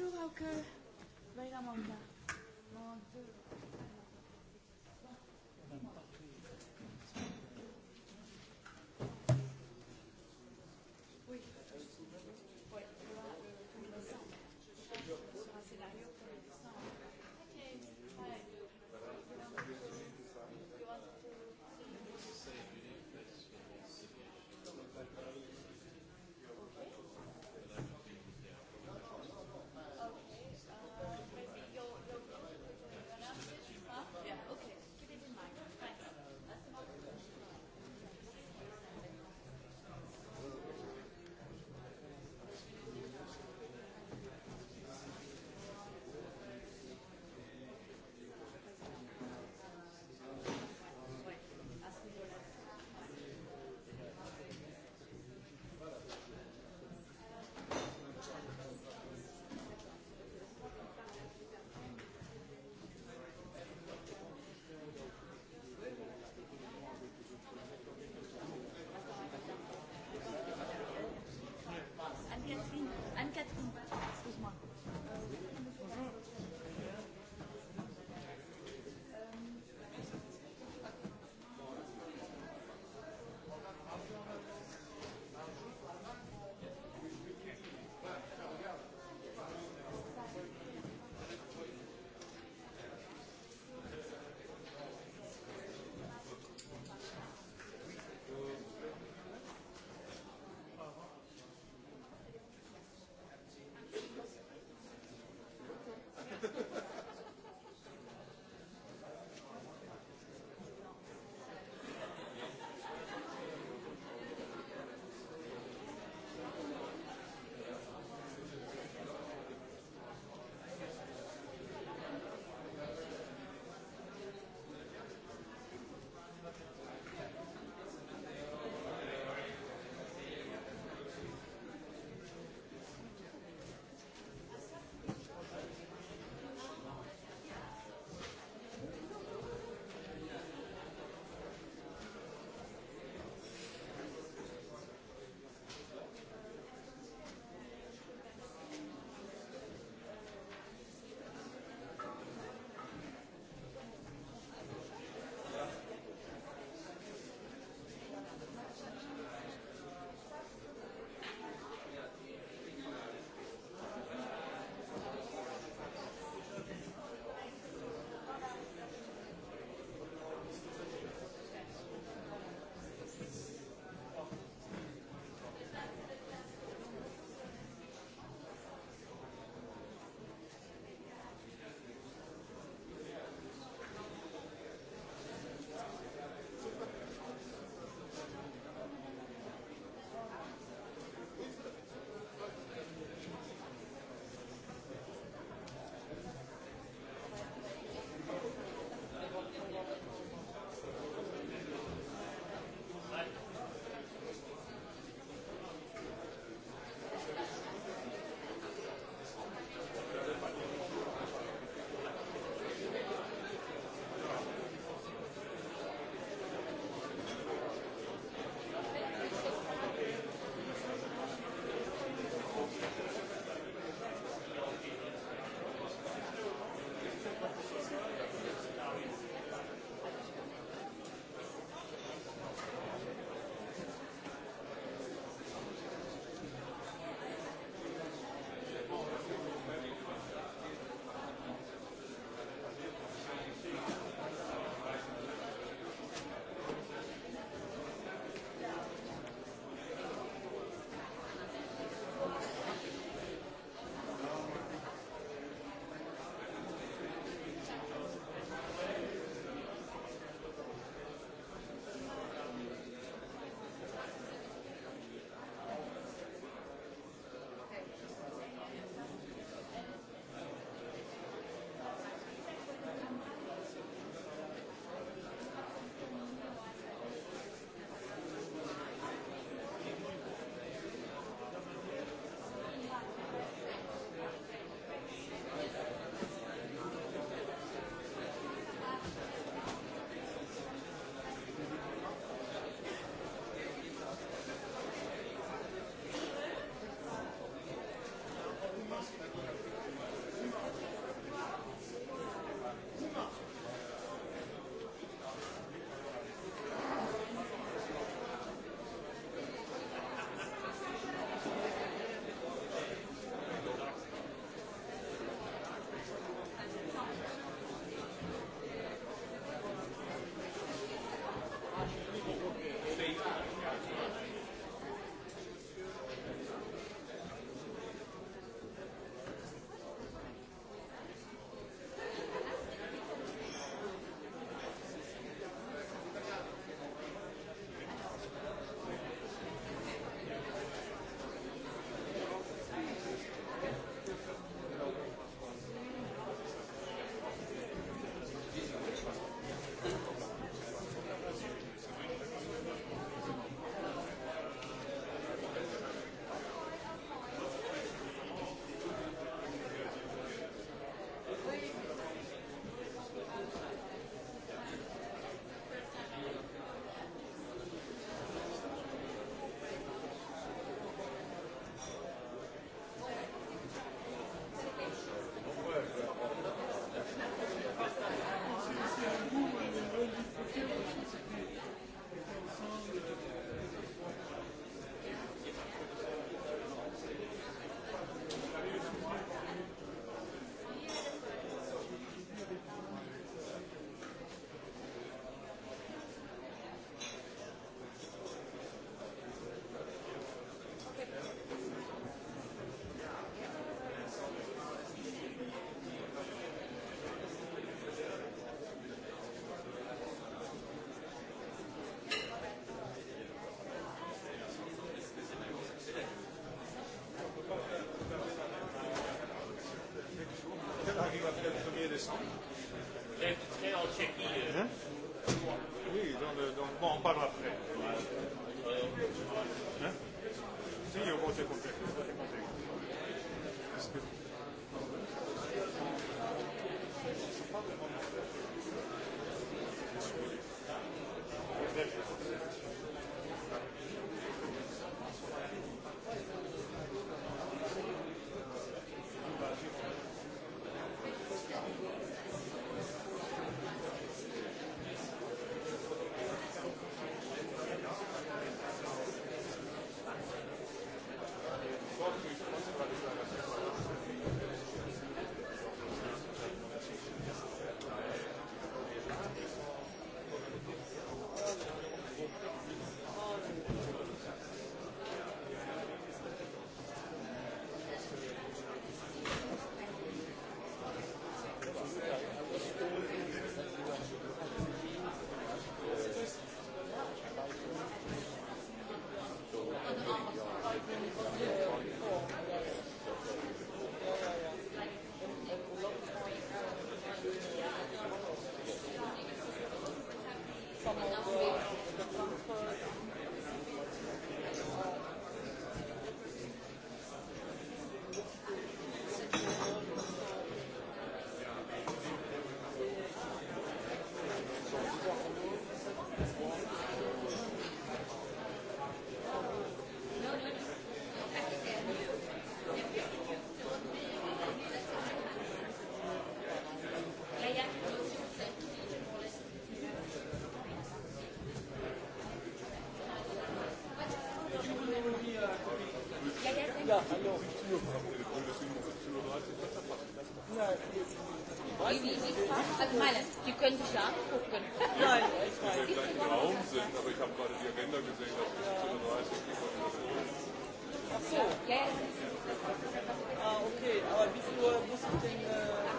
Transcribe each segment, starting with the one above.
toujours que Vaila Manga. Hein oui, dans le, dans, bon, on parle après. Hein si, au conseil complet. Да, алло. Wie, wie sieht's aus? Also meine, die können sich ja angucken. Nein, ich weiß. Wenn wir gleich im Raum sind, aber ich habe gerade die Agenda gesehen, dass wir 17.30 Uhr Ach so. Ja, ja. Ah, okay. Aber wie viel Uhr muss ich denn... Äh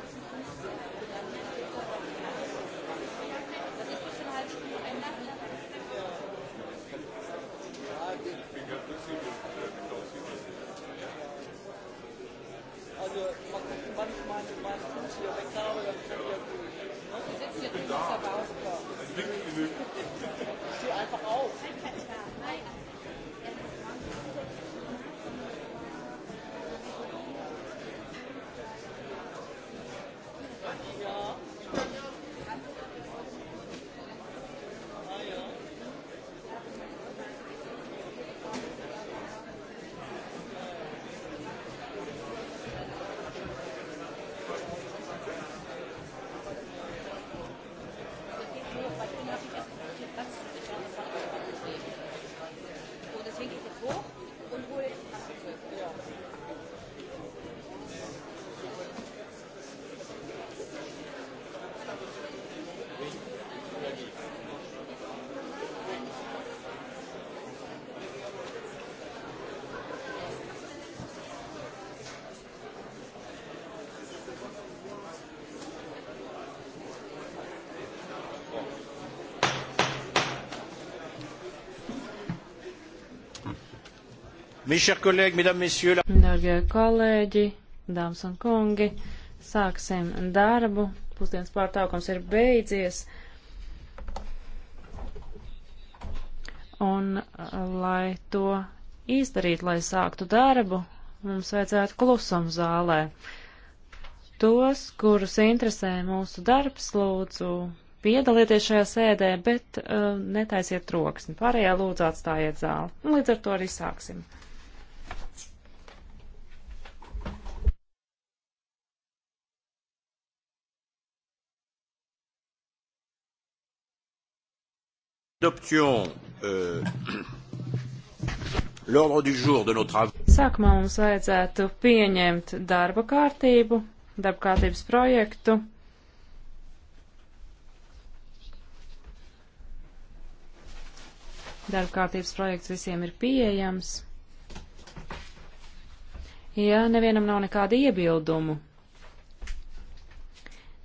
Yo me cago en la Darbie kolēģi, dāmas un kungi, sāksim darbu. Pusdienas pārtraukums ir beidzies. Un, lai to izdarītu, lai sāktu darbu, mums vajadzētu klusumu zālē. Tos, kurus interesē mūsu darbs, lūdzu, piedalieties šajā sēdē, bet uh, netaisiet troksni. Pārējā lūdzu atstājiet zāli. Un līdz ar to arī sāksim. Euh, Sākumā mums vajadzētu pieņemt darba kārtību, darba kārtības projektu. Darba kārtības projekts visiem ir pieejams. Ja nevienam nav nekāda iebildumu,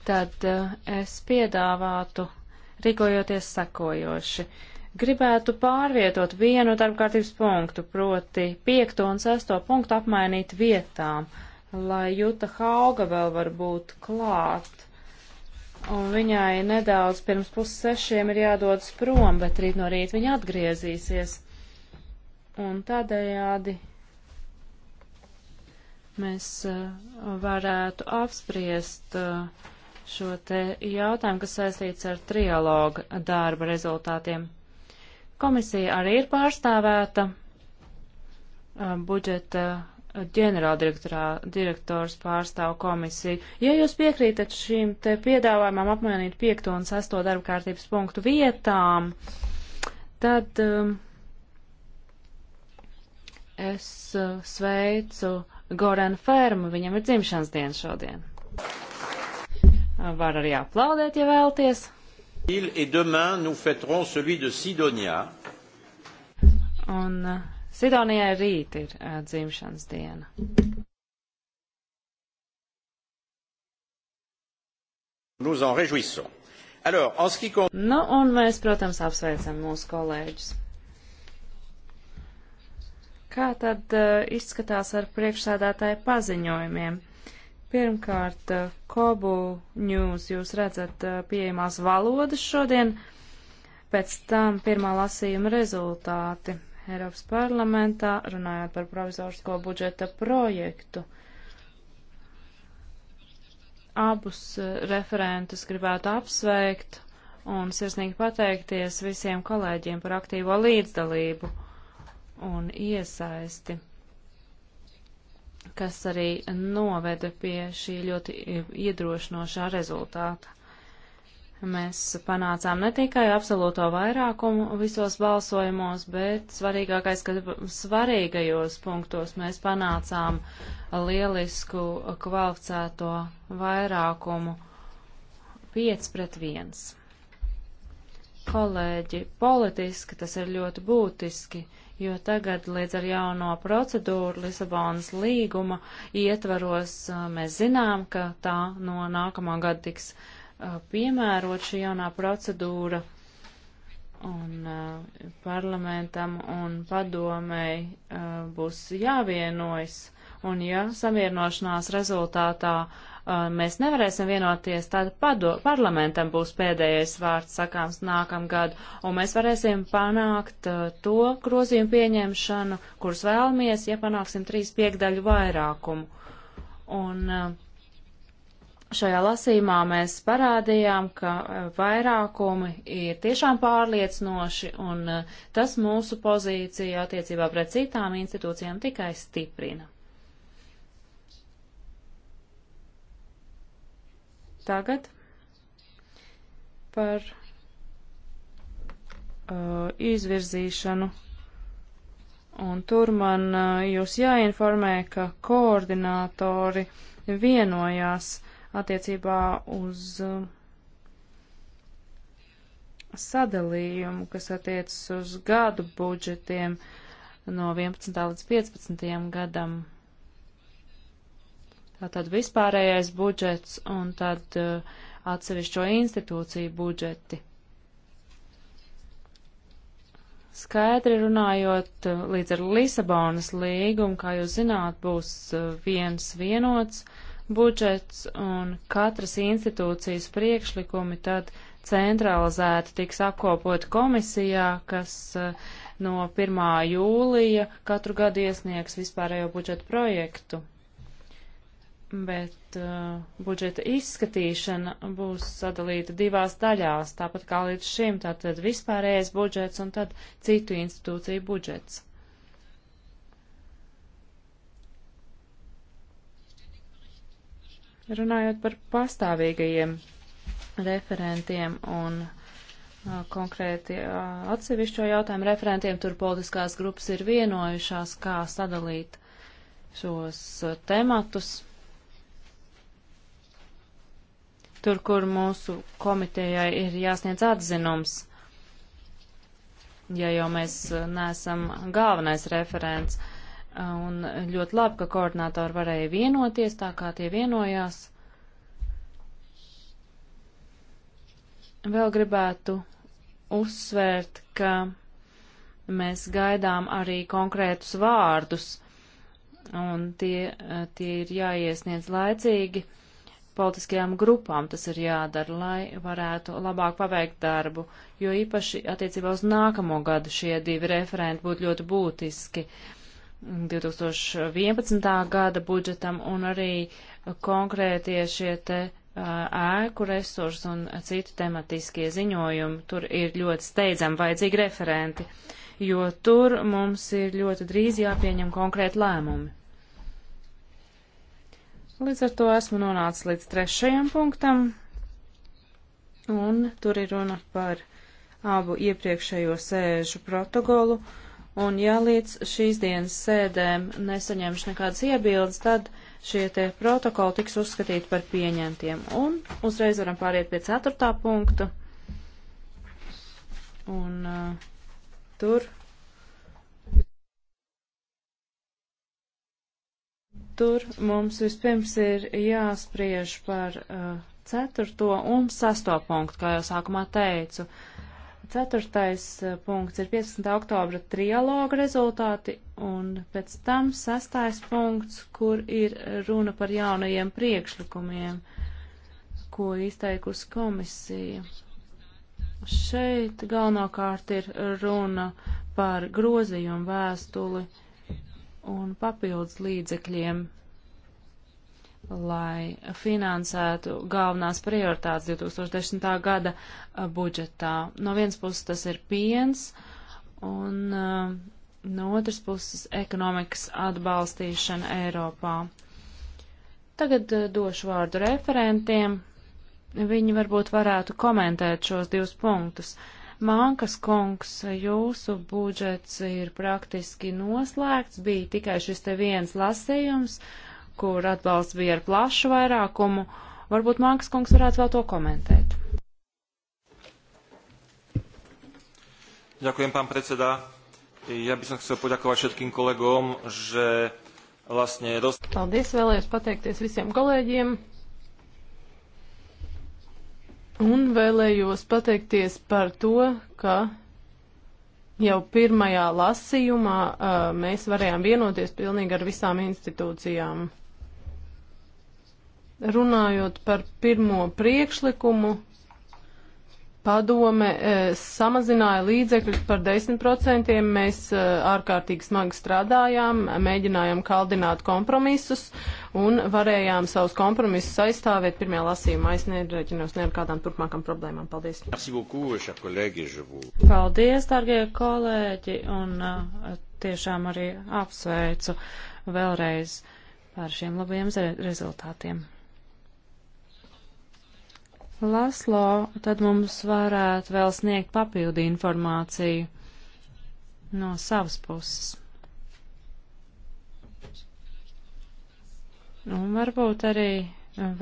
tad eh, es piedāvātu rīkojoties sekojoši. Gribētu pārvietot vienu darbkārtības punktu, proti piekto un sesto punktu apmainīt vietām, lai Juta Hauga vēl var būt klāt. Un viņai nedaudz pirms pussešiem ir jādodas prom, bet rīt no rīta viņa atgriezīsies. Un tādējādi mēs eh, varētu apspriest uh, šo te jautājumu, kas saistīts ar trialoga darba rezultātiem. Komisija arī ir pārstāvēta budžeta ģenerāldirektors pārstāv komisiju. Ja jūs piekrītat šīm te piedāvājumam apmainīt 5. un 6. darba kārtības punktu vietām, tad um, es uh, sveicu Goran Fermu, viņam ir dzimšanas diena šodien. Thank you. Var arī aplaudēt, ja vēlties. Et demain nous fêterons celui de Sidonia. Un uh, Sidonijai rīt ir uh, dzimšanas diena. Nous en réjouissons. Alors, en ce qui concerne... Nu, un mēs, protams, apsveicam mūsu kolēģus. Kā tad uh, izskatās ar priekšsēdētāju paziņojumiem? Pirmkārt, eh, Kobu News jūs redzat eh, pieejamās valodas šodien, pēc tam pirmā lasījuma rezultāti Eiropas parlamentā, runājot par provizorisko budžeta projektu. Abus eh, referentus gribētu apsveikt un sirsnīgi pateikties visiem kolēģiem par aktīvo līdzdalību un iesaisti kas arī noveda pie šī ļoti iedrošinošā rezultāta. Mēs panācām ne tikai absolūto vairākumu visos balsojumos, bet svarīgākais, ka svarīgajos punktos mēs panācām lielisku kvalificēto vairākumu 5 pret 1. Kolēģi, politiski tas ir ļoti būtiski jo tagad līdz ar jauno procedūru Lisabonas līguma ietvaros uh, mēs zinām, ka tā no nākamā gada tiks uh, piemērot šī jaunā procedūra un uh, parlamentam un padomēji būs jāvienojas. Un ja samierinošanās rezultātā uh, mēs nevarēsim vienoties, tad pado, parlamentam būs pēdējais vārds sakāms nākamgad, un mēs varēsim panākt to grozījumu pieņemšanu, kurus vēlamies, ja panāksim trīs piekdaļu vairākumu. Un šajā lasīmā mēs parādījām, ka vairākumi ir tiešām pārliecinoši, un tas mūsu pozīciju attiecībā pret citām institūcijām tikai stiprina. Tagad par uh, izvirzīšanu. Un tur man uh, jūs jāinformē, ka koordinātori vienojās attiecībā uz uh, sadalījumu, kas attiecas uz gadu budžetiem no 11. līdz 15. gadam. Tātad vispārējais budžets un tad uh, atsevišķo institūciju budžeti. Skaidri runājot, uh, līdz ar Lisabonas līgumu, kā jūs zināt, būs uh, viens vienots budžets un katras institūcijas priekšlikumi tad centralizēti tiks apkopot komisijā, kas uh, no 1. jūlija katru gadu iesniegs vispārējo budžetu projektu bet uh, budžeta izskatīšana būs sadalīta divās daļās, tāpat kā līdz šim, tātad vispārējais budžets un tad citu institūciju budžets. Runājot par pastāvīgajiem referentiem un uh, konkrēti uh, atsevišķo jautājumu referentiem, tur politiskās grupas ir vienojušās, kā sadalīt šos uh, tematus tur, kur mūsu komitejai ir jāsniedz atzinums, ja jau mēs eh, neesam galvenais referents. Eh, un ļoti labi, ka koordinātori varēja vienoties tā, kā tie vienojās. Vēl gribētu uzsvērt, ka mēs gaidām arī konkrētus vārdus, un tie, eh, tie ir jāiesniedz laicīgi politiskajām grupām tas ir jādara, lai varētu labāk paveikt darbu, jo īpaši attiecībā uz nākamo gadu šie divi referenti būtu ļoti būtiski 2011. gada budžetam un arī konkrētie šie te ēku resursi un citi tematiskie ziņojumi. Tur ir ļoti steidzami vajadzīgi referenti, jo tur mums ir ļoti drīz jāpieņem konkrēti lēmumi. Līdz ar to esmu nonācis līdz trešajam punktam, un tur ir runa par abu iepriekšējo sēžu protokolu, un ja līdz šīs dienas sēdēm nesaņemšu nekādas iebildes, tad šie te protokoli tiks uzskatīti par pieņemtiem. Un uzreiz varam pāriet pie ceturtā punkta, un uh, tur Tur mums vispirms ir jāspriež par uh, ceturto un sesto punktu, kā jau sākumā teicu. Ceturtais uh, punkts ir 15. oktobra trialoga rezultāti, un pēc tam sastais punkts, kur ir runa par jaunajiem priekšlikumiem, ko izteikusi komisija. Šeit galvenokārt ir runa par grozījumu vēstuli un papildus līdzekļiem, lai finansētu galvenās prioritātes 2010. gada budžetā. No vienas puses tas ir piens, un uh, no otras puses ekonomikas atbalstīšana Eiropā. Tagad uh, došu vārdu referentiem. Viņi varbūt varētu komentēt šos divus punktus. Uh, Mankas kungs, jūsu budžets ir praktiski noslēgts, bija tikai šis te viens lasījums, kur atbalsts bija ar plašu vairākumu. Varbūt Mankas kungs varētu vēl to komentēt. Ďakujem, pán predseda. Ja by som chcel poďakovať všetkým kolegom, že vlastne... Roz... Paldies, vēlējos pateikties visiem kolēģiem, Un vēlējos pateikties par to, ka jau pirmajā lasījumā uh, mēs varējām vienoties pilnīgi ar visām institūcijām. Runājot par pirmo priekšlikumu, padome e, samazināja līdzekļus par 10%. Mēs e, ārkārtīgi smagi strādājām, mēģinājām kaldināt kompromisus un varējām savus kompromisus aizstāvēt pirmajā lasījumā. Es nereķinos ne ar kādām turpmākām problēmām. Paldies. Paldies, dārgie kolēģi, un e, tiešām arī apsveicu vēlreiz par šiem labajiem rezultātiem. Laslo, tad mums varētu vēl sniegt papildi informāciju no savas puses. Un varbūt arī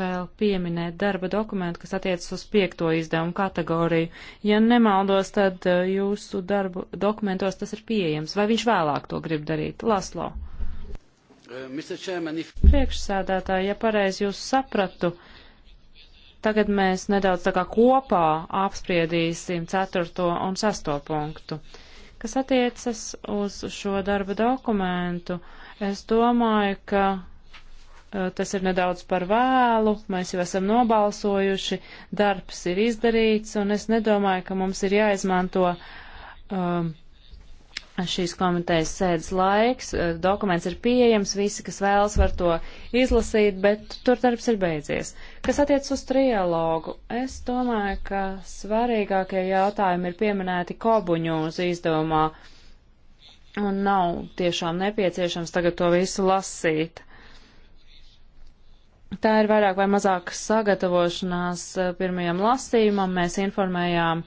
vēl pieminēt darba dokumentu, kas attiecas uz piekto izdevumu kategoriju. Ja nemaldos, tad eh, jūsu darbu dokumentos tas ir pieejams. Vai viņš vēlāk to grib darīt? Laslo. Eh, Priekšsēdētāji, ja pareizi jūs sapratu, uh, Tagad mēs nedaudz tā kā kopā apspriedīsim 4. un 6. punktu. Kas attiecas uz šo darba dokumentu, es domāju, ka e, tas ir nedaudz par vēlu, mēs jau esam nobalsojuši, darbs ir izdarīts, un es nedomāju, ka mums ir jāizmanto um, šīs komitejas sēdes laiks. E, dokuments ir pieejams, visi, kas vēlas, var to izlasīt, bet tur darbs ir beidzies. Kas attiec uz trialogu, es domāju, ka svarīgākie jautājumi ir pieminēti kobuņūs izdomā, un nav tiešām nepieciešams tagad to visu lasīt. Tā ir vairāk vai mazāk sagatavošanās eh, pirmajam lasījumam. Mēs informējām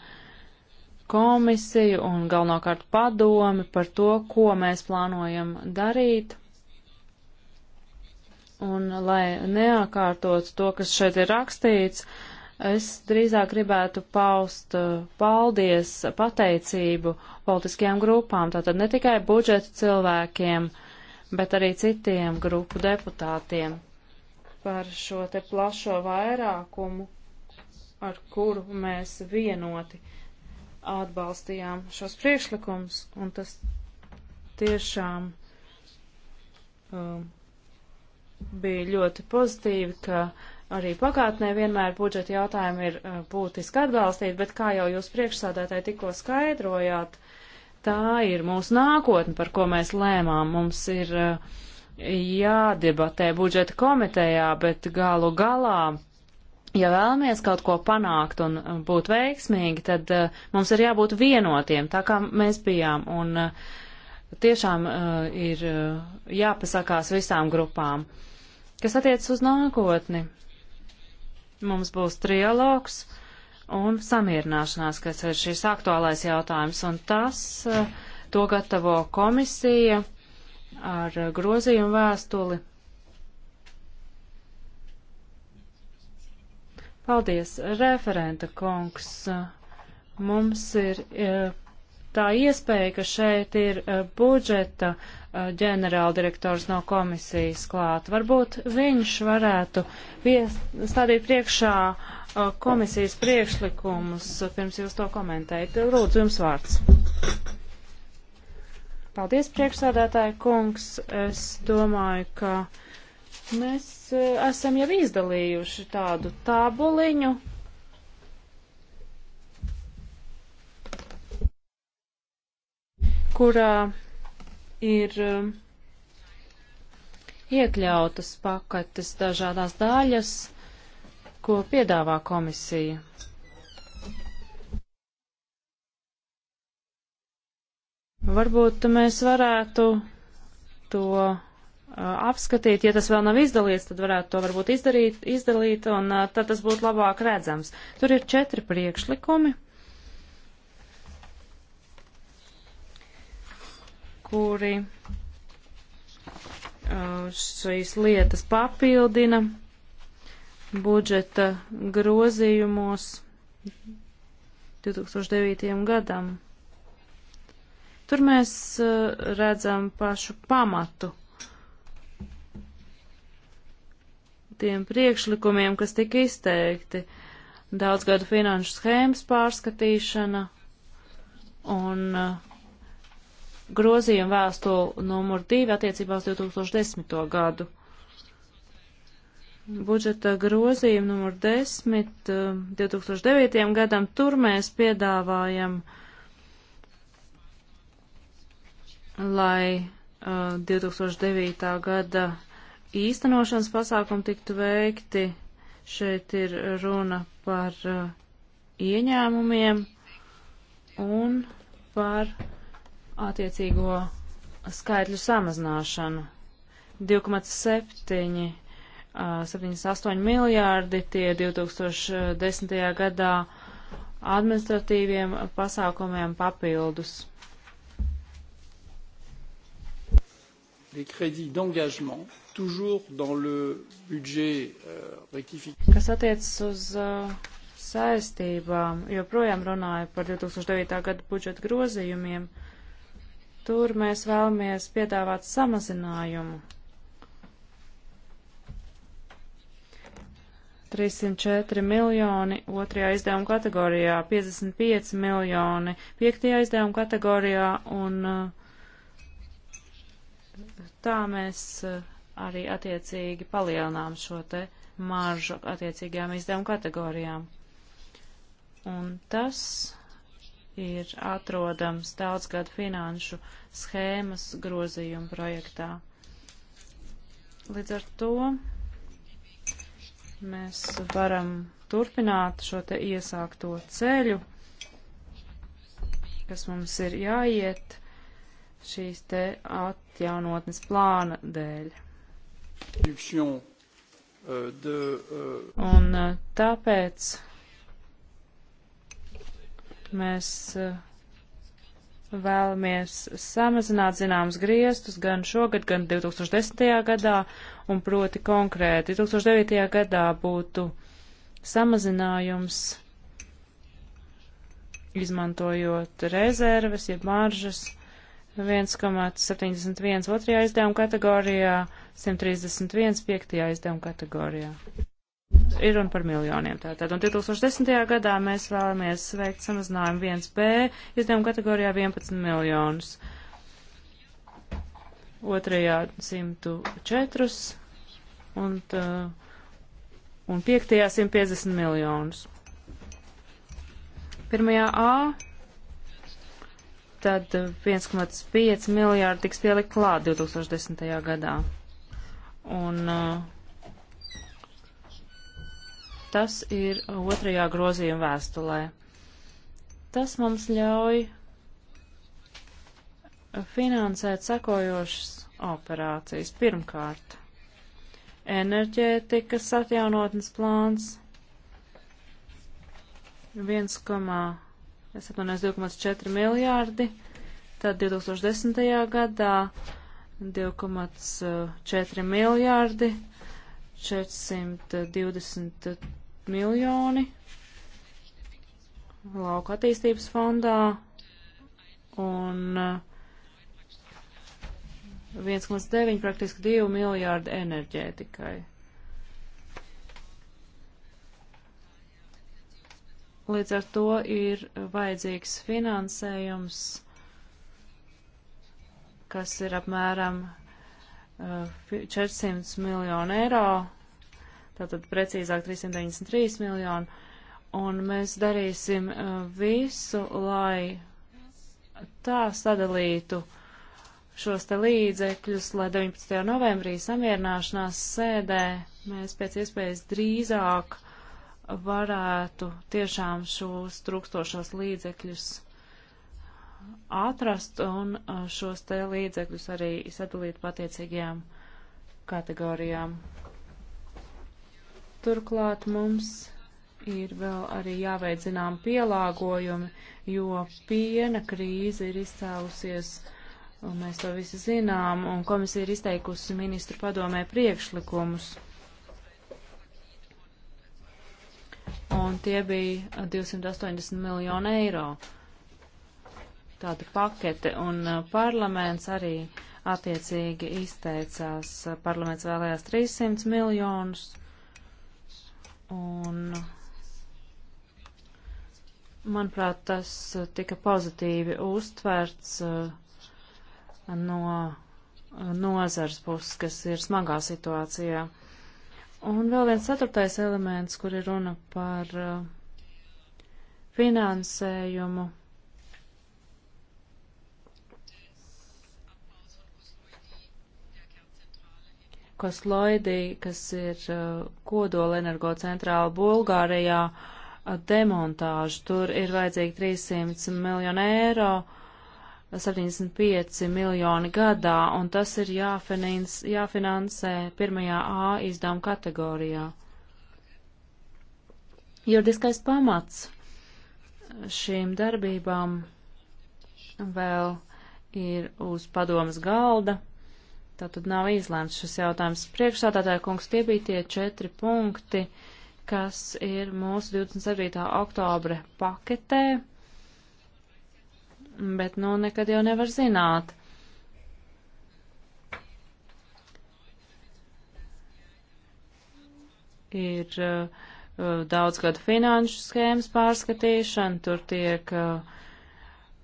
komisiju un galvenokārt padomi par to, ko mēs plānojam darīt Un, lai neakārtot to, kas šeit ir rakstīts, es drīzāk gribētu paust uh, paldies, pateicību politiskajām grupām, tātad ne tikai budžeta cilvēkiem, bet arī citiem grupu deputātiem par šo te plašo vairākumu, ar kuru mēs vienoti atbalstījām šos priekšlikumus, un tas tiešām. Um, bija ļoti pozitīvi, ka arī pagātnē vienmēr budžeta jautājumi ir uh, būtiski atbalstīti, bet kā jau jūs priekšsādātāji tikko skaidrojāt, tā ir mūsu nākotne, par ko mēs lēmām. Mums ir uh, jādebatē budžeta komitejā, bet galu galā. Ja vēlamies kaut ko panākt un uh, būt veiksmīgi, tad uh, mums ir jābūt vienotiem, tā kā mēs bijām. Un uh, tiešām uh, ir uh, jāpasakās visām grupām. Uh, Kas attiecas uz nākotni, mums būs trialogs un samierināšanās, kas ir šis aktuālais jautājums, un tas eh, to gatavo komisija ar grozījumu vēstuli. Paldies, referenta kungs. Mums ir eh, tā iespēja, ka šeit ir eh, budžeta ģenerāldirektors no komisijas klāt. Varbūt viņš varētu stādīt priekšā uh, komisijas priekšlikumus, pirms jūs to komentējat. Lūdzu, jums vārds. Paldies, priekšsādātāja kungs. Es domāju, ka mēs uh, esam jau izdalījuši tādu tabuliņu, kurā uh, ir um, iekļautas pakates dažādās daļas, ko piedāvā komisija. Varbūt mēs varētu to uh, apskatīt, ja tas vēl nav izdalīts, tad varētu to varbūt izdarīt, izdalīt, un uh, tad tas būtu labāk redzams. Tur ir četri priekšlikumi. kuri uh, šīs lietas papildina budžeta grozījumos 2009. gadam. Tur mēs uh, redzam pašu pamatu tiem priekšlikumiem, kas tika izteikti. Daudzgadu finanšu schēmas pārskatīšana un uh, grozījumu vēstuli numur 2 attiecībā uz 2010. gadu. Budžeta grozījumu numur 10 2009. Eh, gadam tur mēs piedāvājam, lai 2009. Eh, gada īstenošanas pasākumi tiktu veikti. Šeit ir runa par eh, ieņēmumiem un par attiecīgo skaitļu samazināšanu. 2,7 78 miljārdi, tie 2010. gadā administratīviem pasākumiem papildus. Kas attiecas uz saistībām, joprojām runāja par 2009. gada budžeta grozījumiem. Uh, Tur mēs vēlamies piedāvāt samazinājumu. 304 miljoni, otrajā izdevuma kategorijā 55 miljoni, piektajā izdevuma kategorijā un uh, tā mēs uh, arī attiecīgi palielinām šo te maržu attiecīgajām izdevuma kategorijām. Un tas ir atrodams daudzgad finanšu schēmas grozījuma projektā. Līdz ar to mēs varam turpināt šo te iesākto ceļu, kas mums ir jāiet šīs te atjaunotnes plāna dēļ. Uh, uh, Un uh, tāpēc Mēs eh, vēlamies samazināt zināmas griestus gan šogad, gan 2010. gadā, un proti konkrēti 2009. gadā būtu samazinājums izmantojot rezerves, jeb maržas 1,71 otrajā izdevuma kategorijā, 131 piektajā izdevuma kategorijā ir runa par miljoniem tātad. Un 2010. gadā mēs vēlamies veikt samazinājumu 1B izdevumu kategorijā 11 miljonus. Otrajā 104 un, un piektajā 150 miljonus. Pirmajā A tad 1,5 miljārdi tiks pielikt klāt 2010. gadā. Un uh, Tas ir otrajā grozījuma vēstulē. Tas mums ļauj finansēt sekojošas operācijas. Pirmkārt, enerģētikas atjaunotnes plāns 1,4 miljārdi, tad 2010. gadā 2,4 eh, miljārdi, 423 miljoni lauka attīstības fondā un 1,9 uh, praktiski 2 miljārdi enerģētikai. Līdz ar to ir vajadzīgs finansējums, kas ir apmēram 400 uh, miljonu eiro tātad precīzāk 393 miljoni, un mēs darīsim uh, visu, lai tā sadalītu šos te līdzekļus, lai 19. novembrī samierināšanās sēdē mēs pēc iespējas drīzāk varētu tiešām šos trūkstošos līdzekļus atrast un uh, šos te līdzekļus arī sadalīt patiecīgajām kategorijām. Turklāt mums ir vēl arī jāveicinām pielāgojumi, jo piena krīze ir izcēlusies, un mēs to visi zinām, un komisija ir izteikusi ministru padomē priekšlikumus. Un tie bija 280 miljoni eiro. Tāda pakete, un uh, parlaments arī attiecīgi izteicās, parlaments vēlējās 300 miljonus. Un, manuprāt, tas tika pozitīvi uztverts eh, no nozars puses, kas ir smagā situācijā. Un vēl viens ceturtais elements, kur ir runa par eh, finansējumu Kosloidī, kas ir uh, kodola energocentrāla Bulgārijā, uh, demontāžu. Tur ir vajadzīgi 300 miljonu eiro, 75 miljoni gadā, un tas ir jāfinans, jāfinansē pirmajā A izdevuma kategorijā. Juridiskais pamats šīm darbībām vēl ir uz padomas galda. Tātad nav izlēmts šis jautājums. Priekšsādātāja kungs, tie bija tie četri punkti, kas ir mūsu 27. oktobra paketē, bet nu nekad jau nevar zināt. Ir uh, uh daudzgadu finanšu schēmas pārskatīšana, tur tiek uh,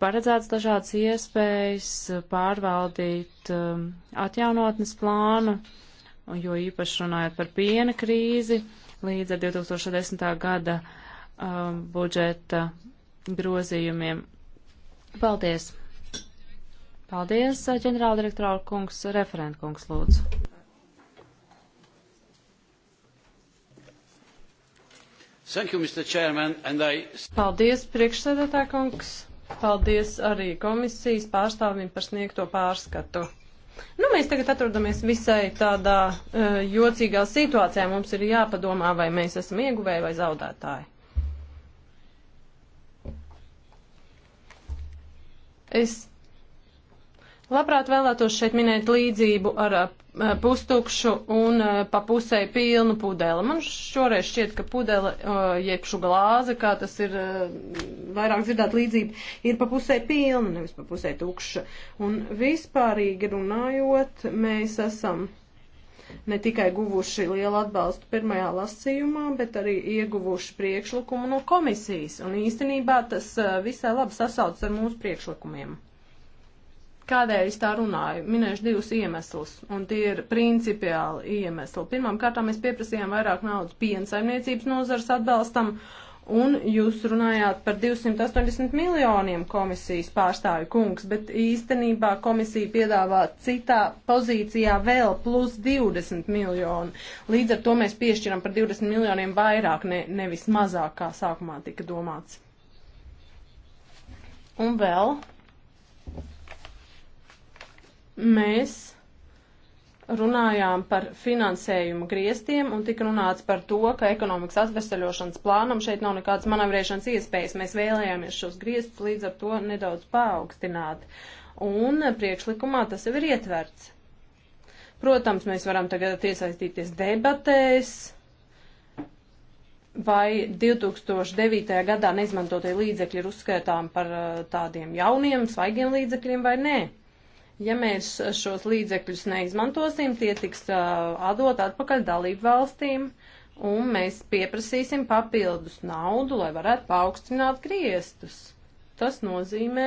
paredzēts dažādas iespējas pārvaldīt um, atjaunotnes plānu, jo īpaši runājot par piena krīzi līdz ar 2010. gada um, budžeta grozījumiem. Paldies! Paldies, ģenerāldirektora kungs, referentkungs, lūdzu. You, I... Paldies, priekšsēdētā kungs. Paldies arī komisijas pārstāvim par sniegto pārskatu. Nu, mēs tagad atrodamies visai tādā uh, jocīgā situācijā. Mums ir jāpadomā, vai mēs esam ieguvēji vai zaudētāji. Es Labprāt vēlētos šeit minēt līdzību ar pustukšu un pa pusē pilnu pudeli. Man šoreiz šķiet, ka pudele, jebšu glāze, kā tas ir vairāk dzirdēt līdzību, ir pa pusē pilna, nevis pa pusē tukša. Un vispārīgi runājot, mēs esam ne tikai guvuši lielu atbalstu pirmajā lasījumā, bet arī ieguvuši priekšlikumu no komisijas. Un īstenībā tas visai labi sasaucas ar mūsu priekšlikumiem. Kādēļ es tā runāju? Minēšu divus iemeslus, un tie ir principiāli iemesli. Pirmkārt, mēs pieprasījām vairāk naudas piensaimniecības nozars atbalstam, un jūs runājāt par 280 miljoniem komisijas pārstāvju kungs, bet īstenībā komisija piedāvā citā pozīcijā vēl plus 20 miljonu. Līdz ar to mēs piešķiram par 20 miljoniem vairāk, ne, nevis mazāk, kā sākumā tika domāts. Un vēl mēs runājām par finansējumu griestiem un tika runāts par to, ka ekonomikas atvesaļošanas plānam šeit nav nekādas manavrēšanas iespējas. Mēs vēlējāmies šos griestus līdz ar to nedaudz paaugstināt. Un priekšlikumā tas jau ir ietverts. Protams, mēs varam tagad iesaistīties debatēs, vai 2009. gadā neizmantotie līdzekļi ir uzskaitām par uh, tādiem jauniem, svaigiem līdzekļiem vai nē. Ne. Ja mēs šos līdzekļus neizmantosim, tie tiks atdot atpakaļ dalību valstīm, un mēs pieprasīsim papildus naudu, lai varētu paaugstināt griestus. Tas nozīmē,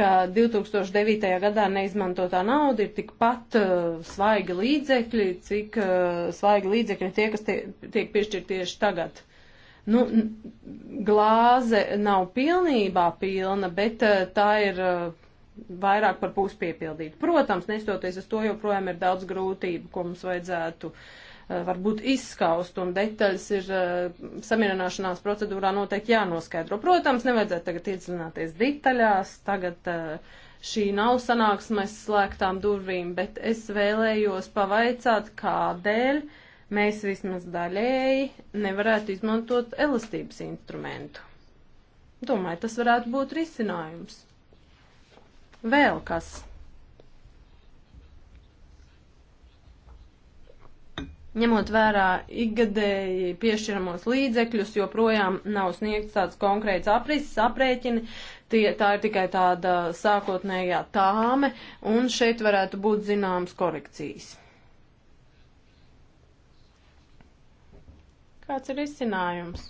ka 2009. gadā neizmantotā nauda ir tikpat uh, svaigi līdzekļi, cik uh, svaigi līdzekļi tie, kas tie, tiek piešķirt tieši tagad. Nu, glāze nav pilnībā pilna, bet uh, tā ir. Uh, vairāk par pusi piepildīti. Protams, nestoties uz to, joprojām ir daudz grūtību, ko mums vajadzētu eh, varbūt izskaust, un detaļas ir eh, samierināšanās procedūrā noteikti jānoskaidro. Protams, nevajadzētu tagad iedziļināties detaļās, tagad eh, šī nav sanāksmes slēgtām durvīm, bet es vēlējos pavaicāt, kādēļ mēs vismaz daļēji nevarētu izmantot elastības instrumentu. Domāju, tas varētu būt risinājums. Vēl kas? Ņemot vērā ikgadēji piešķiramos līdzekļus, joprojām nav sniegts tāds konkrēts aprises aprēķini, tie, tā ir tikai tāda sākotnējā tāme, un šeit varētu būt zināmas korekcijas. Kāds ir izcinājums?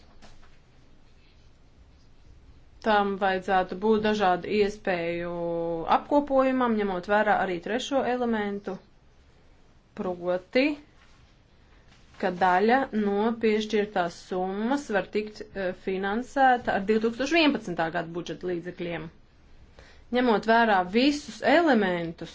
tam vajadzētu būt dažādu iespēju apkopojumam, ņemot vērā arī trešo elementu, proti, ka daļa no piešķirtās summas var tikt e, finansēta ar 2011. gada budžeta līdzekļiem. Ņemot vērā visus elementus,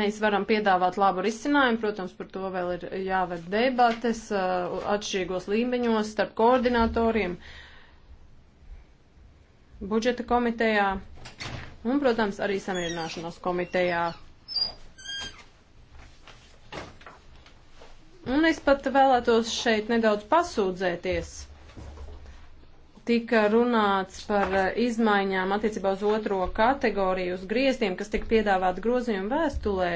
Mēs varam piedāvāt labu risinājumu, protams, par to vēl ir jāved debates uh, atšķirīgos līmeņos starp koordinatoriem, budžeta komitejā un, protams, arī samierināšanās komitejā. Un es pat vēlētos šeit nedaudz pasūdzēties tika runāts par eh, izmaiņām attiecībā uz otro kategoriju, uz grieztiem, kas tika piedāvāti grozījumu vēstulē.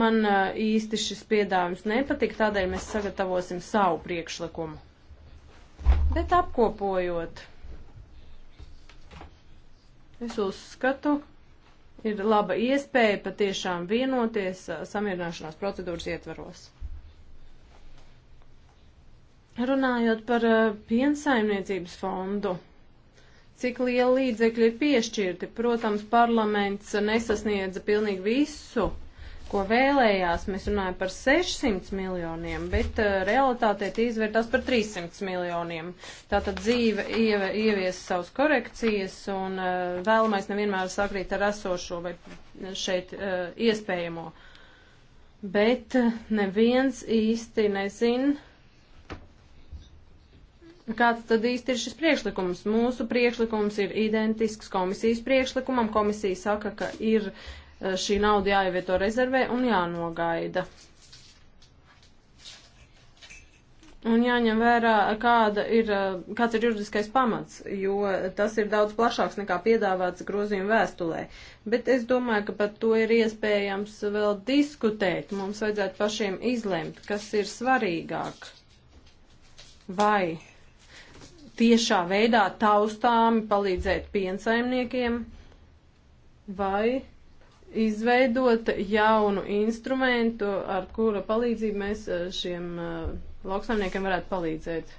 Man eh, īsti šis piedāvājums nepatika, tādēļ mēs sagatavosim savu priekšlikumu. Bet apkopojot, es uzskatu, ir laba iespēja patiešām vienoties eh, samierināšanās procedūras ietvaros. Runājot par eh, piensaimniecības fondu, cik liela līdzekļa ir piešķirti, protams, parlaments nesasniedza pilnīgi visu, ko vēlējās. Mēs runājam par 600 miljoniem, bet uh, realitātē tie izvērtās par 300 miljoniem. Tātad dzīve ieve, ievies savus korekcijas un uh, vēlamais nevienmēr sakrīt ar esošo vai šeit uh, iespējamo. Bet neviens īsti nezina Kāds tad īsti ir šis priekšlikums? Mūsu priekšlikums ir identisks komisijas priekšlikumam. Komisija saka, ka ir eh, šī nauda jāievieto rezervē un jānogaida. Un jāņem vērā, kāda ir, eh, kāds ir juridiskais pamats, jo tas ir daudz plašāks nekā piedāvāts grozījuma vēstulē. Bet es domāju, ka par to ir iespējams vēl diskutēt. Mums vajadzētu pašiem izlemt, kas ir svarīgāk. Vai tiešā veidā taustāmi palīdzēt piensaimniekiem vai izveidot jaunu instrumentu, ar kura palīdzību mēs eh, šiem eh, lauksaimniekiem varētu palīdzēt.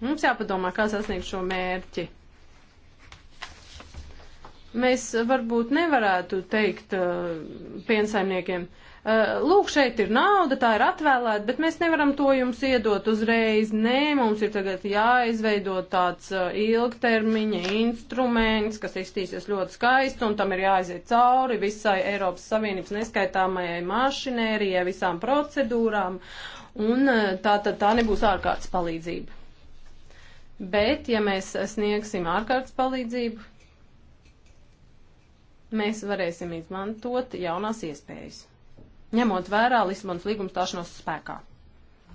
Mums jāpadomā, kā sasniegt šo mērķi. Mēs varbūt nevarētu teikt eh, piensaimniekiem, uh, Eh, lūk, šeit ir nauda, tā ir atvēlēta, bet mēs nevaram to jums iedot uzreiz. Nē, mums ir tagad jāizveido tāds eh, ilgtermiņa instruments, kas izstīsies ļoti skaisti, un tam ir jāaiziet cauri visai Eiropas Savienības neskaitāmajai mašinērijai, visām procedūrām, un eh, tā tad tā nebūs ārkārtas palīdzība. Bet, ja mēs sniegsim ārkārtas palīdzību, mēs varēsim izmantot jaunās iespējas ņemot vērā Lisbonas līguma stāšanos spēkā.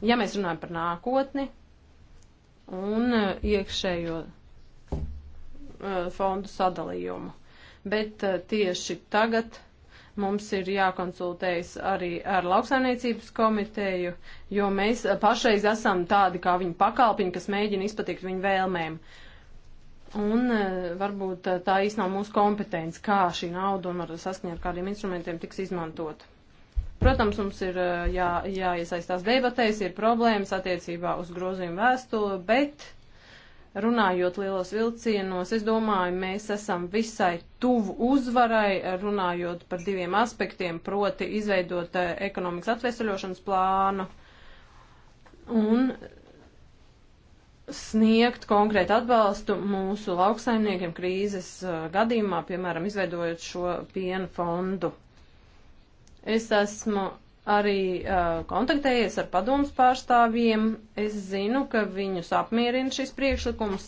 Ja mēs runājam par nākotni un e, iekšējo e, fondu sadalījumu, bet e, tieši tagad mums ir jākonsultējas arī ar lauksaimniecības komiteju, jo mēs pašreiz esam tādi kā viņa pakalpiņi, kas mēģina izpatikt viņu vēlmēm. Un varbūt tā īsti nav mūsu kompetence, kā šī nauda un ar saskaņā ar kādiem instrumentiem tiks izmantota. Protams, mums ir eh, jā, jāiesaistās debatēs, ir problēmas attiecībā uz grozījumu vēstuli, bet runājot lielos vilcienos, es domāju, mēs esam visai tuvu uzvarai, runājot par diviem aspektiem, proti izveidot eh, ekonomikas atvesaļošanas plānu un sniegt konkrētu atbalstu mūsu lauksaimniekiem krīzes eh, gadījumā, piemēram, izveidojot šo piena fondu. Es esmu arī uh, kontaktējies ar padomus pārstāvjiem. Es zinu, ka viņus apmierina šis priekšlikums.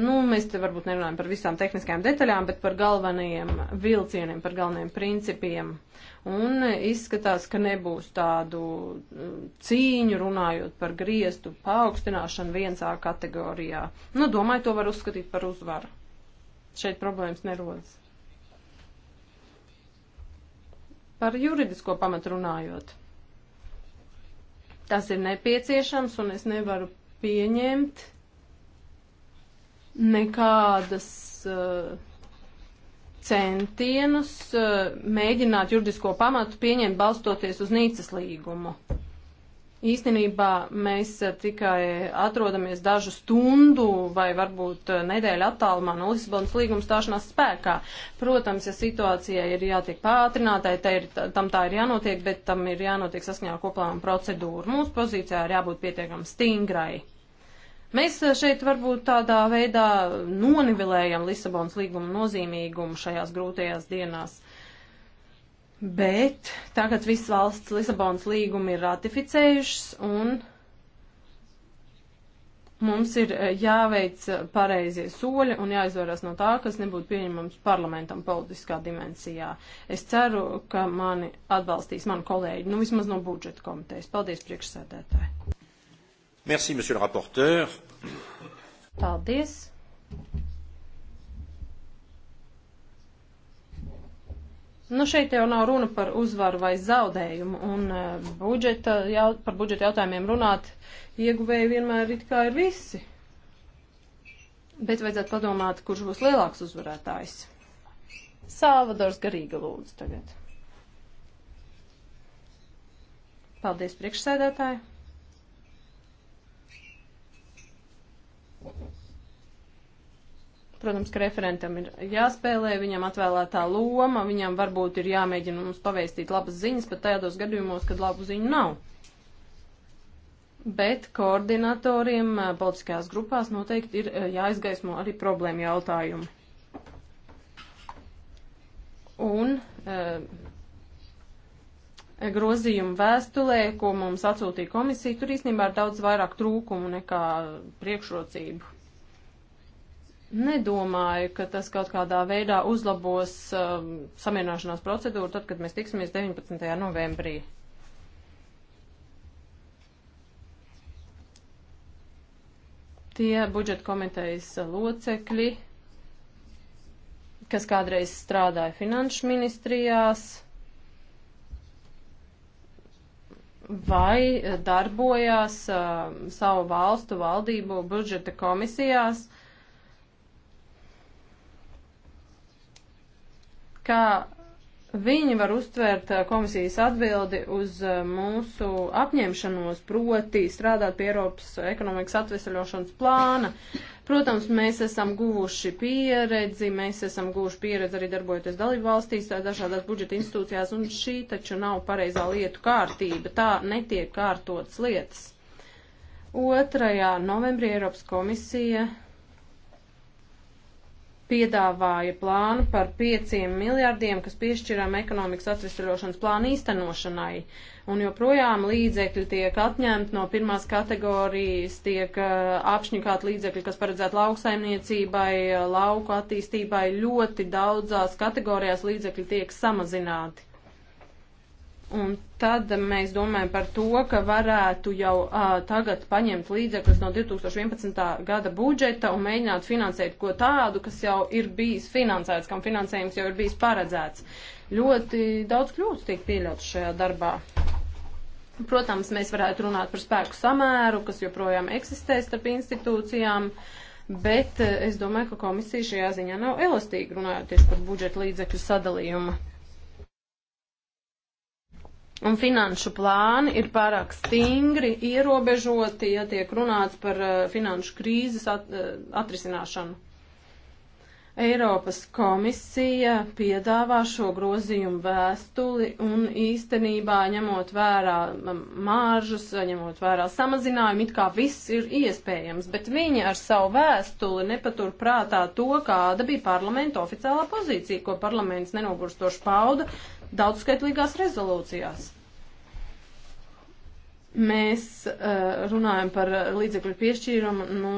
Nu, mēs te varbūt nerunājam par visām tehniskajām detaļām, bet par galvenajiem vilcieniem, par galvenajiem principiem. Un izskatās, ka nebūs tādu cīņu runājot par griestu paaugstināšanu viensā kategorijā. Nu, domāju, to var uzskatīt par uzvaru. Šeit problēmas nerodas. Par juridisko pamatu runājot. Tas ir nepieciešams un es nevaru pieņemt nekādas uh, centienus uh, mēģināt juridisko pamatu pieņemt balstoties uz Nīcas līgumu. Īstenībā mēs eh, tikai atrodamies dažu stundu vai varbūt eh, nedēļu attālumā no Lisabonas līguma stāšanās spēkā. Protams, ja situācijai ir jātiek pātrinātai, tā ir, tam tā ir jānotiek, bet tam ir jānotiek saskaņā ar koplāmu procedūru. Mūsu pozīcijā ir jābūt pietiekami stingrai. Mēs eh, šeit varbūt tādā veidā nonivelējam Lisabonas līguma nozīmīgumu šajās grūtajās dienās. Bet tagad viss valsts Lisabonas līgumu ir ratificējušas un mums ir eh, jāveic pareizie soļi un jāizvairās no tā, kas nebūtu pieņemams parlamentam politiskā dimensijā. Es ceru, ka mani atbalstīs mani kolēģi, nu vismaz no budžeta komitejas. Paldies, priekšsēdētāji. Merci, monsieur le rapporteur. Paldies. Nu, šeit jau nav runa par uzvaru vai zaudējumu, un uh, budžeta, jau, par budžeta jautājumiem runāt ieguvēji vienmēr it kā ir visi. Bet vajadzētu padomāt, kurš būs lielāks uzvarētājs. Salvadors Garīga lūdzu tagad. Paldies priekšsēdētāji. Protams, ka referentam ir jāspēlē viņam atvēlētā loma, viņam varbūt ir jāmēģina mums pavēstīt labas ziņas, pat tajādos gadījumos, kad labu ziņu nav. Bet koordinatoriem eh, politiskajās grupās noteikti ir eh, jāizgaismo arī problēma jautājumi. Un eh, grozījumu vēstulē, ko mums atsūtīja komisija, tur īstenībā ir daudz vairāk trūkumu nekā priekšrocību nedomāju, ka tas kaut kādā veidā uzlabos um, samierināšanās procedūru, tad, kad mēs tiksimies 19. novembrī. Tie budžeta komitejas locekļi, kas kādreiz strādāja finanšu ministrijās, vai darbojās uh, savu valstu valdību budžeta komisijās, uh, kā viņi var uztvērt eh, komisijas atbildi uz eh, mūsu apņemšanos, proti strādāt pie Eiropas ekonomikas atvesaļošanas plāna. Protams, mēs esam guvuši pieredzi, mēs esam guvuši pieredzi arī darbojoties dalību valstīs, dažādās budžeta institūcijās, un šī taču nav pareizā lietu kārtība, tā netiek kārtotas lietas. 2. novembrī Eiropas komisija piedāvāja plānu par 5 miljardiem, kas piešķirām ekonomikas atvesaļošanas plānu īstenošanai. Un joprojām līdzekļi tiek atņemti no pirmās kategorijas, tiek uh, apšņukāt līdzekļi, kas paredzēt lauksaimniecībai, lauku attīstībai. Ļoti daudzās kategorijās līdzekļi tiek samazināti. Un tad mēs domājam par to, ka varētu jau uh, tagad paņemt līdzekļus no 2011. gada budžeta un mēģināt finansēt ko tādu, kas jau ir bijis finansēts, kam finansējums jau ir bijis paredzēts. Ļoti daudz kļūdas tiek pieļauts šajā darbā. Protams, mēs varētu runāt par spēku samēru, kas joprojām eksistē starp institūcijām, bet es domāju, ka komisija šajā ziņā nav elastīga runājot tieši par budžeta līdzekļu sadalījumu un finanšu plāni ir pārāk stingri, ierobežoti, ja tiek runāts par uh, finanšu krīzes at, uh, atrisināšanu. Eiropas komisija piedāvā šo grozījumu vēstuli un īstenībā ņemot vērā māržas, ņemot vērā samazinājumu, it kā viss ir iespējams, bet viņi ar savu vēstuli nepatur prātā to, kāda bija parlamenta oficiālā pozīcija, ko parlaments nenogurstoši pauda daudzskaitlīgās rezolūcijās. Mēs uh, runājam par līdzekļu piešķīrumu no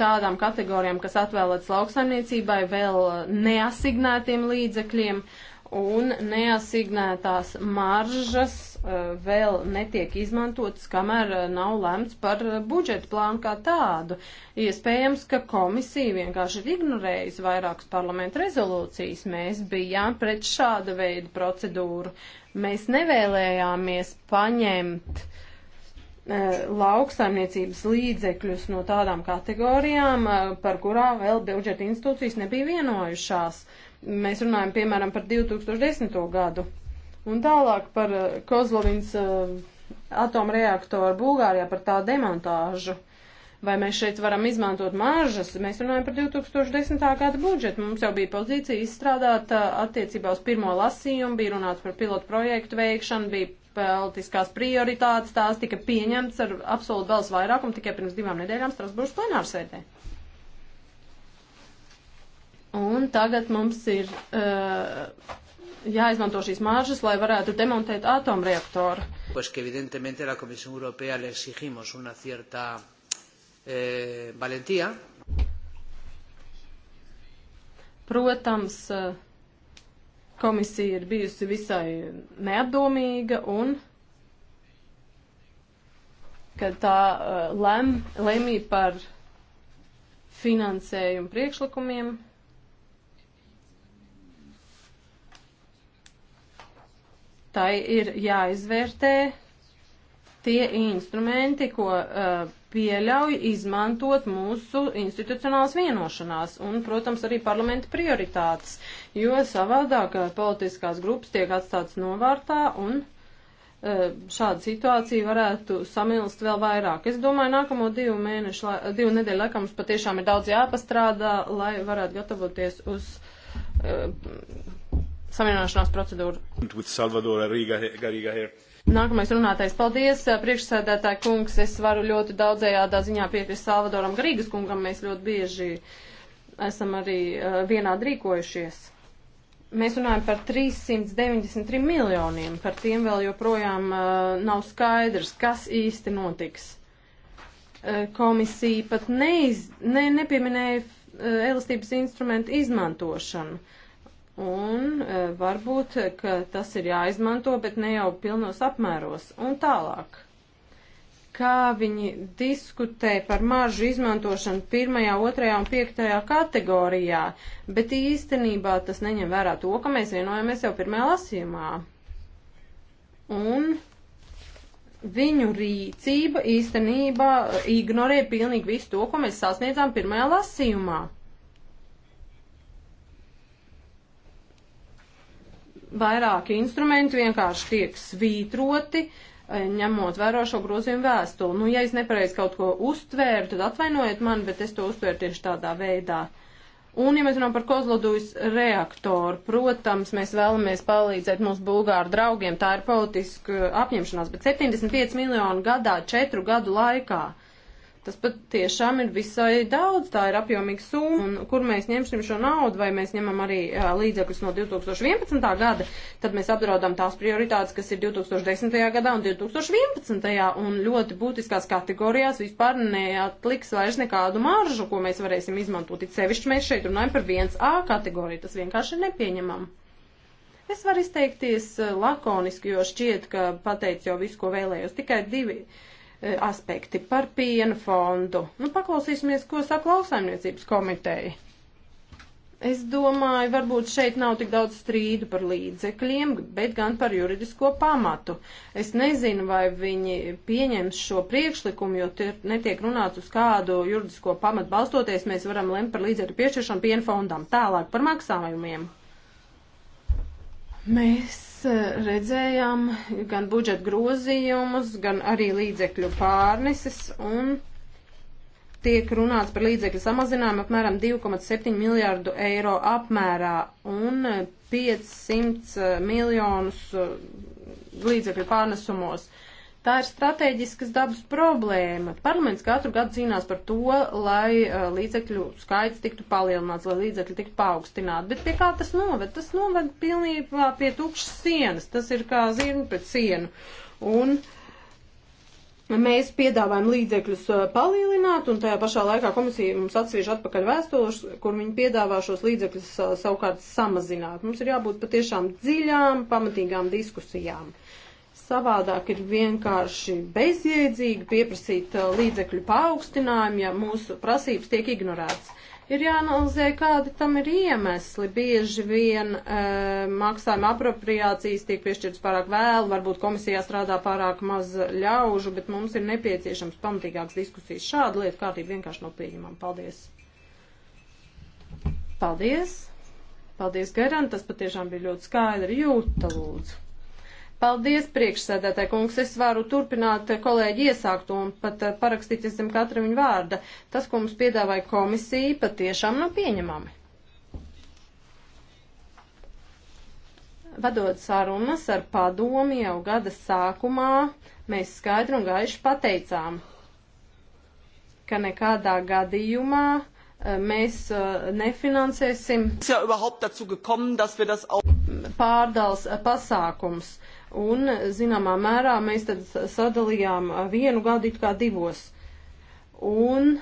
tādām kategorijām, kas atvēlēts lauksaimniecībai, vēl neasignētiem līdzekļiem. Uh, un neasignētās maržas eh, vēl netiek izmantotas, kamēr eh, nav lemts par eh, budžetu plānu kā tādu. Iespējams, ka komisija vienkārši ir ignorējusi vairākas parlamenta rezolūcijas. Mēs bijām pret šāda veida procedūru. Mēs nevēlējāmies paņemt uh, lauksaimniecības līdzekļus no tādām kategorijām, par kurām vēl budžeta institūcijas nebija vienojušās. Uh, Mēs runājam, piemēram, par 2010. gadu. Un tālāk par eh, Kozlovins uh, atomreaktoru Bulgārijā, par tā demontāžu. Vai mēs šeit varam izmantot maržas? Mēs runājam par 2010. gada budžetu. Mums jau bija pozīcija izstrādāt uh, attiecībā uz pirmo lasījumu, bija runāts par pilotu projektu veikšanu, bija politiskās prioritātes, tās tika pieņemts ar absolūtu balsu vairākumu tikai pirms divām nedēļām Strasbūras plenārsēdē. Un tagad mums ir uh, jāizmanto šīs maržas, lai varētu demontēt atomreaktoru. Pues que evidentemente la Comisión Europea le exigimos una cierta eh, valentía. Protams, eh, komisija ir bijusi visai neapdomīga un kad tā eh, lem, lemī par finansējumu priekšlikumiem. tai ir jāizvērtē tie instrumenti, ko uh, pieļauj izmantot mūsu institucionālās vienošanās un, protams, arī parlamenta prioritātes, jo savādāk uh, politiskās grupas tiek atstātas novārtā un uh, šāda situācija varētu samilst vēl vairāk. Es domāju, nākamo divu mēnešu, lai, divu nedēļu laikā mums patiešām ir daudz jāpastrādā, lai varētu gatavoties uz uh, samierināšanās procedūru. Nākamais runātais. Paldies, priekšsēdētāji kungs. Es varu ļoti daudzējādā ziņā piekrist Salvadoram Garīgas kungam. Mēs ļoti bieži esam arī uh, vienādi rīkojušies. Mēs runājam par 393 miljoniem. Par tiem vēl joprojām uh, nav skaidrs, kas īsti notiks. Uh, komisija pat neiz, ne, nepieminēja elastības instrumentu izmantošanu. Uh, Un e, varbūt, ka tas ir jāizmanto, bet ne jau pilnos apmēros. Un tālāk. Kā viņi diskutē par maržu izmantošanu pirmajā, otrajā un piektajā kategorijā, bet īstenībā tas neņem vērā to, ka mēs vienojamies jau pirmajā lasījumā. Un viņu rīcība īstenībā ignorē pilnīgi visu to, ko mēs sasniedzām pirmajā lasījumā. vairāki instrumenti vienkārši tiek svītroti, eh, ņemot vērā šo grozījumu vēstuli. Nu, ja es nepareizi kaut ko uztvēru, tad atvainojiet mani, bet es to uztvēru tieši tādā veidā. Un, ja mēs runājam par Kozlodujas reaktoru, protams, mēs vēlamies palīdzēt mūsu bulgāru draugiem, tā ir politiska apņemšanās, bet 75 miljonu gadā, 4 gadu laikā. Tas pat tiešām ir visai daudz, tā ir apjomīga summa, un kur mēs ņemsim šo naudu, vai mēs ņemam arī līdzekļus no 2011. gada, tad mēs apdraudam tās prioritātes, kas ir 2010. gadā un 2011. un ļoti būtiskās kategorijās vispār neatliks vairs nekādu maržu, ko mēs varēsim izmantot. It sevišķi mēs šeit runājam par 1A kategoriju, tas vienkārši ir nepieņemam. Es varu izteikties lakoniski, jo šķiet, ka pateicu jau visu, ko vēlējos. Tikai divi E, aspekti par piena fondu. Nu, paklausīsimies, ko saka lauksaimniecības komiteja. Es domāju, varbūt šeit nav tik daudz strīdu par līdzekļiem, bet gan par juridisko pamatu. Es nezinu, vai viņi pieņems šo priekšlikumu, jo tur netiek runāts uz kādu juridisko pamatu balstoties. Mēs varam lemt par līdzekļu piešķiršanu piena fondam. Tālāk par maksājumiem. Mēs redzējām gan budžeta grozījumus, gan arī līdzekļu pārneses un tiek runāts par līdzekļu samazinājumu apmēram 2,7 miljārdu eiro apmērā un 500 miljonus uh, līdzekļu pārnesumos. Uh, Tā ir strateģiskas dabas problēma. Parlaments katru gadu cīnās par to, lai uh, līdzekļu skaits tiktu palielināts, lai līdzekļi tiktu paaugstināti. Bet pie kā tas noved? Tas noved pilnībā pie tukšas sienas. Tas ir kā zirni pret sienu. Un mēs piedāvājam līdzekļus uh, palielināt, un tajā pašā laikā komisija mums atsviež atpakaļ vēstules, kur viņi piedāvā šos līdzekļus uh, savukārt samazināt. Mums ir jābūt patiešām dziļām, pamatīgām diskusijām. Savādāk ir vienkārši bezjēdzīgi pieprasīt uh, līdzekļu paaugstinājumu, ja mūsu prasības tiek ignorētas. Ir jāanalizē, kādi tam ir iemesli. Bieži vien e, maksājuma apropriācijas tiek piešķirtas pārāk vēlu, varbūt komisijā strādā pārāk maz ļaužu, bet mums ir nepieciešams pamatīgāks diskusijas. Šāda lieta kārtība vienkārši nav no pieņemama. Paldies! Paldies! Paldies, Garan, tas patiešām bija ļoti skaidri jūta, lūdzu. Paldies, priekšsēdētāji kungs. Es varu turpināt kolēģi iesākt un pat eh, parakstīt zem katra viņa vārda. Tas, ko mums piedāvāja komisija, patiešām nav pieņemami. Vadot sarunas ar padomi jau gada sākumā, mēs skaidri un gaiši pateicām, ka nekādā gadījumā eh, mēs eh, nefinansēsim pārdals pasākums. Uh, un, zināmā mērā, mēs tad sadalījām vienu gadu it kā divos. Un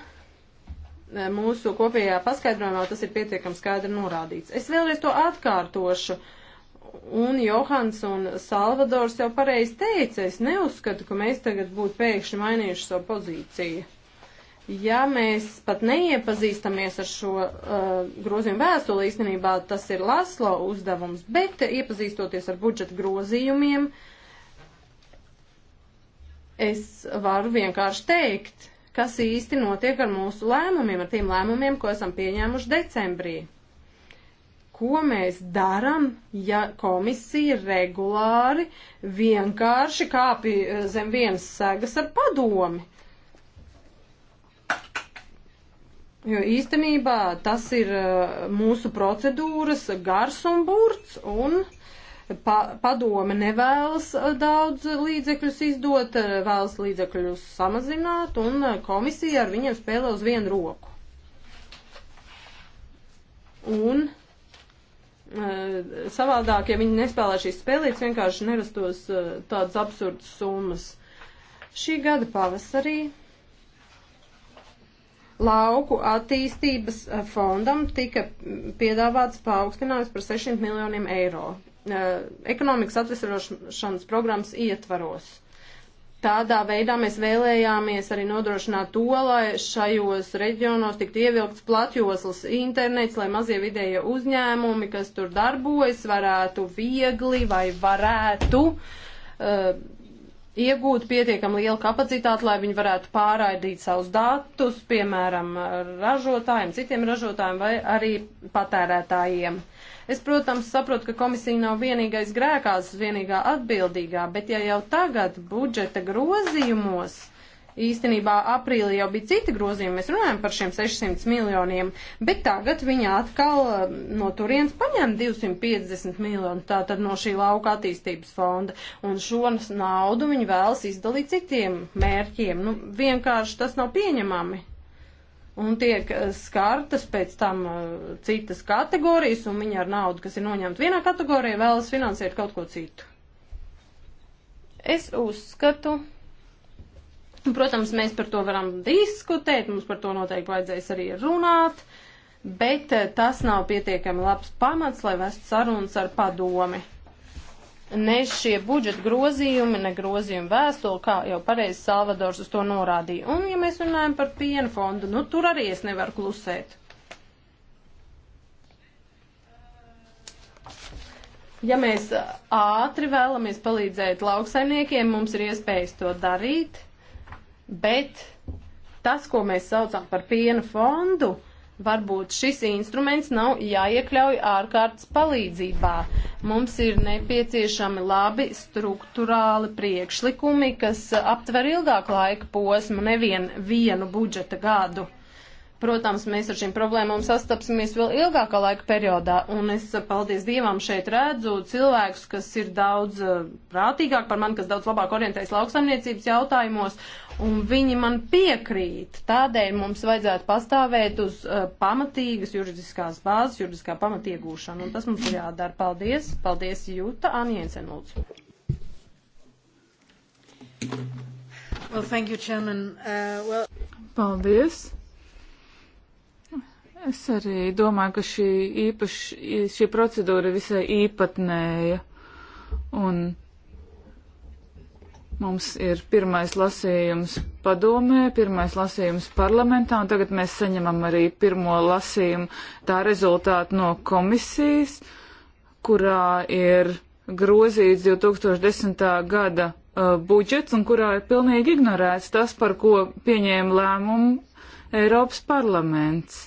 mūsu kopējā paskaidrojumā tas ir pietiekami skaidri norādīts. Es vēlreiz to atkārtošu. Un Johans un Salvadors jau pareizi teica, es neuzskatu, ka mēs tagad būtu pēkšņi mainījuši savu pozīciju ja mēs pat neiepazīstamies ar šo uh, grozījumu vēstuli, īstenībā tas ir Laslo uzdevums, bet iepazīstoties ar budžeta grozījumiem, es varu vienkārši teikt, kas īsti notiek ar mūsu lēmumiem, ar tiem lēmumiem, ko esam pieņēmuši decembrī. Ko mēs daram, ja komisija regulāri vienkārši kāpj eh, zem vienas segas ar padomi? Jo īstenībā tas ir eh, mūsu procedūras gars un burts, un pa, padome nevēlas eh, daudz līdzekļus izdot, eh, vēlas līdzekļus samazināt, un komisija ar viņiem spēlē uz vienu roku. Un savādāk, ja viņi nespēlē šīs spēlītas, vienkārši nerastos tādas absurdas summas. Šī gada pavasarī lauku attīstības eh, fondam tika piedāvāts paaugstinājums par 600 miljoniem eiro eh, ekonomikas atvesarošanas programmas ietvaros. Tādā veidā mēs vēlējāmies arī nodrošināt to, lai šajos reģionos tiktu ievilkts platjoslas internets, lai mazie vidējie uzņēmumi, kas tur darbojas, varētu viegli vai varētu uh, iegūt pietiekami lielu kapacitāti, lai viņi varētu pārraidīt savus datus, piemēram, ražotājiem, citiem ražotājiem vai arī patērētājiem. Es, protams, saprotu, ka komisija nav vienīgais grēkās, vienīgā atbildīgā, bet ja jau tagad budžeta grozījumos īstenībā aprīlī jau bija citi grozījumi, mēs runājam par šiem 600 miljoniem, bet tagad viņi atkal um, no turienes paņem 250 miljonu, tātad no šī lauka attīstības fonda, un šo naudu viņi vēlas izdalīt citiem mērķiem. Nu, vienkārši tas nav pieņemami. Un tiek uh, skartas pēc tam uh, citas kategorijas, un viņi ar naudu, kas ir noņemta vienā kategorijā, vēlas finansēt kaut ko citu. Es uzskatu, Nu, protams, mēs par to varam diskutēt, mums par to noteikti vajadzēs arī runāt, bet eh, tas nav pietiekami labs pamats, lai vest sarunas ar padomi. Ne šie budžeta grozījumi, ne grozījumi vēstuli, kā jau pareizi Salvadors uz to norādīja. Un, ja mēs runājam par piena fondu, nu tur arī es nevaru klusēt. Ja mēs eh, ātri vēlamies palīdzēt lauksaimniekiem, mums ir iespējas to darīt bet tas, ko mēs saucam par piena fondu, varbūt šis instruments nav jāiekļauj ārkārtas palīdzībā. Mums ir nepieciešami labi struktūrāli priekšlikumi, kas aptver ilgāku laika posmu, nevien vienu budžeta gadu. Protams, mēs ar šīm problēmām sastapsimies vēl ilgākā laika periodā, un es, paldies Dievam, šeit redzu cilvēkus, kas ir daudz eh, prātīgāk par mani, kas daudz labāk orientējas lauksaimniecības jautājumos, un viņi man piekrīt. Tādēļ mums vajadzētu pastāvēt uz uh, pamatīgas juridiskās bāzes, juridiskā pamata iegūšana, un tas mums ir jādara. Paldies, paldies Jūta Anjensen, lūdzu. Well, thank you, Chairman. Uh, well... Paldies. Es arī domāju, ka šī, īpaš, šī procedūra visai īpatnēja. Un Mums ir pirmais lasījums padomē, pirmais lasījums parlamentā, un tagad mēs saņemam arī pirmo lasījumu tā rezultātu no komisijas, kurā ir grozīts 2010. gada uh, budžets un kurā ir pilnīgi ignorēts tas, par ko pieņēma lēmumu Eiropas parlaments.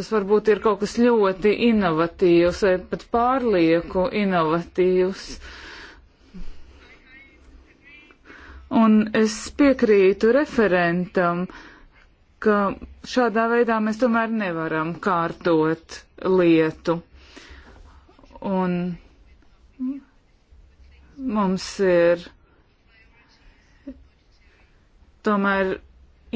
Tas varbūt ir kaut kas ļoti inovatīvs vai pat pārlieku inovatīvs. Uh, Un es piekrītu referentam, ka šādā veidā mēs tomēr nevaram kārtot lietu. Un mums ir tomēr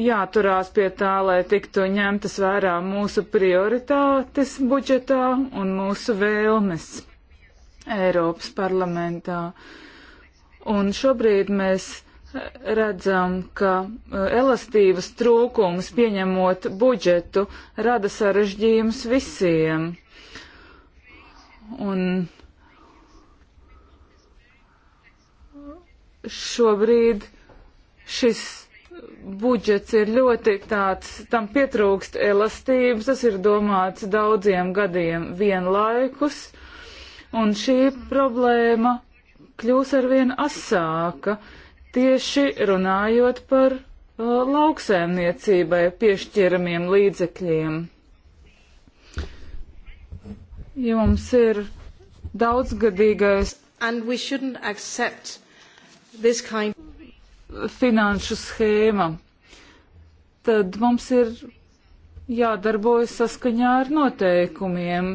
jāturās pie tā, lai tiktu ņemtas vērā mūsu prioritātes budžetā un mūsu vēlmes Eiropas parlamentā. Un šobrīd mēs redzam, ka uh, elastības trūkums pieņemot budžetu rada sarežģījums visiem. Un šobrīd šis budžets ir ļoti tāds, tam pietrūkst elastības, tas ir domāts daudziem gadiem vienlaikus, un šī problēma kļūs arvien asāka, tieši runājot par uh, lauksēmniecībai piešķiramiem līdzekļiem. Jums ir daudzgadīgais kind... finanšu schēma. Tad mums ir jādarbojas saskaņā ar noteikumiem,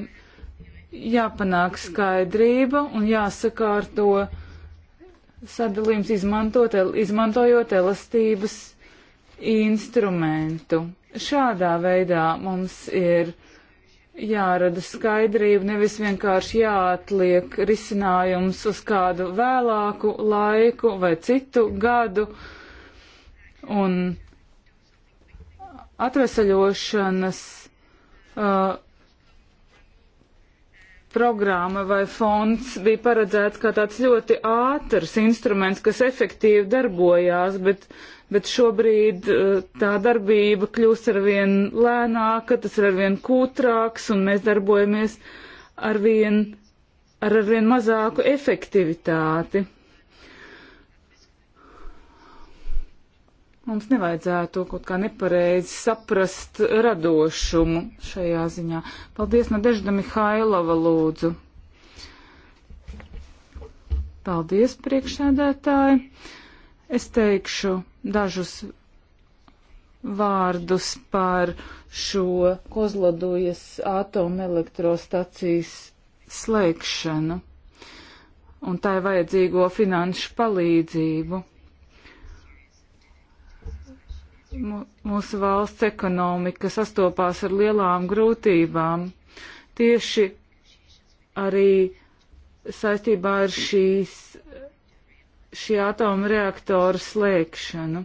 jāpanāk skaidrība un jāsakārto to sadalījums izmantot, izmantojot elastības instrumentu. Šādā veidā mums ir jārada skaidrība, nevis vienkārši jāatliek risinājums uz kādu vēlāku laiku vai citu gadu. Un atvesaļošanas uh, programma vai fonds bija paredzēts kā tāds ļoti ātrs instruments, kas efektīvi darbojās, bet, bet šobrīd uh, tā darbība kļūst arvien lēnāka, tas ir arvien kūtrāks un mēs darbojamies arvien, ar arvien mazāku efektivitāti. Mums nevajadzētu kaut kā nepareizi saprast radošumu šajā ziņā. Paldies, Nadežda Mihailova lūdzu. Paldies, priekšsēdētāji. Es teikšu dažus vārdus par šo Kozlodujas atomelektrostacijas slēgšanu un tai vajadzīgo finanšu palīdzību mūsu valsts ekonomika sastopās ar lielām grūtībām. Tieši arī saistībā ar šīs, šī atoma reaktora slēgšanu.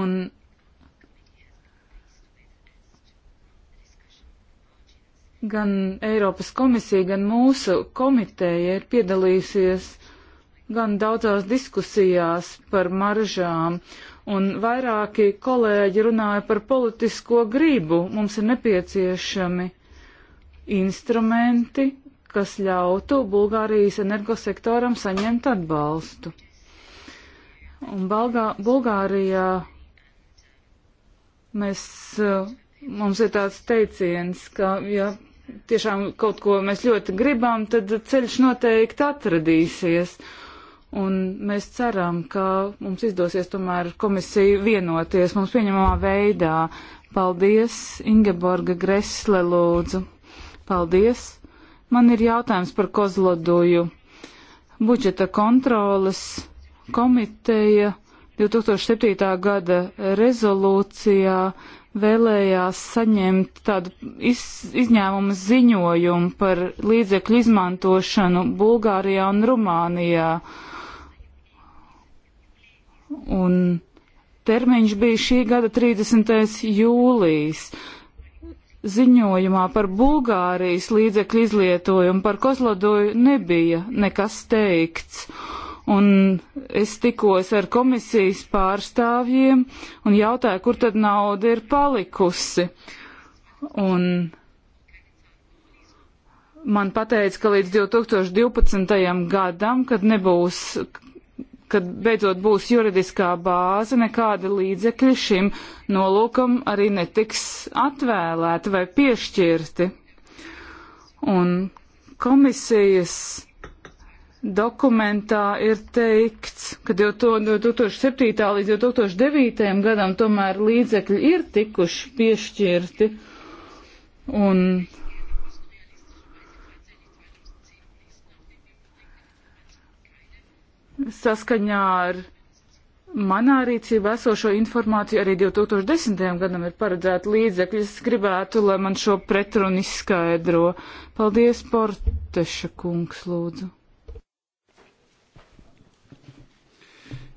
Un gan Eiropas komisija, gan mūsu komiteja ir piedalījusies gan daudzās diskusijās par maržām un vairāki kolēģi runāja par politisko gribu. Mums ir nepieciešami instrumenti, kas ļautu Bulgārijas energosektoram saņemt atbalstu. Un Balgā, Bulgārijā mēs, mums ir tāds teiciens, ka ja tiešām kaut ko mēs ļoti gribam, tad ceļš noteikti atradīsies. Uh, Un mēs ceram, ka mums izdosies tomēr komisiju vienoties mums pieņemamā veidā. Paldies, Ingeborga Gresle, lūdzu. Paldies. Man ir jautājums par kozloduju. Budžeta kontrolas komiteja 2007. gada rezolūcijā vēlējās saņemt tādu iz, izņēmumu ziņojumu par līdzekļu izmantošanu Bulgārijā un Rumānijā. Uh, un termiņš bija šī gada 30. jūlijas. Ziņojumā par Bulgārijas līdzekļu izlietojumu par Kozlodoju nebija nekas teikts. Un es tikos ar komisijas pārstāvjiem un jautāju, kur tad nauda ir palikusi. Un man pateica, ka līdz 2012. gadam, kad nebūs kad beidzot būs juridiskā bāze, nekāda līdzekļa šim nolūkam arī netiks atvēlēti vai piešķirti. Un komisijas dokumentā ir teikts, ka jau to, no 2007. līdz 2009. gadam tomēr līdzekļi ir tikuši piešķirti. Un Saskaņā ar manā rīcībā esošo informāciju arī 2010. gadam ir paredzēta līdzekļi. Es gribētu, lai man šo pretrunu izskaidro. Paldies, Porteša kungs, lūdzu.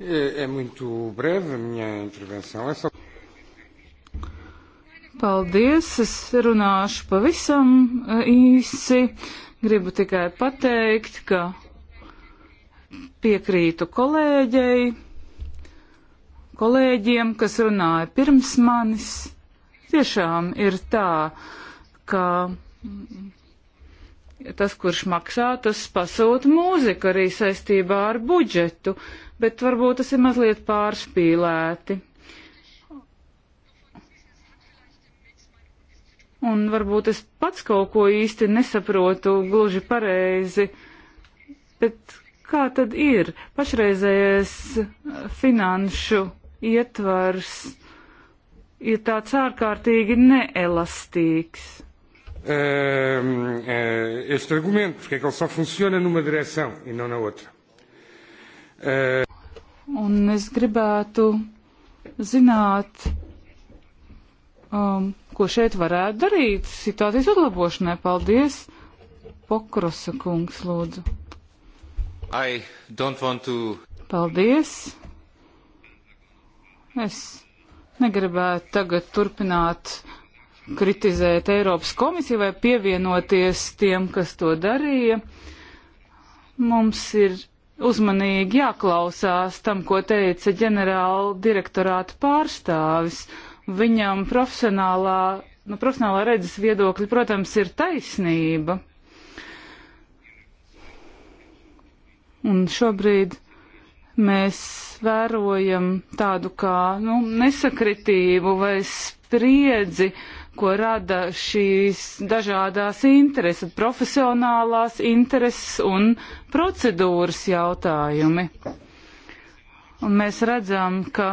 É, e, é e muito breve a minha intervenção. É só... Paldies, es runāšu pavisam e, īsi. Gribu tikai pateikt, ka piekrītu kolēģei, kolēģiem, kas runāja pirms manis. Tiešām ir tā, ka tas, kurš maksā, tas pasūta mūziku arī saistībā ar budžetu, bet varbūt tas ir mazliet pārspīlēti. Un varbūt es pats kaut ko īsti nesaprotu gluži pareizi, bet Kā tad ir pašreizējais finanšu ietvars? Ir tāds ārkārtīgi neelastīgs. Um, este argumento, porque é que ele só funciona numa direção e não na outra. Uh... Eh, un es gribētu zināt, um, ko šeit varētu darīt situācijas uzlabošanai. Paldies, Pokrosa kungs, lūdzu. To... Paldies! Es negribētu tagad turpināt kritizēt Eiropas komisiju vai pievienoties tiem, kas to darīja. Mums ir uzmanīgi jāklausās tam, ko teica ģenerāla direktorāta pārstāvis. Viņam profesionālā, no profesionālā redzes viedokļa, protams, ir taisnība. Un šobrīd mēs vērojam tādu kā nu, nesakritību vai spriedzi, ko rada šīs dažādās intereses, profesionālās intereses un procedūras jautājumi. Un mēs redzam, ka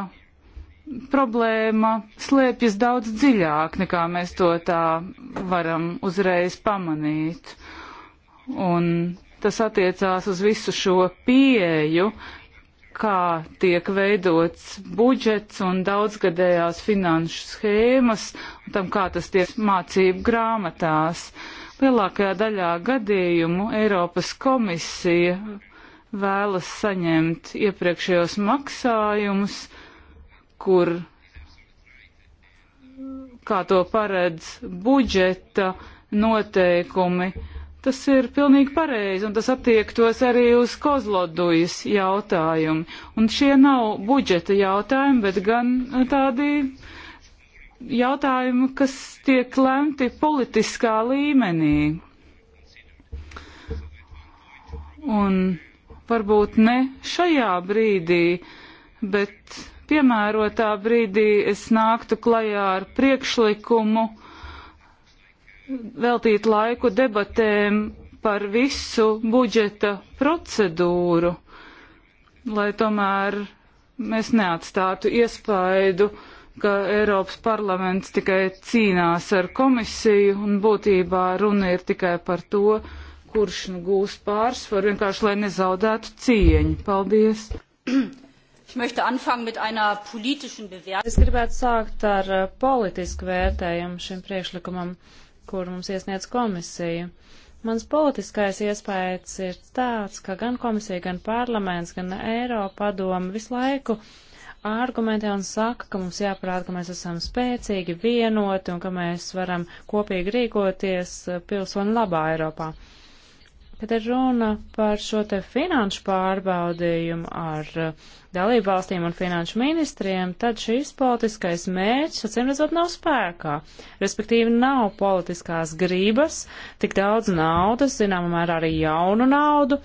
problēma slēpjas daudz dziļāk, nekā mēs to tā varam uzreiz pamanīt. Un Tas attiecās uz visu šo pieeju, kā tiek veidots budžets un daudzgadējās finanšu schēmas, un tam, kā tas tiek mācību grāmatās. Lielākajā daļā gadījumu Eiropas komisija vēlas saņemt iepriekšējos maksājumus, kur, kā to paredz budžeta noteikumi, uh, Tas ir pilnīgi pareizi, un tas attiektos arī uz kozlodujas jautājumu. Un šie nav budžeta jautājumi, bet gan eh, tādi jautājumi, kas tiek lemti politiskā līmenī. Un varbūt ne šajā brīdī, bet piemērotā brīdī es nāktu klajā ar priekšlikumu, uh, veltīt laiku debatēm par visu budžeta procedūru, lai tomēr mēs neatstātu iespaidu, ka Eiropas parlaments tikai cīnās ar komisiju un būtībā runa ir tikai par to, kurš nu gūs pārsvaru, vienkārši lai nezaudētu cieņu. Paldies! Es gribētu sākt ar eh, politisku vērtējumu šim priekšlikumam. Uh, kur mums iesniedz komisija. Mans politiskais iespējas ir tāds, ka gan komisija, gan parlaments, gan Eiropadoma visu laiku argumentē un saka, ka mums jāprāt, ka mēs esam spēcīgi, vienoti un ka mēs varam kopīgi rīkoties pilsoņu labā Eiropā. Tad ir runa par šo te finanšu pārbaudījumu ar eh, dalību valstīm un finanšu ministriem, tad šīs politiskais mērķis, acīm redzot, nav spēkā. Respektīvi, nav politiskās grības, tik daudz naudas, zināmā mērā arī jaunu naudu,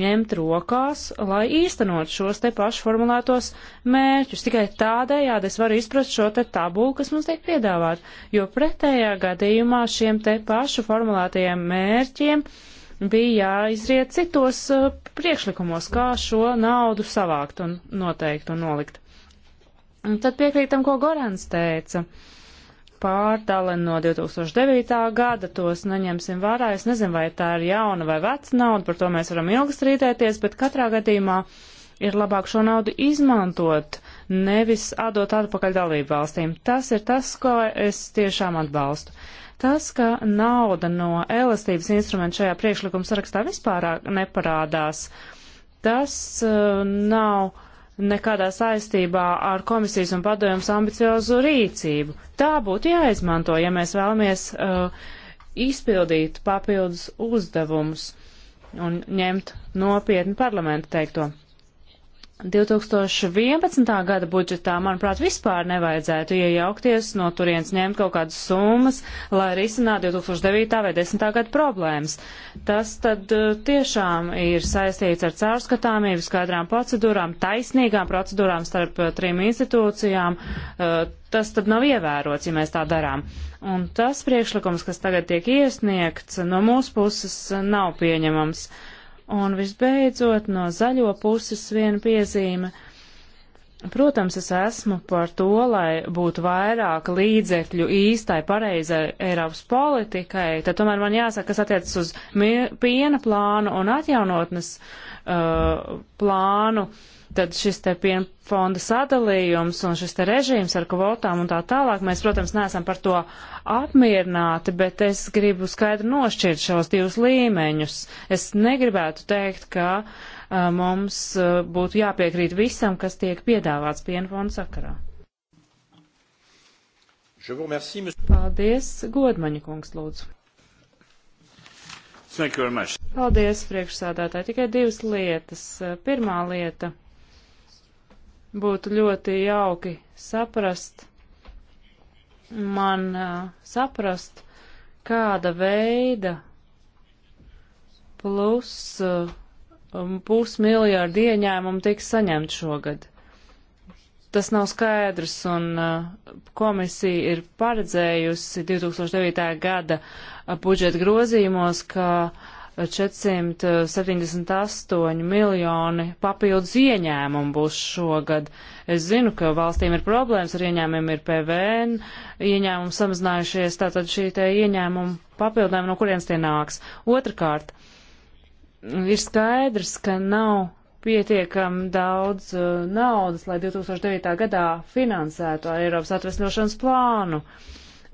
ņemt rokās, lai īstenot šos te pašformulētos mērķus. Tikai tādējādi es varu izprast šo te tabulu, kas mums tiek piedāvāt, jo pretējā gadījumā šiem te pašu formulētajiem mērķiem uh, bija jāizriet citos uh, priekšlikumos, kā šo naudu savākt un noteikt un nolikt. Un tad piekrītam, ko Gorans teica. Pārdale no 2009. gada tos neņemsim vērā. Es nezinu, vai tā ir jauna vai veca nauda, par to mēs varam ilgi strīdēties, bet katrā gadījumā ir labāk šo naudu izmantot, nevis atdot atpakaļ dalību valstīm. Tas ir tas, ko es tiešām atbalstu. Uh, Tas, ka nauda no elastības instrumenta šajā priekšlikuma sarakstā vispār neparādās, tas uh, nav nekādā saistībā ar komisijas un padomjums ambiciozu rīcību. Tā būtu jāizmanto, ja mēs vēlamies uh, izpildīt papildus uzdevumus un ņemt nopietni parlamentu teikto. 2011. gada budžetā, manuprāt, vispār nevajadzētu iejaukties no turienes ņemt kaut kādas summas, lai risinātu 2009. vai 2010. gada problēmas. Tas tad eh, tiešām ir saistīts ar caurskatāmību, skaidrām procedūrām, taisnīgām procedūrām starp eh, trim institūcijām. Eh, tas tad nav ievērots, ja mēs tā darām. Un tas priekšlikums, kas tagad tiek iesniegts, no mūsu puses nav pieņemams. Uh, Un visbeidzot, no zaļo puses viena piezīme. Protams, es esmu par to, lai būtu vairāk līdzekļu īstai pareizai Eiropas politikai, tad tomēr man jāsaka, kas attiecas uz piena plānu un atjaunotnes uh, plānu. Uh, tad šis te pienfonda sadalījums un šis te režīms ar kvotām un tā tālāk, mēs, protams, neesam par to apmierināti, bet es gribu skaidri nošķirt šos divus līmeņus. Es negribētu teikt, ka uh, mums uh, būtu jāpiekrīt visam, kas tiek piedāvāts pienfonda sakarā. Paldies, Godmaņa kungs, lūdzu. Paldies, priekšsādātāji. Tikai divas lietas. Pirmā lieta. Būtu ļoti jauki saprast, man uh, saprast, kāda veida plus uh, pusmiljārdu ieņēmumu tiks saņemt šogad. Tas nav skaidrs, un uh, komisija ir paredzējusi 2009. gada budžeta grozījumos, ka uh, 478 miljoni papildus ieņēmumu būs šogad. Es zinu, ka valstīm ir problēmas ar ieņēmumiem, ir PVN, ieņēmumi samazinājušies, tātad šī te ieņēmuma papildinājuma, no kurienes tie nāks. Otrakārt, ir skaidrs, ka nav pietiekam daudz uh, naudas, lai 2009. gadā finansētu Eiropas atvesļošanas plānu. Uh,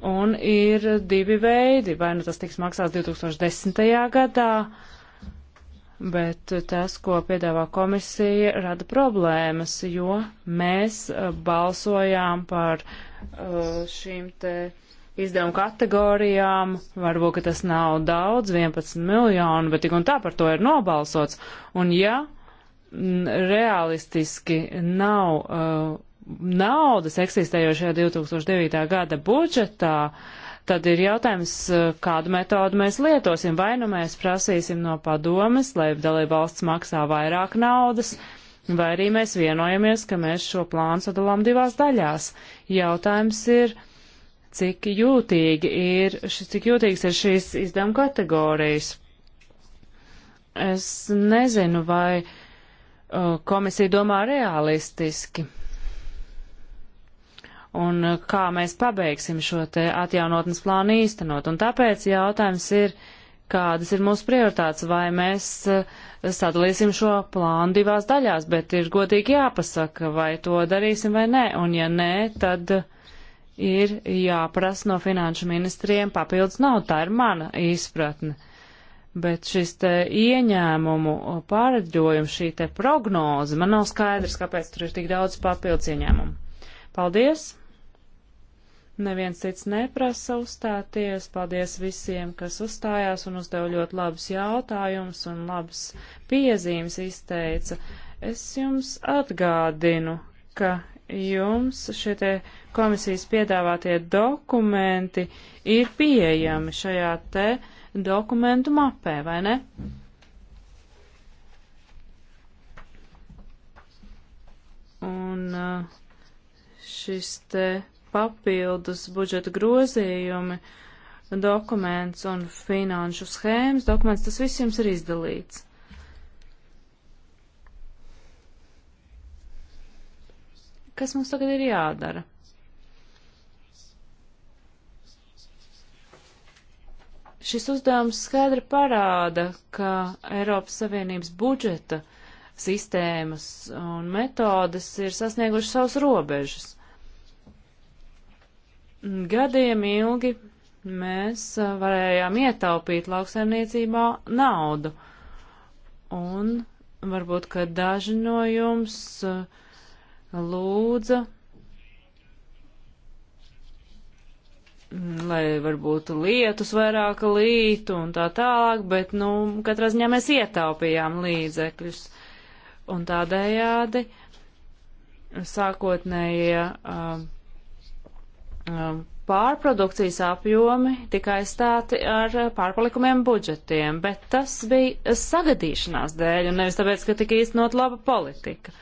Un ir divi veidi, vai nu tas tiks maksāts 2010. gadā, bet tas, ko piedāvā komisija, rada problēmas, jo mēs uh, balsojām par uh, šīm te izdevumu kategorijām. Varbūt, ka tas nav daudz, 11 miljoni, bet tik un tā par to ir nobalsots. Un ja realistiski nav. Uh, naudas eksistējošajā 2009. gada budžetā, tad ir jautājums, kādu metodu mēs lietosim. Vai nu mēs prasīsim no padomes, lai dalība valsts maksā vairāk naudas, vai arī mēs vienojamies, ka mēs šo plānu sadalām divās daļās. Jautājums ir, cik, jūtīgi ir, cik jūtīgs ir šīs izdevuma kategorijas. Es nezinu, vai uh, komisija domā realistiski un uh, kā mēs pabeigsim šo te atjaunotnes plānu īstenot. Un tāpēc jautājums ir, kādas ir mūsu prioritātes, vai mēs uh, sadalīsim šo plānu divās daļās, bet ir godīgi jāpasaka, vai to darīsim vai nē, un ja nē, tad ir jāprasa no finanšu ministriem papildus naudu. Tā ir mana izpratne. Bet šis te ieņēmumu pāraģojums, šī te prognoze, man nav skaidrs, kāpēc tur ir tik daudz papildus ieņēmumu. Paldies! Neviens cits neprasa uzstāties. Paldies visiem, kas uzstājās un uzdeva ļoti labus jautājumus un labas piezīmes izteica. Es jums atgādinu, ka jums šie komisijas piedāvātie dokumenti ir pieejami šajā te dokumentu mapē, vai ne? Un uh, šis te papildus budžeta grozījumi, dokuments un finanšu schēmas dokuments, tas viss jums ir izdalīts. Kas mums tagad ir jādara? Šis uzdevums skaidri parāda, ka Eiropas Savienības budžeta sistēmas un metodas ir sasnieguši savus robežas gadiem ilgi mēs varējām ietaupīt lauksaimniecībā naudu. Un varbūt, ka daži no jums lūdza, lai varbūt lietus vairāk lītu un tā tālāk, bet, nu, katrā ziņā mēs ietaupījām līdzekļus. Un tādējādi sākotnējie uh, Um, pārprodukcijas apjomi tika aizstāti ar uh, pārpalikumiem budžetiem, bet tas bija sagadīšanās dēļ un nevis tāpēc, ka tika īstenot laba politika.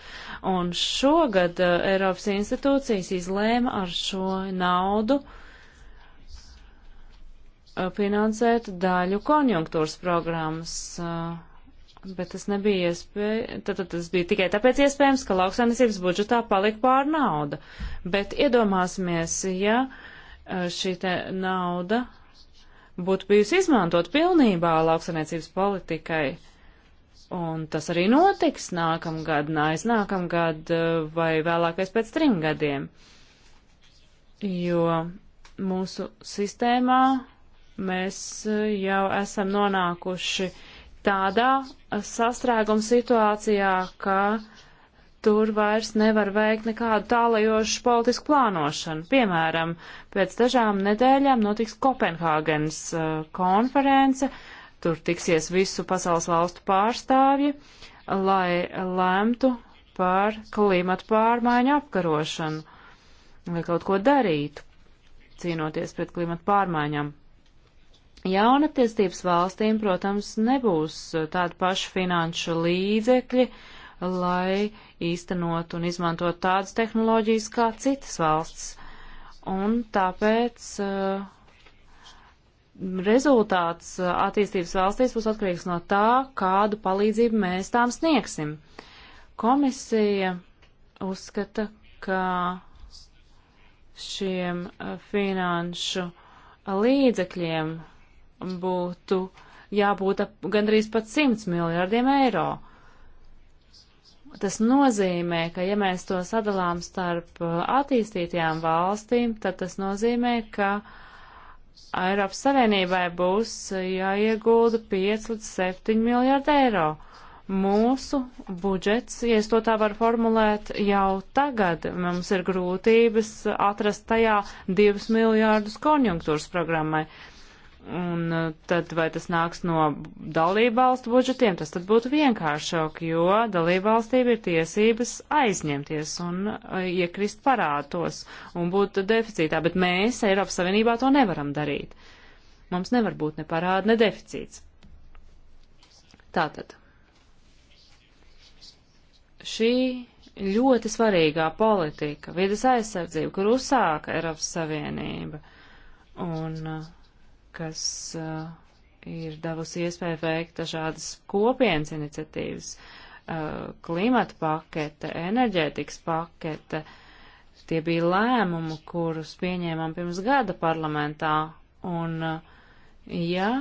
Un šogad uh, Eiropas institūcijas izlēma ar šo naudu uh, finansēt daļu konjunktūras programmas. Uh, Bet tas nebija iespējams, tad, tad tas bija tikai tāpēc iespējams, ka lauksaimniecības budžetā palika pār nauda. Bet iedomāsimies, ja šī nauda būtu bijusi izmantot pilnībā lauksaimniecības politikai, un tas arī notiks nākamgad, nāiz nākamgad vai vēlākais pēc trim gadiem, jo mūsu sistēmā mēs jau esam nonākuši uh, tādā sastrēguma situācijā, ka tur vairs nevar veikt nekādu tālajošu politisku plānošanu. Piemēram, pēc dažām nedēļām notiks Kopenhāgenes uh, konference, tur tiksies visu pasaules valstu pārstāvji, lai lemtu par klimatu pārmaiņu apkarošanu vai kaut ko darītu, cīnoties pret klimatu pārmaiņām. Jaunatīstības valstīm, protams, nebūs uh, tādi paši finanšu līdzekļi, lai īstenot un izmantot tādas tehnoloģijas kā citas valsts. Un tāpēc uh, rezultāts uh, attīstības valstīs būs atkarīgs no tā, kādu palīdzību mēs tām sniegsim. Komisija uzskata, ka šiem uh, finanšu līdzekļiem būtu jābūt gandrīz pat 100 miljardiem eiro. Tas nozīmē, ka ja mēs to sadalām starp uh, attīstītajām valstīm, tad tas nozīmē, ka Eiropas Savienībai būs uh, jāiegulda 5 līdz 7 miljārdi eiro. Mūsu budžets, ja es to tā varu formulēt, jau tagad mums ir grūtības atrast tajā 2 miljārdus konjunktūras programmai. Un uh, tad vai tas nāks no dalībvalstu budžetiem, tas tad būtu vienkāršāk, jo dalībvalstīm ir tiesības aizņemties un uh, iekrist parātos un būt deficītā, bet mēs Eiropas Savienībā to nevaram darīt. Mums nevar būt ne parāda, ne deficīts. Tātad. Šī ļoti svarīgā politika, vidas aizsardzība, kur uzsāka Eiropas Savienība. Un uh, kas uh, ir devusi iespēju veikt dažādas kopienas iniciatīvas, uh, klimata pakete, enerģētikas pakete. Tie bija lēmumi, kurus pieņēmām pirms gada parlamentā. Un, uh, ja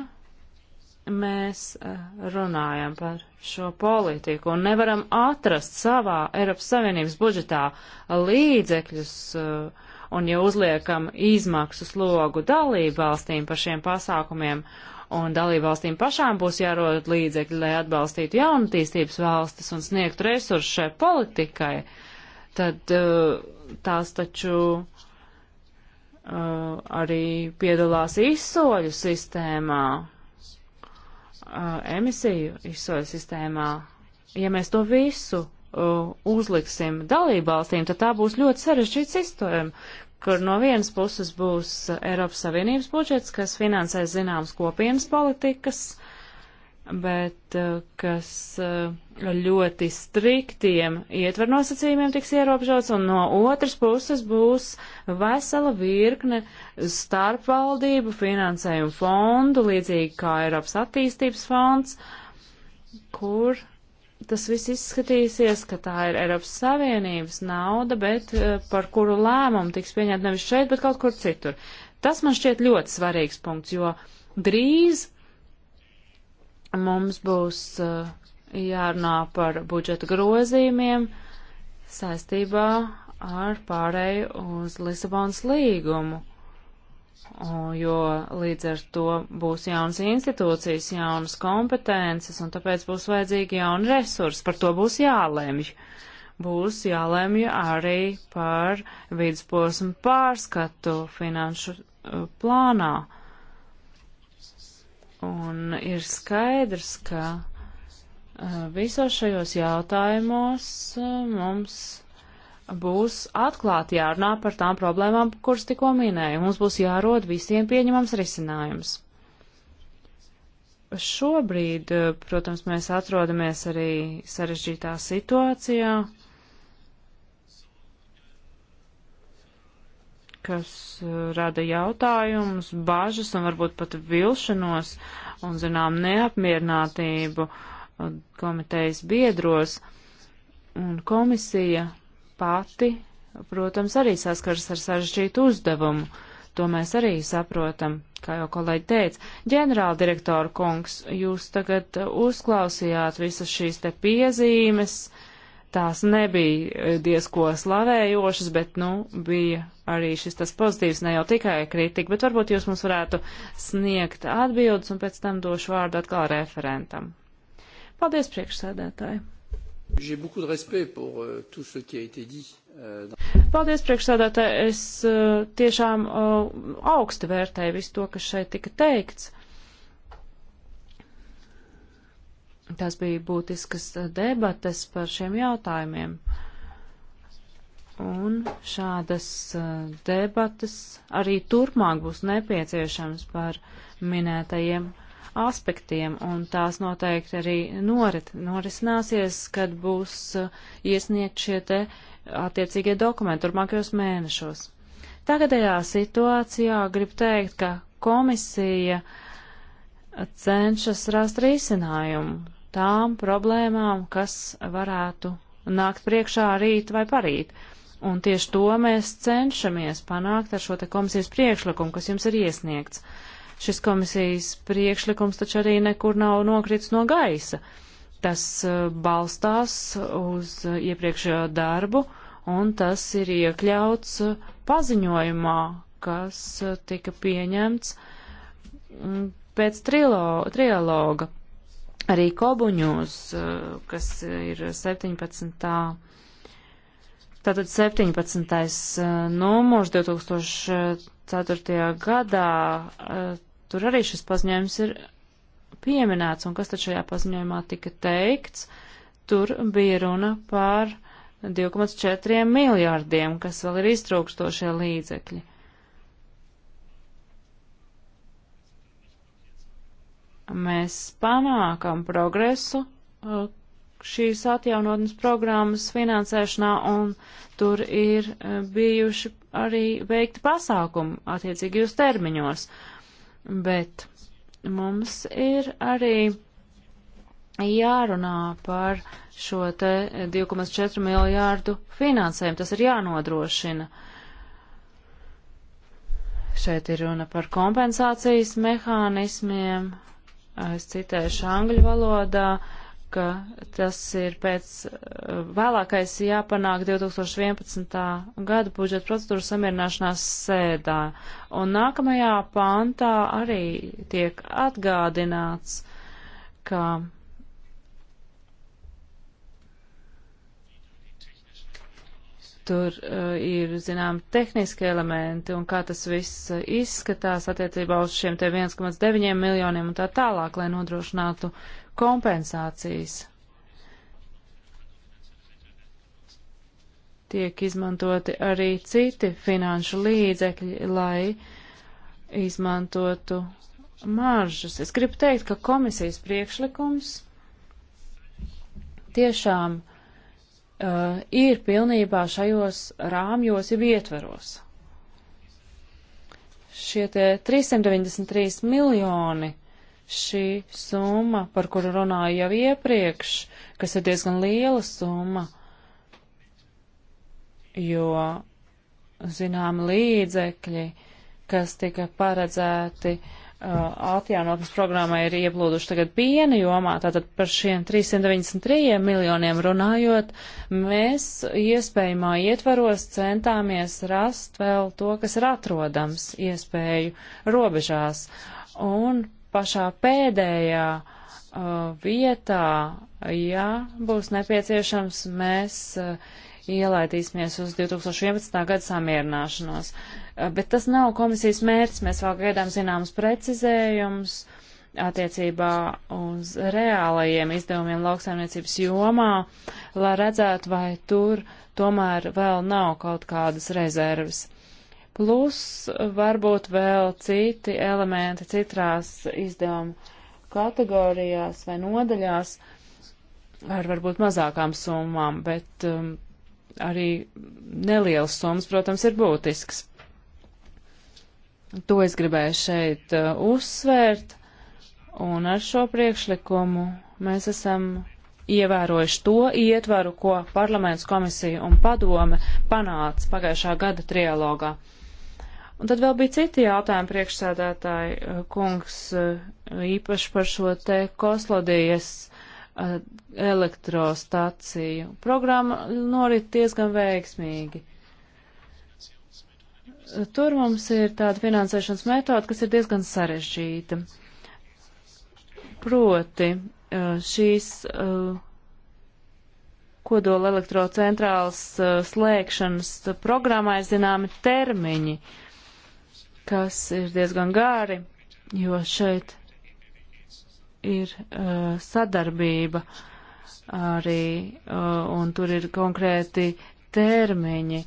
mēs uh, runājam par šo politiku un nevaram atrast savā Eiropas Savienības budžetā līdzekļus uh, un ja uzliekam izmaksu slogu dalību valstīm par šiem pasākumiem, un dalību valstīm pašām būs jārod līdzekļi, lai atbalstītu jaunatīstības valstis un sniegtu resursu šai politikai, tad uh, tās taču uh, arī piedalās izsoļu sistēmā, uh, emisiju izsoļu sistēmā. Ja mēs to visu uh, uzliksim dalībvalstīm, tad tā būs ļoti sarežģīta sistēma, kur no vienas puses būs uh, Eiropas Savienības budžets, kas finansēs zināmas kopienas politikas, bet uh, kas uh, ļoti striktiem ietver nosacījumiem tiks ierobežots, un no otras puses būs vesela virkne starpvaldību finansējumu fondu, līdzīgi kā Eiropas attīstības fonds, kur tas viss izskatīsies, ka tā ir Eiropas Savienības nauda, bet eh, par kuru lēmumu tiks pieņemt nevis šeit, bet kaut kur citur. Tas man šķiet ļoti svarīgs punkts, jo drīz mums būs eh, jārunā par budžeta grozījumiem saistībā ar pārēju uz Lisabonas līgumu jo līdz ar to būs jaunas institūcijas, jaunas kompetences, un tāpēc būs vajadzīgi jauni resursi. Par to būs jālemj. Būs jālemj arī par vidusposmu pārskatu finanšu e, plānā. Un ir skaidrs, ka e, visos šajos jautājumos e, mums būs atklāti jārunā par tām problēmām, kuras tikko minēju. Mums būs jārod visiem pieņemams risinājums. Šobrīd, protams, mēs atrodamies arī sarežģītā situācijā, kas uh, rada jautājumus, bažas un varbūt pat vilšanos un, zinām, neapmierinātību uh, komitejas biedros. Un komisija pati, protams, arī saskaras ar sarežģītu uzdevumu. To mēs arī saprotam, kā jau kolēģi teica. Ģenerāldirektora kungs, jūs tagad uzklausījāt visas šīs te piezīmes, tās nebija eh, diezko slavējošas, bet, nu, bija arī šis tas pozitīvs, ne jau tikai kritika, bet varbūt jūs mums varētu sniegt atbildes un pēc tam došu vārdu atkal referentam. Paldies priekšsēdētāji! J'ai beaucoup de respect pour euh, tout ce qui a été dit. Euh, Paldies, priekšsēdētāji. Es uh, tiešām uh, augstu vērtēju visu to, kas šeit tika teikts. Tās bija būtiskas uh, debates par šiem jautājumiem. Un šādas uh, debates arī turpmāk būs nepieciešams par minētajiem aspektiem, un tās noteikti arī norit, norisināsies, kad būs uh, iesniegt šie te attiecīgie dokumenti turpmākajos mēnešos. Tagadējā situācijā grib teikt, ka komisija cenšas rast risinājumu tām problēmām, kas varētu nākt priekšā rīt vai parīt. Un tieši to mēs cenšamies panākt ar šo te komisijas priekšlikumu, kas jums ir iesniegts. Uh, Šis komisijas priekšlikums taču arī nekur nav nokritis no gaisa. Tas uh, balstās uz uh, iepriekšējo darbu, un tas ir iekļauts uh, paziņojumā, kas tika pieņemts mm, pēc trilo, trialoga. Arī Kobuņos, kas ir 17. Tātad 17. numurs 2004. gadā Tur arī šis paziņojums ir pieminēts, un kas tad šajā paziņojumā tika teikts? Tur bija runa par 2,4 miljārdiem, kas vēl ir iztrūkstošie līdzekļi. Mēs panākam progresu uh, šīs atjaunotnes programmas finansēšanā, un tur ir uh, bijuši arī veikti pasākumi attiecīgi uz termiņos. Uh, bet mums ir arī jārunā par šo te 2,4 miljārdu finansējumu. Tas ir jānodrošina. Šeit ir runa par kompensācijas mehānismiem. Es citēšu angļu valodā. Uh, ka tas ir pēc vēlākais jāpanāk 2011. gada budžeta procedūras samierināšanās sēdā. Un nākamajā pāntā arī tiek atgādināts, ka tur uh, ir, zinām, tehniski elementi un kā tas viss izskatās attiecībā uz šiem te 1,9 miljoniem un tā tālāk, lai nodrošinātu uh, kompensācijas. Tiek izmantoti arī citi finanšu līdzekļi, lai izmantotu maržas. Es gribu teikt, ka komisijas priekšlikums tiešām uh, ir pilnībā šajos rāmjos jau ietveros. Šie 393 miljoni šī summa, par kuru runāju jau iepriekš, kas ir diezgan liela summa, jo, zinām, līdzekļi, kas tika paredzēti uh, atjaunotnes programmai, ir ieplūduši tagad piena jomā, tātad par šiem 393 miljoniem runājot, mēs iespējamā ietvaros centāmies rast vēl to, kas ir atrodams iespēju robežās. Un pašā pēdējā uh, vietā, ja būs nepieciešams, mēs uh, ielaidīsimies uz 2011. gada samierināšanos. Uh, bet tas nav komisijas mērķis, mēs vēl gaidām zināmas precizējumus attiecībā uz reālajiem izdevumiem lauksaimniecības jomā, lai redzētu, vai tur tomēr vēl nav kaut kādas rezerves. Uh, plus varbūt vēl citi elementi citrās izdevuma kategorijās vai nodaļās ar varbūt mazākām summām, bet um, arī nelielas summas, protams, ir būtisks. To es gribēju šeit uh, uzsvērt, un ar šo priekšlikumu mēs esam ievērojuši to ietvaru, ko parlaments komisija un padome panāca pagājušā gada trialogā. Un tad vēl bija citi jautājumi priekšsēdētāji, eh, kungs, eh, īpaši par šo te koslodījies eh, elektrostaciju. Programma norit diezgan veiksmīgi. Tur mums ir tāda finansēšanas metode, kas ir diezgan sarežģīta. Proti šīs kodola elektrocentrāls slēgšanas programmai zināmi termiņi. Uh, kas ir diezgan gāri, jo šeit ir uh, sadarbība arī, uh, un tur ir konkrēti termiņi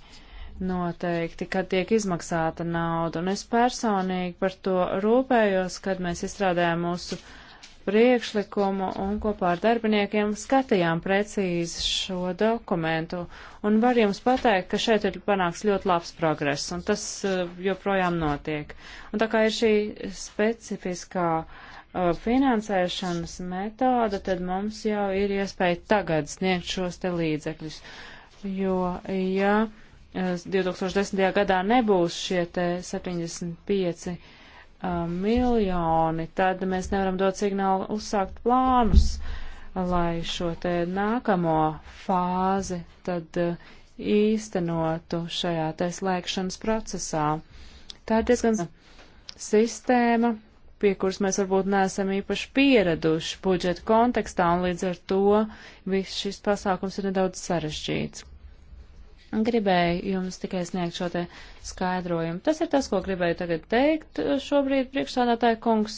noteikti, kad tiek izmaksāta nauda. Un es personīgi par to rūpējos, kad mēs izstrādājām mūsu uh, priekšlikumu un kopā ar darbiniekiem skatījām precīzi šo dokumentu. Un var jums pateikt, ka šeit ir panāks ļoti labs progress, un tas eh, joprojām notiek. Un tā kā ir šī specifiskā uh, finansēšanas metoda, tad mums jau ir iespēja tagad sniegt šos te līdzekļus. Jo, ja 2010. Eh, gadā nebūs šie te 75 miljoni, tad mēs nevaram dot signālu uzsākt plānus, lai šo te nākamo fāzi tad īstenotu šajā te slēgšanas procesā. Tā ir diezgan sistēma, pie kuras mēs varbūt neesam īpaši pieraduši budžeta kontekstā, un līdz ar to viss šis pasākums ir nedaudz sarežģīts. Gribēju jums tikai sniegt šo te skaidrojumu. Tas ir tas, ko gribēju tagad teikt šobrīd priekšsādātāja kungs,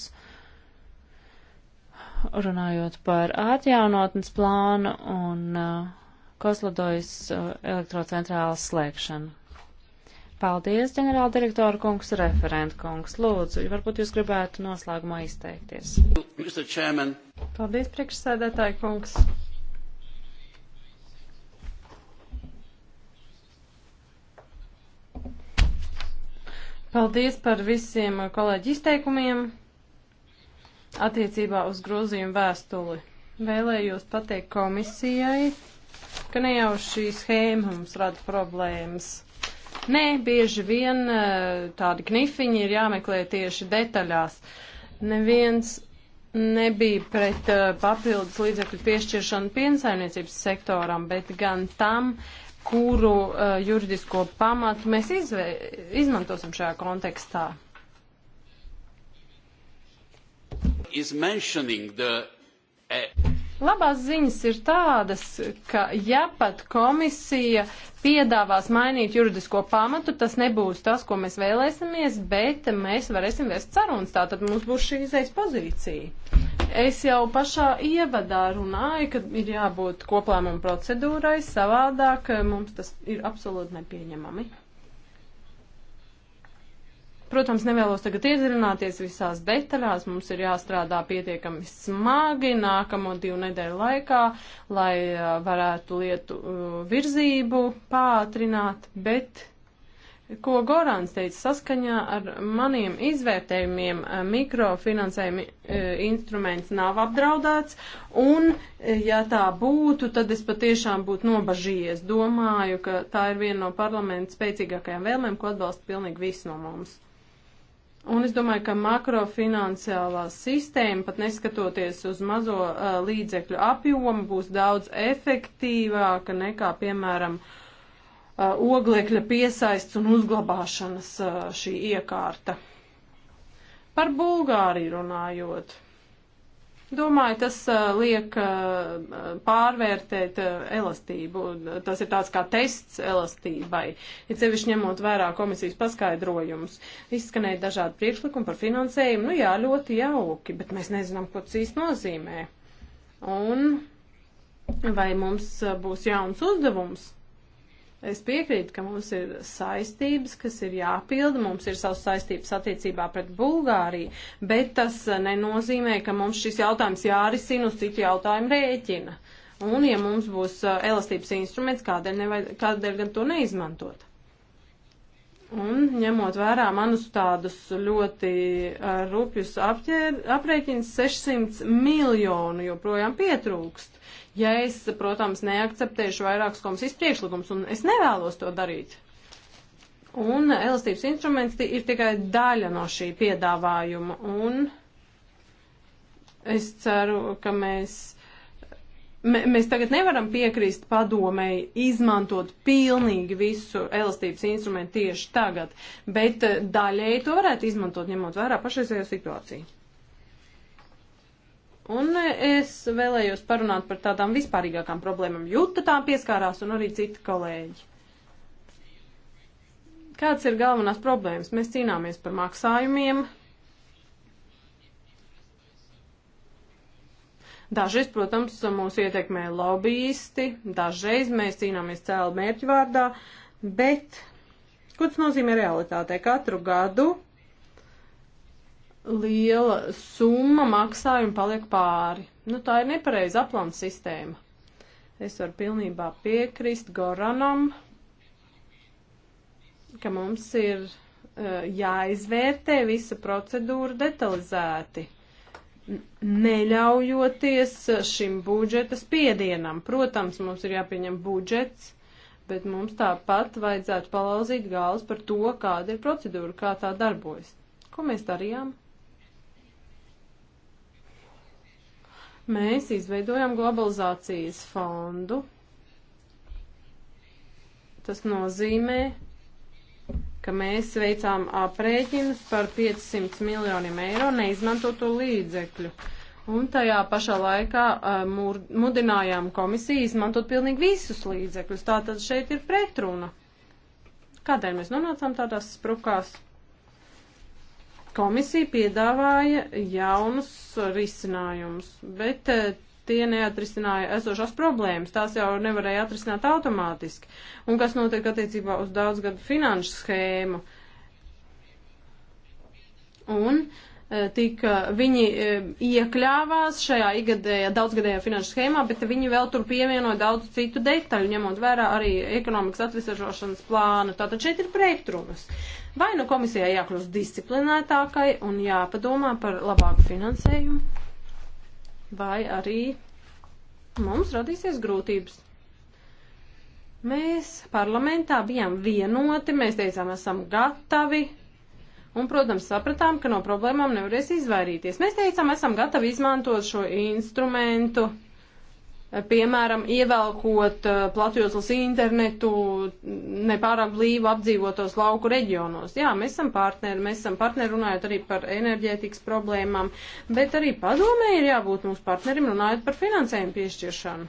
runājot par atjaunotnes plānu un uh, Koslodojas uh, elektrocentrālas slēgšanu. Paldies, ģenerāldirektora kungs, referenta kungs. Lūdzu, varbūt jūs gribētu noslēgumā izteikties. Paldies, priekšsēdētāji kungs. Paldies par visiem kolēģi izteikumiem attiecībā uz grozījumu vēstuli. Vēlējos pateikt komisijai, ka ne jau šī schēma mums rada problēmas. Nē, bieži vien eh, tādi knifiņi ir jāmeklē tieši detaļās. Neviens nebija pret eh, papildus līdzekļu piešķiršanu piensaimniecības sektoram, bet gan tam, uh, kuru uh, juridisko pamatu mēs izvē, izmantosim šajā kontekstā. Eh, Labās ziņas ir tādas, ka ja pat komisija piedāvās mainīt juridisko pamatu, tas nebūs tas, ko mēs vēlēsimies, bet mēs varēsim vēst sarunas, tātad mums būs šī izējas pozīcija. Es jau pašā ievadā runāju, ka ir jābūt koplēmuma procedūrai, savādāk eh, mums tas ir absolūti nepieņemami. Protams, nevēlos tagad iedziļināties visās detaļās, mums ir jāstrādā pietiekami smagi nākamo divu nedēļu laikā, lai eh, varētu lietu eh, virzību pātrināt, bet Ko Gorāns teica saskaņā ar maniem izvērtējumiem, eh, mikrofinansējuma eh, instruments nav apdraudēts, un eh, ja tā būtu, tad es patiešām būtu nobažījies. Domāju, ka tā ir viena no parlamenta spēcīgākajām vēlmēm, ko atbalsta pilnīgi viss no mums. Un es domāju, ka makrofinanciālā sistēma, pat neskatoties uz mazo uh, līdzekļu apjomu, būs daudz efektīvāka nekā, piemēram, uh, Uh, oglekļa piesaists un uzglabāšanas uh, šī iekārta. Par Bulgāriju runājot. Domāju, tas uh, liek pārvērtēt elastību. Tas ir tāds kā tests elastībai, ja sevišķi ņemot vērā komisijas paskaidrojumus. Izskanēja dažādi priekšlikumi par finansējumu. Nu jā, ļoti jauki, bet mēs nezinām, ko tas īsti nozīmē. Un vai mums būs jauns uzdevums? Es piekrītu, ka mums ir saistības, kas ir jāpilda, mums ir savas saistības attiecībā pret Bulgāriju, bet tas eh, nenozīmē, ka mums šis jautājums jārisina uz citu jautājumu rēķina. Un ja mums būs eh, elastības instruments, kādēļ, nevajad, kādēļ gan to neizmantot? Un ņemot vērā manus tādus ļoti uh, rupjus aprēķinus, 600 miljonu joprojām pietrūkst ja es, protams, neakceptēšu vairākus komisijas priekšlikumus, un es nevēlos to darīt. Un elastības instruments ir tikai daļa no šī piedāvājuma, un es ceru, ka mēs mēs tagad nevaram piekrist padomēji izmantot pilnīgi visu elastības instrumentu tieši tagad, bet eh, daļēji to varētu izmantot, ņemot vērā pašreizējo situāciju. Un e, es vēlējos parunāt par tādām vispārīgākām problēmām. Jūta tām pieskārās un arī citi kolēģi. Kāds ir galvenās problēmas? Mēs cīnāmies par maksājumiem. Dažreiz, protams, mūs ietekmē lobbyisti, dažreiz mēs cīnāmies cēlu mērķu vārdā, bet ko tas nozīmē realitātē? Katru gadu liela summa maksājuma paliek pāri. Nu, tā ir nepareiza aplama sistēma. Es varu pilnībā piekrist Goranam, ka mums ir uh, jāizvērtē visa procedūra detalizēti, neļaujoties šim budžeta spiedienam. Protams, mums ir jāpieņem budžets, bet mums tāpat vajadzētu palauzīt gāls par to, kāda ir procedūra, kā tā darbojas. Ko mēs darījām? mēs izveidojam globalizācijas fondu. Tas nozīmē, ka mēs veicām aprēķinus par 500 miljoniem eiro neizmantoto līdzekļu. Un tajā pašā laikā uh, mudinājām komisiju izmantot pilnīgi visus līdzekļus. Tātad šeit ir pretruna. Kādēļ mēs nonācām tādās sprukās? Komisija piedāvāja jaunus risinājumus, bet eh, tie neatrisināja esošās problēmas. Tās jau nevarēja atrisināt automātiski. Un kas notiek attiecībā uz daudzgadu finanšu schēmu? Un eh, tika, viņi eh, iekļāvās šajā igadējā, daudzgadējā finanšu schēmā, bet viņi vēl tur pievienoja daudz citu detaļu, ņemot vērā arī ekonomikas atvisažošanas plānu. Tātad šeit ir preiktrūnas. Uh, Vai nu komisijai jākļūst disciplinētākai un jāpadomā par labāku finansējumu, vai arī mums radīsies grūtības. Mēs parlamentā bijām vienoti, mēs teicām, esam gatavi un, protams, sapratām, ka no problēmām nevarēs izvairīties. Mēs teicām, esam gatavi izmantot šo instrumentu, piemēram, ievelkot eh, platjoslas internetu nepārāk blīvu apdzīvotos lauku reģionos. Jā, mēs esam partneri, mēs esam partneri runājot arī par enerģētikas problēmām, bet arī padomē ir jābūt mūsu partnerim runājot par finansējumu piešķiršanu.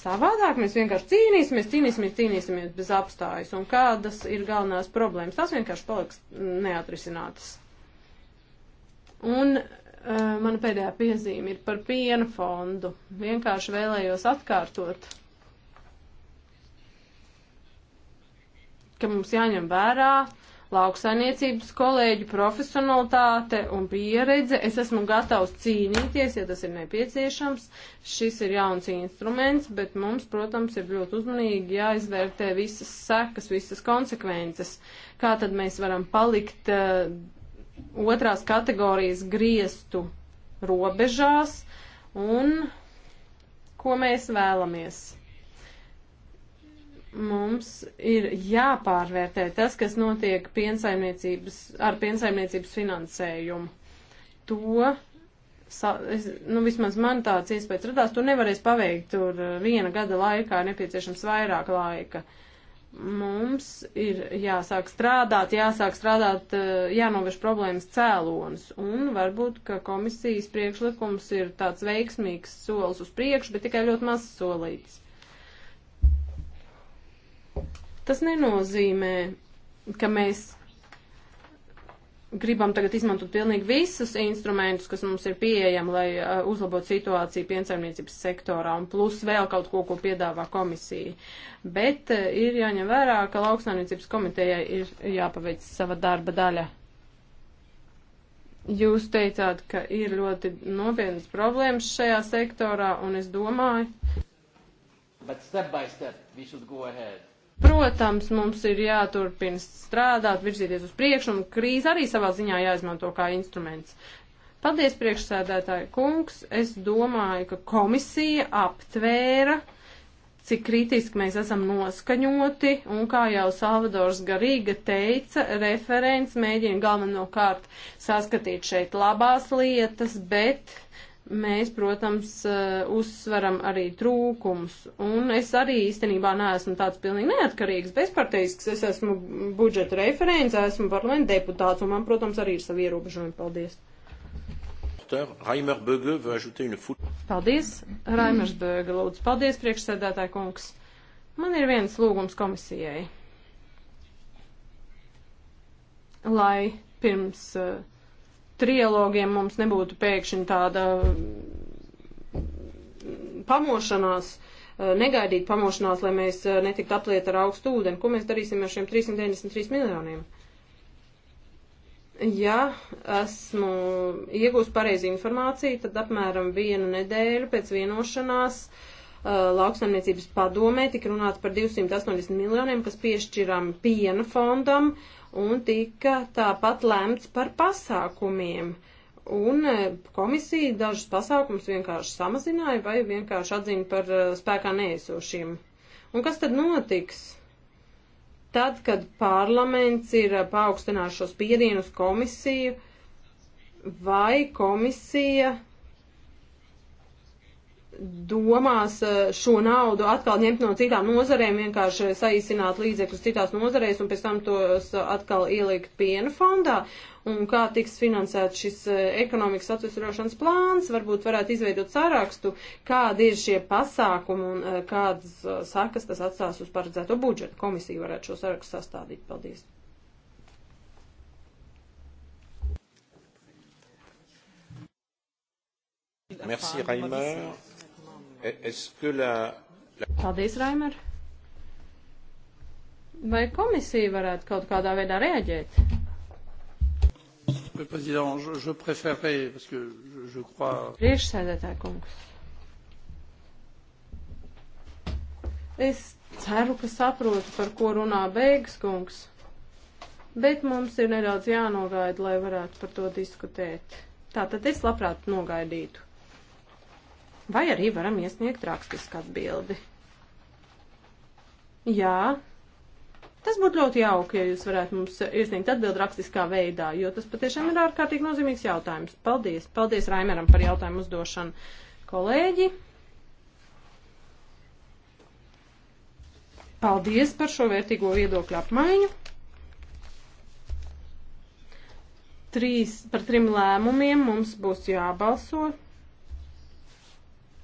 Savādāk mēs vienkārši cīnīsimies, cīnīsimies, cīnīsimies bez apstājas. Un kādas ir galvenās problēmas? Tās vienkārši paliks neatrisinātas. Un Eh, mana pēdējā piezīme ir par piena fondu. Vienkārši vēlējos atkārtot, ka mums jāņem vērā lauksainiecības kolēģi profesionalitāte un pieredze. Es esmu gatavs cīnīties, ja tas ir nepieciešams. Šis ir jauns instruments, bet mums, protams, ir ļoti uzmanīgi jāizvērtē visas sekas, visas konsekvences. Kā tad mēs varam palikt uh, otrās kategorijas griestu robežās un ko mēs vēlamies. Mums ir jāpārvērtē tas, kas notiek piensaimniecības, ar piensaimniecības finansējumu. To, sa, es, nu vismaz man tāds iespējas radās, to nevarēs paveikt tur viena gada laikā, nepieciešams vairāk laika. Uh, mums ir jāsāk strādāt, jāsāk strādāt, eh, jānovērš problēmas cēlonis. Un varbūt, ka komisijas priekšlikums ir tāds veiksmīgs solis uz priekšu, bet tikai ļoti maz solīts. Tas nenozīmē, ka mēs gribam tagad izmantot pilnīgi visus instrumentus, kas mums ir pieejami, lai uh, uzlabotu situāciju piensaimniecības sektorā un plus vēl kaut ko, ko piedāvā komisija. Bet uh, ir jāņem vērā, ka lauksaimniecības komitejai ir jāpaveic sava darba daļa. Jūs teicāt, ka ir ļoti nopietnas problēmas šajā sektorā, un es domāju. But step by step we should go ahead. Protams, mums ir jāturpina strādāt, virzīties uz priekšu, un krīze arī savā ziņā jāizmanto kā instruments. Paldies, priekšsēdētāji kungs. Es domāju, ka komisija aptvēra cik kritiski mēs esam noskaņoti, un kā jau Salvadors Garīga teica, referents mēģina galvenokārt saskatīt šeit labās lietas, bet mēs, protams, eh, uzsveram arī trūkums. Un es arī īstenībā neesmu tāds pilnīgi neatkarīgs, bezparteisks. Es esmu budžeta referents, esmu parlamenta deputāts, un man, protams, arī ir savi ierobežojumi. Paldies! Paldies, Raimers Bēga, lūdzu. Paldies, priekšsēdētāji kungs. Man ir viens lūgums komisijai. Lai pirms uh, trilogiem mums nebūtu pēkšņi tāda mm, pamošanās, eh, negaidīt pamošanās, lai mēs eh, netiktu apliet ar augstu ūdeni. Ko mēs darīsim ar šiem 393 miljoniem? Ja esmu iegūst pareizi informāciju, tad apmēram vienu nedēļu pēc vienošanās uh, lauksaimniecības padomē tika runāts par 280 miljoniem, kas piešķirām piena fondam, uh, un tika tāpat lemts par pasākumiem. Un e, komisija dažus pasākumus vienkārši samazināja vai vienkārši atzina par e, spēkā neesošiem. Un kas tad notiks? Tad, kad parlaments ir e, paaugstinājis šo spiedienu uz komisiju, vai komisija domās eh, šo naudu atkal ņemt no citām nozarēm, vienkārši saīsināt līdzekļus citās nozarēs un pēc tam tos atkal ielikt piena fondā. Un kā tiks finansēts šis eh, ekonomikas atvesļošanas plāns, varbūt varētu izveidot sārakstu, kādi ir šie pasākumi un eh, kādas sakas tas atstās uz paredzēto budžetu. Komisija varētu šo sārakstu sastādīt. Paldies! Merci Reimer. Paldies, Raimer. Vai komisija varētu kaut kādā veidā reaģēt? Priekšsēdētāj kungs. Es ceru, ka saprotu, par ko runā beigas kungs, bet mums ir nedaudz jānogaida, lai varētu par to diskutēt. Tātad es labprāt nogaidītu vai arī varam iesniegt rakstisku atbildi. Jā, Tas būtu ļoti jauki, ja jūs varētu mums iesniegt atbildi rakstiskā veidā, jo tas patiešām ir ārkārtīgi nozīmīgs jautājums. Paldies, paldies Raimeram par jautājumu uzdošanu. Kolēģi, paldies par šo vērtīgo viedokļu apmaiņu. Trīs, par trim lēmumiem mums būs jābalso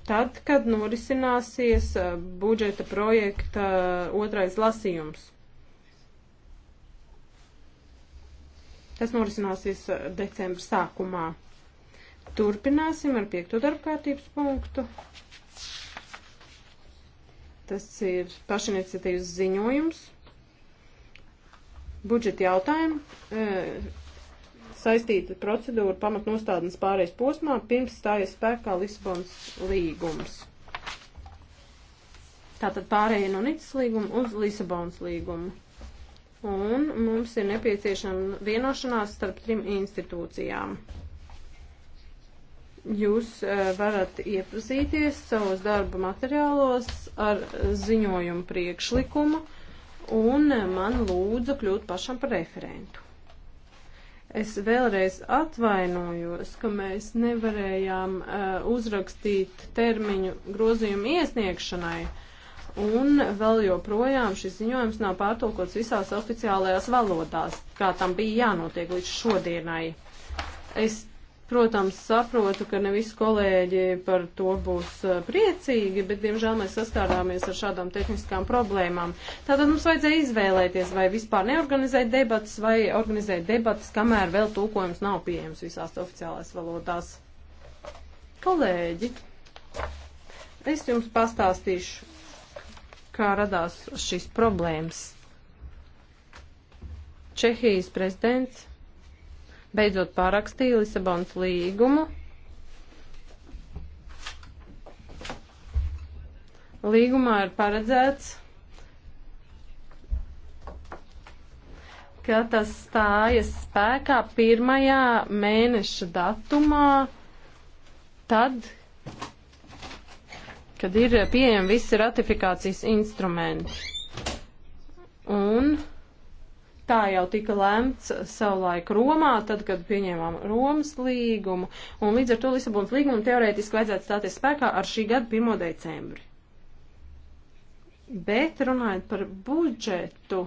tad, kad norisināsies eh, budžeta projekta eh, otrais lasījums. Tas norisināsies eh, decembra sākumā. Turpināsim ar piekto darbkārtības punktu. Tas ir pašiniciatīvas ziņojums. Budžeta jautājumu saistīta procedūra pamatnostādnes pārējais posmā, pirms stājas spēkā Lisbonas līgums. Tātad pārējie no Nicas līguma uz Lisabonas līgumu. Un mums ir nepieciešama vienošanās starp trim institūcijām. Jūs e, varat iepazīties savos darba materiālos ar ziņojumu priekšlikumu un man lūdzu kļūt pašam par referentu. Es vēlreiz atvainojos, ka mēs nevarējām uh, uzrakstīt termiņu grozījumu iesniegšanai, un vēl joprojām šis ziņojums nav pārtulkots visās oficiālajās valodās, kā tam bija jānotiek līdz šodienai. Es Protams, saprotu, ka ne visi kolēģi par to būs uh, priecīgi, bet, diemžēl, mēs saskārāmies ar šādām tehniskām problēmām. Tātad mums vajadzēja izvēlēties, vai vispār neorganizēt debatas, vai organizēt debatas, kamēr vēl tulkojums nav pieejams visās oficiālās valodās. Kolēģi, es jums pastāstīšu, kā radās šīs problēmas. Čehijas prezidents beidzot pārakstīja Lisabonas līgumu. Līgumā ir paredzēts, ka tas stājas spēkā pirmajā mēneša datumā, tad, kad ir pieejami visi ratifikācijas instrumenti. Un Tā jau tika lemts savulaik Romā, tad, kad pieņēmām Romas līgumu, un līdz ar to Lisabonas līgumam teorētiski vajadzētu stāties spēkā ar šī gada 1. decembri. Bet runājot par budžetu,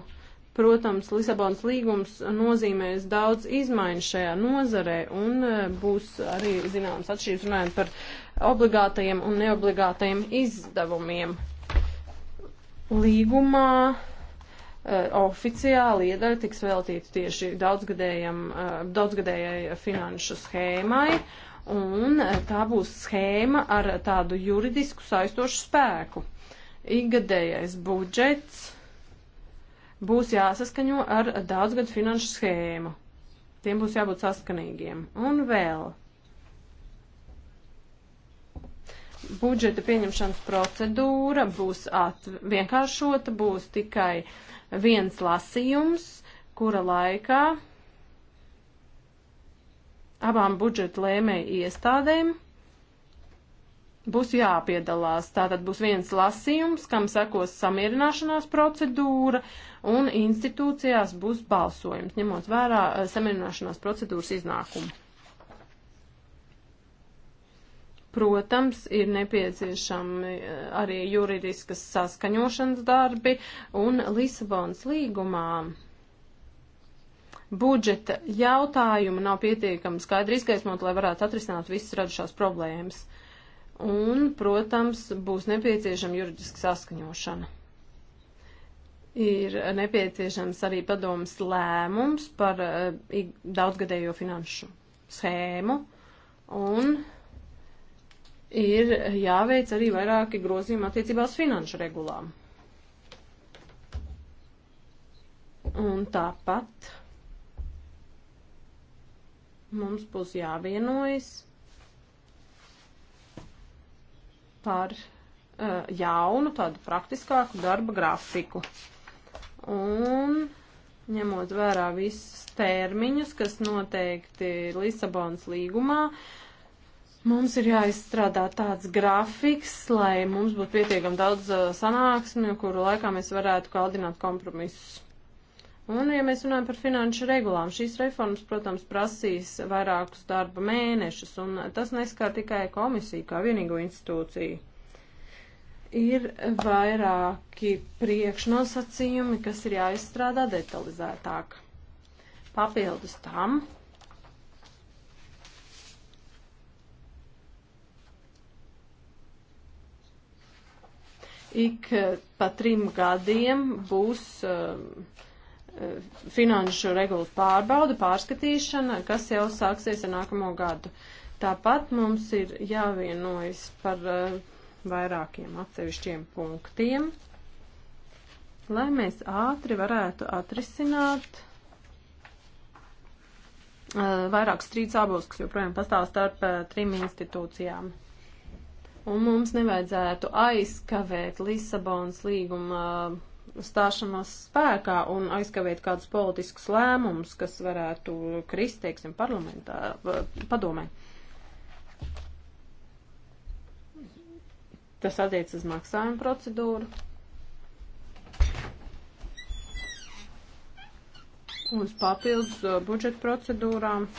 protams, Lisabonas līgums nozīmēs daudz izmaiņu šajā nozarē un e, būs arī zināmas atšķirības runājot par obligātajiem un neobligātajiem izdevumiem. Līgumā Uh, oficiāli iedaļa tiks veltīta tieši uh, daudzgadējai finanšu schēmai. Un uh, tā būs schēma ar tādu juridisku saistošu spēku. Ikgadējais budžets būs jāsaskaņo ar daudzgadu finanšu schēmu. Tiem būs jābūt saskanīgiem. Un vēl. Budžeta pieņemšanas procedūra būs vienkāršota, būs tikai uh, viens lasījums, kura laikā abām budžeta lēmēju iestādēm būs jāpiedalās. Tātad būs viens lasījums, kam sekos samierināšanās procedūra, un institūcijās būs balsojums, ņemot vērā eh, samierināšanās procedūras iznākumu. Protams, ir nepieciešami eh, arī juridiskas saskaņošanas darbi un Lisabonas līgumā budžeta jautājumu nav pietiekami skaidri izgaismot, lai varētu atrisināt visas radušās problēmas. Un, protams, būs nepieciešama juridiska saskaņošana. Ir nepieciešams arī padomas lēmums par uh, daudzgadējo finanšu schēmu un uh, ir jāveic arī vairāki grozījumi attiecībās finanšu regulām. Un tāpat mums būs jāvienojas par uh, jaunu, tādu praktiskāku darba grafiku. Un ņemot vērā visus termiņus, kas noteikti Lisabonas līgumā, uh, Mums ir jāizstrādā tāds grafiks, lai mums būtu pietiekami daudz uh, sanāksmju, kuru laikā mēs varētu kaldināt kompromisus. Un, ja mēs runājam par finanšu regulām, šīs reformas, protams, prasīs vairākus darba mēnešus, un tas neskar tikai komisiju kā vienīgo institūciju. Ir vairāki priekšnosacījumi, kas ir jāizstrādā detalizētāk. Papildus tam ik eh, pa trim gadiem būs eh, eh, finanšu regulas pārbauda, pārskatīšana, kas jau sāksies ar nākamo gadu. Tāpat mums ir jāvienojas par vairākiem atsevišķiem punktiem, lai mēs ātri varētu atrisināt vairāk strīds abos, kas joprojām pastāv starp trim institūcijām un mums nevajadzētu aizkavēt Lisabonas līguma uh, stāšanos spēkā un aizkavēt kādus politiskus lēmumus, kas varētu krist, teiksim, parlamentā, uh, padomē. Tas attiec uz maksājumu procedūru. Uz papildus uh, budžeta procedūrām.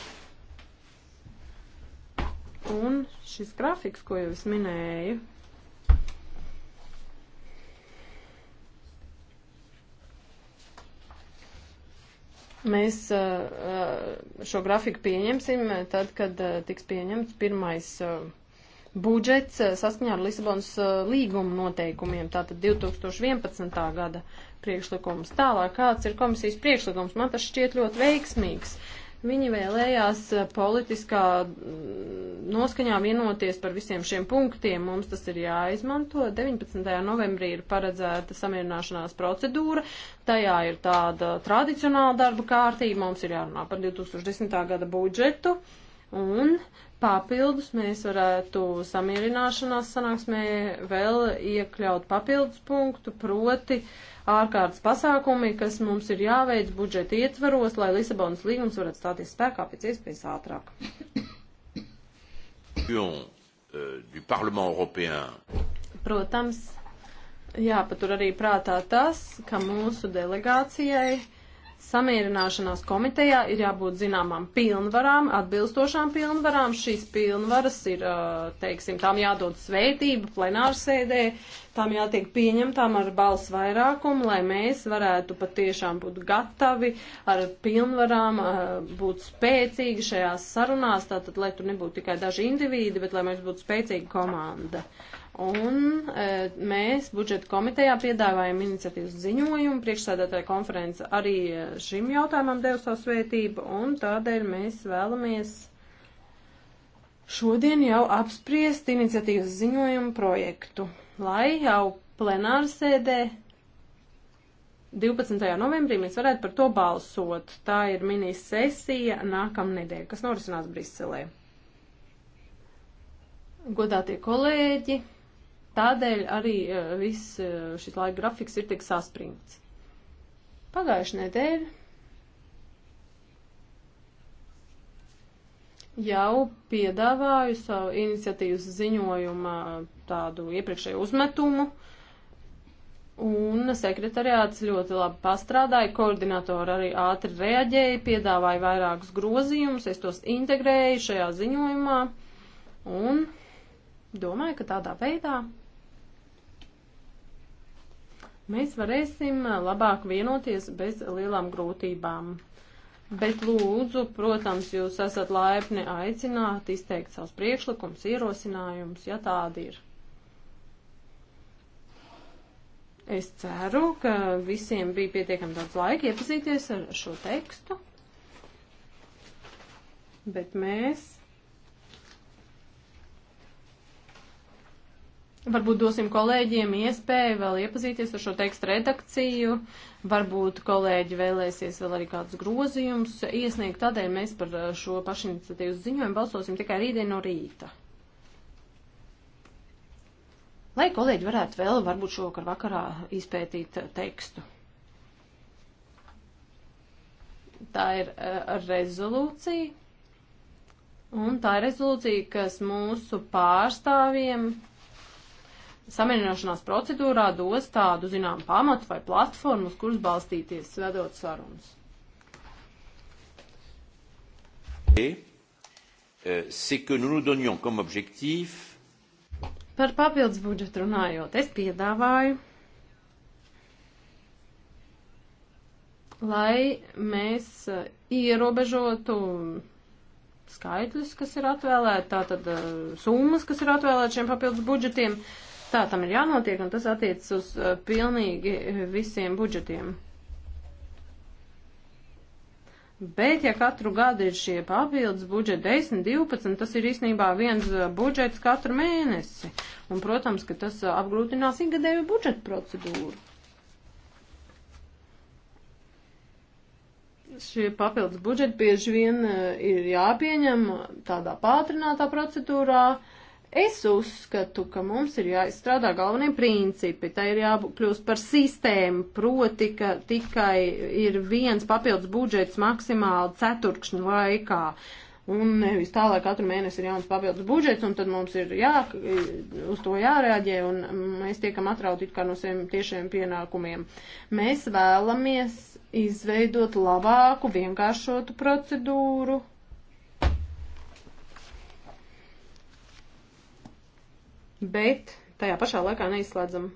Un šis grafiks, ko jau es minēju, Mēs uh, šo grafiku pieņemsim tad, kad uh, tiks pieņemts pirmais uh, budžets saskaņā ar Lisabonas līguma noteikumiem, tātad 2011. gada priekšlikums. Tālāk, kāds ir komisijas priekšlikums, man tas šķiet ļoti veiksmīgs. Uh, Viņi vēlējās eh, politiskā mm, noskaņā vienoties par visiem šiem punktiem. Mums tas ir jāizmanto. 19. novembrī ir paredzēta samierināšanās procedūra. Tajā ir tāda tradicionāla darba kārtība. Mums ir jārunā par 2010. gada budžetu. Un Papildus mēs varētu samierināšanās sanāksmē vēl iekļaut papildus punktu, proti ārkārtas pasākumi, kas mums ir jāveic budžeta ietvaros, lai Lisabonas līgums varētu stāties spēkā pēc iespējas ātrāk. Euh, Protams, jāpatur arī prātā tas, ka mūsu delegācijai Samierināšanās komitejā ir jābūt zināmām pilnvarām, atbilstošām pilnvarām. Šīs pilnvaras ir, teiksim, tām jādod svētība plenārsēdē, tām jātiek pieņemtām ar balsu vairākumu, lai mēs varētu patiešām būt gatavi ar pilnvarām, būt spēcīgi šajās sarunās, tātad, lai tur nebūtu tikai daži individi, bet lai mēs būtu spēcīga komanda. Uh, un e, mēs budžeta komitejā piedāvājam iniciatīvas ziņojumu, priekšsēdētāja konference arī e, šim jautājumam deva savu svētību, un tādēļ mēs vēlamies šodien jau apspriest iniciatīvas ziņojumu projektu, lai jau plenārsēdē 12. novembrī mēs varētu par to balsot. Tā ir minisesija nākamnedēļ, kas norisinās Briselē. Godātie kolēģi, Tādēļ arī e, viss e, šis laika grafiks ir tik saspringts. Pagājuši nedēļ jau piedāvāju savu iniciatīvas ziņojumu e, tādu iepriekšēju uzmetumu, un sekretariāts ļoti labi pastrādāja, koordinatori arī ātri reaģēja, piedāvāja vairākus grozījumus, es tos integrēju šajā ziņojumā, un domāju, ka tādā veidā mēs varēsim labāk vienoties bez lielām grūtībām. Bet lūdzu, protams, jūs esat laipni aicināt izteikt savus priekšlikumus, ierosinājumus, ja tādi ir. Es ceru, ka visiem bija pietiekami daudz laika iepazīties ar šo tekstu, bet mēs Varbūt dosim kolēģiem iespēju vēl iepazīties ar šo tekstu redakciju. Varbūt kolēģi vēlēsies vēl arī kādus grozījumus iesniegt. Tādēļ mēs par eh, šo pašiniciatīvas ziņojumu balsosim tikai rītdien no rīta. Lai kolēģi varētu vēl varbūt šovakar vakarā izpētīt eh, tekstu. Tā ir eh, rezolūcija. Un tā ir rezolūcija, kas mūsu pārstāvjiem samierināšanās procedūrā dos tādu, zinām, pamatu vai platformu, uz kuras balstīties, vedot sarunas. Euh, Par papildus budžetu runājot, es piedāvāju, lai mēs uh, ierobežotu skaitļus, kas ir atvēlēti, tātad uh, summas, kas ir atvēlēti šiem papildus budžetiem. Uh, Tā tam ir jānotiek, un tas attiecas uz uh, pilnīgi visiem budžetiem. Bet, ja katru gadu ir šie papildus budžeti 10, 12, tas ir īstenībā viens uh, budžets katru mēnesi. Un, protams, ka tas uh, apgrūtinās ikgadēju budžetu procedūru. Šie papildus budžeti bieži vien ir jāpieņem tādā pātrinātā procedūrā. Uh, Es uzskatu, ka mums ir jāizstrādā galvenie principi. Tā ir jākļūst par sistēmu, proti, ka tikai ir viens papildus budžets maksimāli ceturkšņu laikā. Un nevis tā, lai katru mēnesi ir jauns papildus budžets, un tad mums ir jā, uz to jārēģē, un mēs tiekam atrauti kā no saviem tiešiem pienākumiem. Mēs vēlamies izveidot labāku, vienkāršotu procedūru, bet tajā pašā laikā neizslēdzam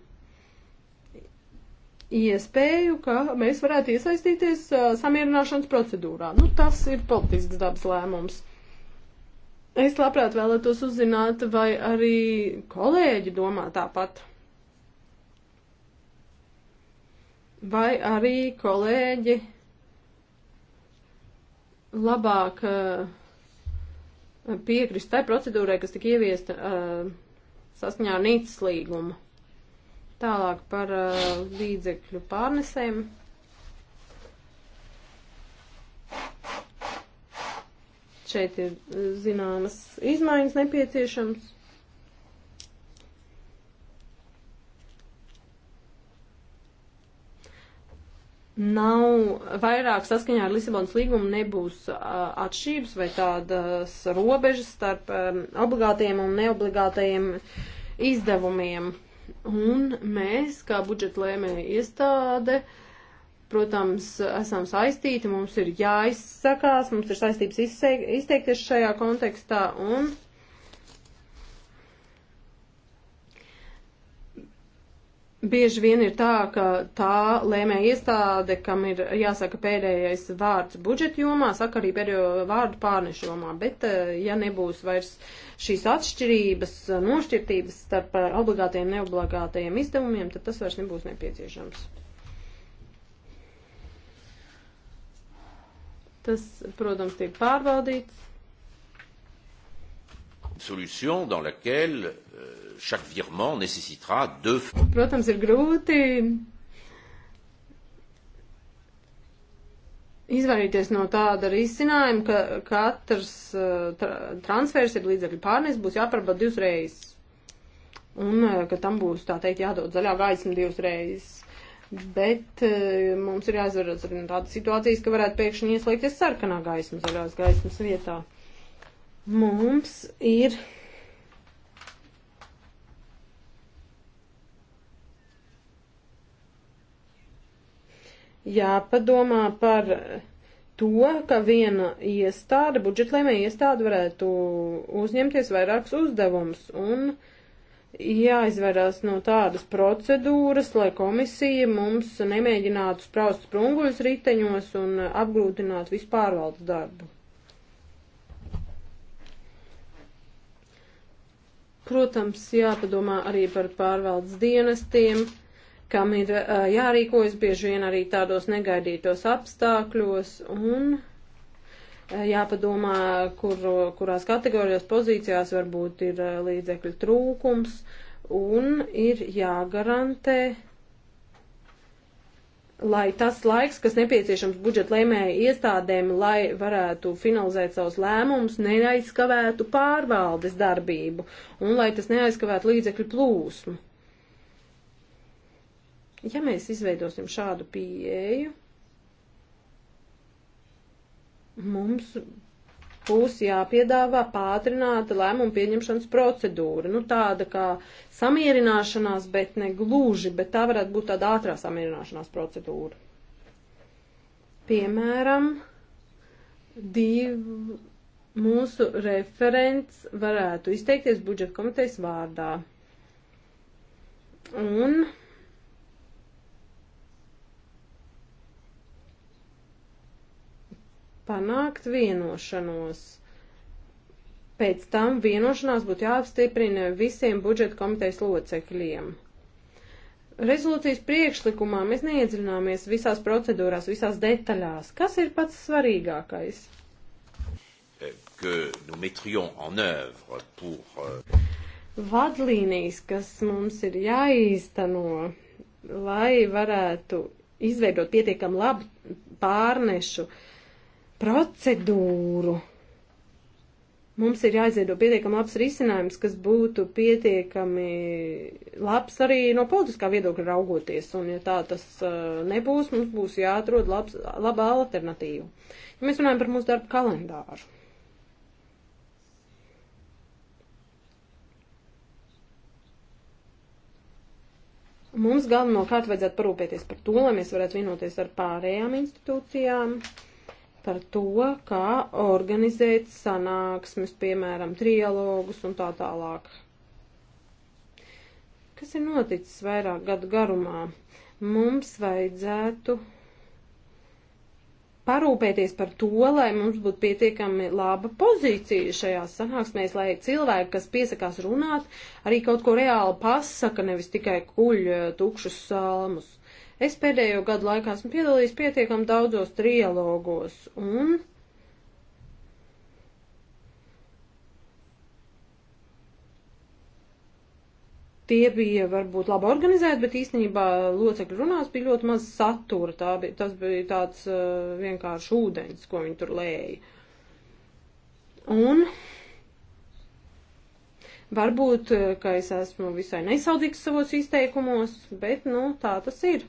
iespēju, ka mēs varētu iesaistīties uh, samierināšanas procedūrā. Nu, tas ir politisks dabas lēmums. Es labprāt vēlētos uzzināt, vai arī kolēģi domā tāpat. Vai arī kolēģi labāk uh, piekrist tai procedūrai, kas tika ieviesta uh, saskaņā ar Nīcas līgumu. Tālāk par uh, līdzekļu pārnesēm. Šeit ir uh, zināmas izmaiņas nepieciešams. nav vairāk saskaņā ar Lisabonas līgumu nebūs uh, atšķības vai tādas robežas starp um, obligātajiem un neobligātajiem izdevumiem. Un mēs, kā budžeta lēmēja iestāde, protams, esam saistīti, mums ir jāizsakās, mums ir saistības izteikties šajā kontekstā un Bieži vien ir tā, ka tā lēmē iestāde, kam ir jāsaka pēdējais vārds budžeta jomā, saka arī pēdējo vārdu pārnešu jomā, bet eh, ja nebūs vairs šīs atšķirības, eh, nošķirtības starp eh, obligātajiem un neobligātajiem izdevumiem, tad tas vairs nebūs nepieciešams. Tas, protams, tiek pārbaudīts. Solution dans laquelle chaque virement nécessitera deux. Protams, ir grūti izvairīties no tāda risinājuma, ka katrs eh, tra transfers ir līdzekļu pārnēs, būs jāpārbauda divas reizes. Un eh, ka tam būs, tā teikt, jādod zaļā gaisma divas reizes. Bet eh, mums ir jāizvairās arī no tādas situācijas, ka varētu pēkšņi ieslēgties sarkanā gaisma zaļās gaismas vietā. Mums ir jāpadomā par to, ka viena iestāde, budžetlēmē iestāde varētu uzņemties vairākus uzdevumus un jāizvairās no tādas procedūras, lai komisija mums nemēģinātu spraust sprunguļus riteņos un apgrūtinātu vispārvaldes darbu. Protams, jāpadomā arī par pārvaldes dienestiem kam ir uh, jārīkojas bieži vien arī tādos negaidītos apstākļos un jāpadomā, kur, kurās kategorijās pozīcijās varbūt ir līdzekļu trūkums un ir jāgarantē, lai tas laiks, kas nepieciešams budžeta lēmēju iestādēm, lai varētu finalizēt savus lēmumus, neaizskavētu pārvaldes darbību un lai tas neaizskavētu līdzekļu plūsmu. Ja mēs izveidosim šādu pieeju, mums būs jāpiedāvā pātrināta lēmuma pieņemšanas procedūra. Nu, tāda kā samierināšanās, bet ne gluži, bet tā varētu būt tāda ātrā samierināšanās procedūra. Piemēram, div, mūsu referents varētu izteikties budžeta komitejas vārdā. Un panākt vienošanos. Pēc tam vienošanās būtu jāapstiprina visiem budžeta komitejas locekļiem. Rezolūcijas priekšlikumā mēs neiedziļināmies visās procedūrās, visās detaļās. Kas ir pats svarīgākais? Eh, pour... Euh, Vadlīnijas, kas mums ir jāīsteno, lai varētu izveidot pietiekam labu pārnešu uh, procedūru. Mums ir jāizveido pietiekami labs risinājums, kas būtu pietiekami labs arī no politiskā viedokļa raugoties, un ja tā tas eh, nebūs, mums būs jāatrod labs, laba alternatīva. Ja mēs runājam par mūsu darbu kalendāru. Mums galvenokārt vajadzētu parūpēties par to, lai mēs varētu vienoties ar pārējām institūcijām, par to, kā organizēt sanāksmes, piemēram, trialogus un tā tālāk. Kas ir noticis vairāk gadu garumā? Mums vajadzētu parūpēties par to, lai mums būtu pietiekami laba pozīcija šajās sanāksmēs, lai cilvēki, kas piesakās runāt, arī kaut ko reāli pasaka, nevis tikai kuļ eh, tukšus salmus. Es pēdējo gadu laikā esmu piedalījies pietiekam daudzos trialogos un. Tie bija varbūt labi organizēti, bet īstenībā locekļu runās bija ļoti maz satura. Tā bija, tas bija tāds uh, vienkārši ūdens, ko viņi tur lēja. Un varbūt, uh, ka es esmu visai nesaudzīgs savos izteikumos, bet, nu, tā tas ir.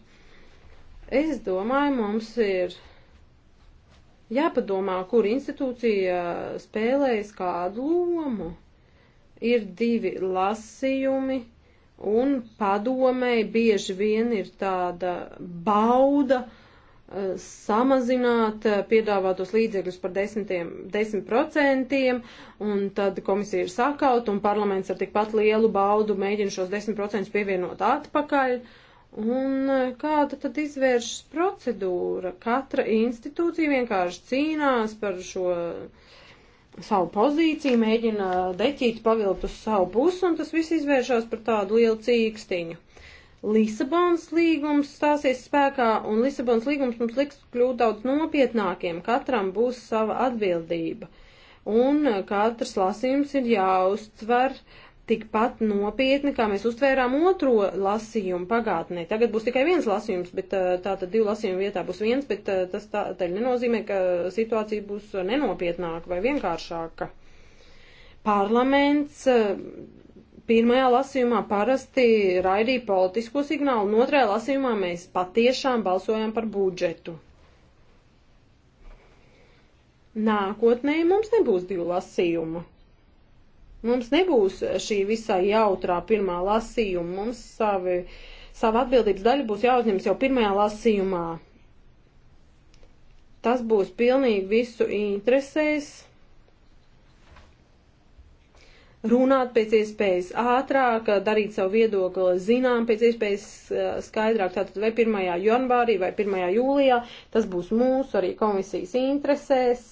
Es domāju, mums ir jāpadomā, kur institūcija spēlējas kādu lomu. Ir divi lasījumi, un padomēji bieži vien ir tāda bauda eh, samazināt eh, piedāvātos līdzekļus par desmitiem, desmit procentiem, un tad komisija ir sakaut, un parlaments ar tikpat lielu baudu mēģina šos desmit procentus pievienot atpakaļ. Uh, Un e, kāda tad izvēršas procedūra? Katra institūcija vienkārši cīnās par šo savu pozīciju, mēģina deķīt pavilt uz savu pusi, un tas viss izvēršas par tādu lielu cīkstiņu. Lisabons līgums stāsies spēkā, un Lisabons līgums mums liks kļūt daudz nopietnākiem, katram būs sava atbildība. Un katrs lasījums ir jāuztver uh, tikpat nopietni, kā mēs uztvērām otro lasījumu pagātnē. Tagad būs tikai viens lasījums, bet uh, tā tad divu lasījumu vietā būs viens, bet uh, tas tā, tā nenozīmē, ka situācija būs nenopietnāka vai vienkāršāka. Parlaments uh, pirmajā lasījumā parasti raidīja politisko signālu, un otrajā lasījumā mēs patiešām balsojam par budžetu. Nākotnē mums nebūs divu lasījumu Mums nebūs šī visai jautrā pirmā lasījuma, mums savi, savu atbildības daļu būs jāuzņemas jau pirmajā lasījumā. Tas būs pilnīgi visu interesēs runāt pēc iespējas ātrāk, darīt savu viedokli zinām pēc iespējas eh, skaidrāk, tātad vai 1. janvārī vai 1. jūlijā, tas būs mūsu arī komisijas interesēs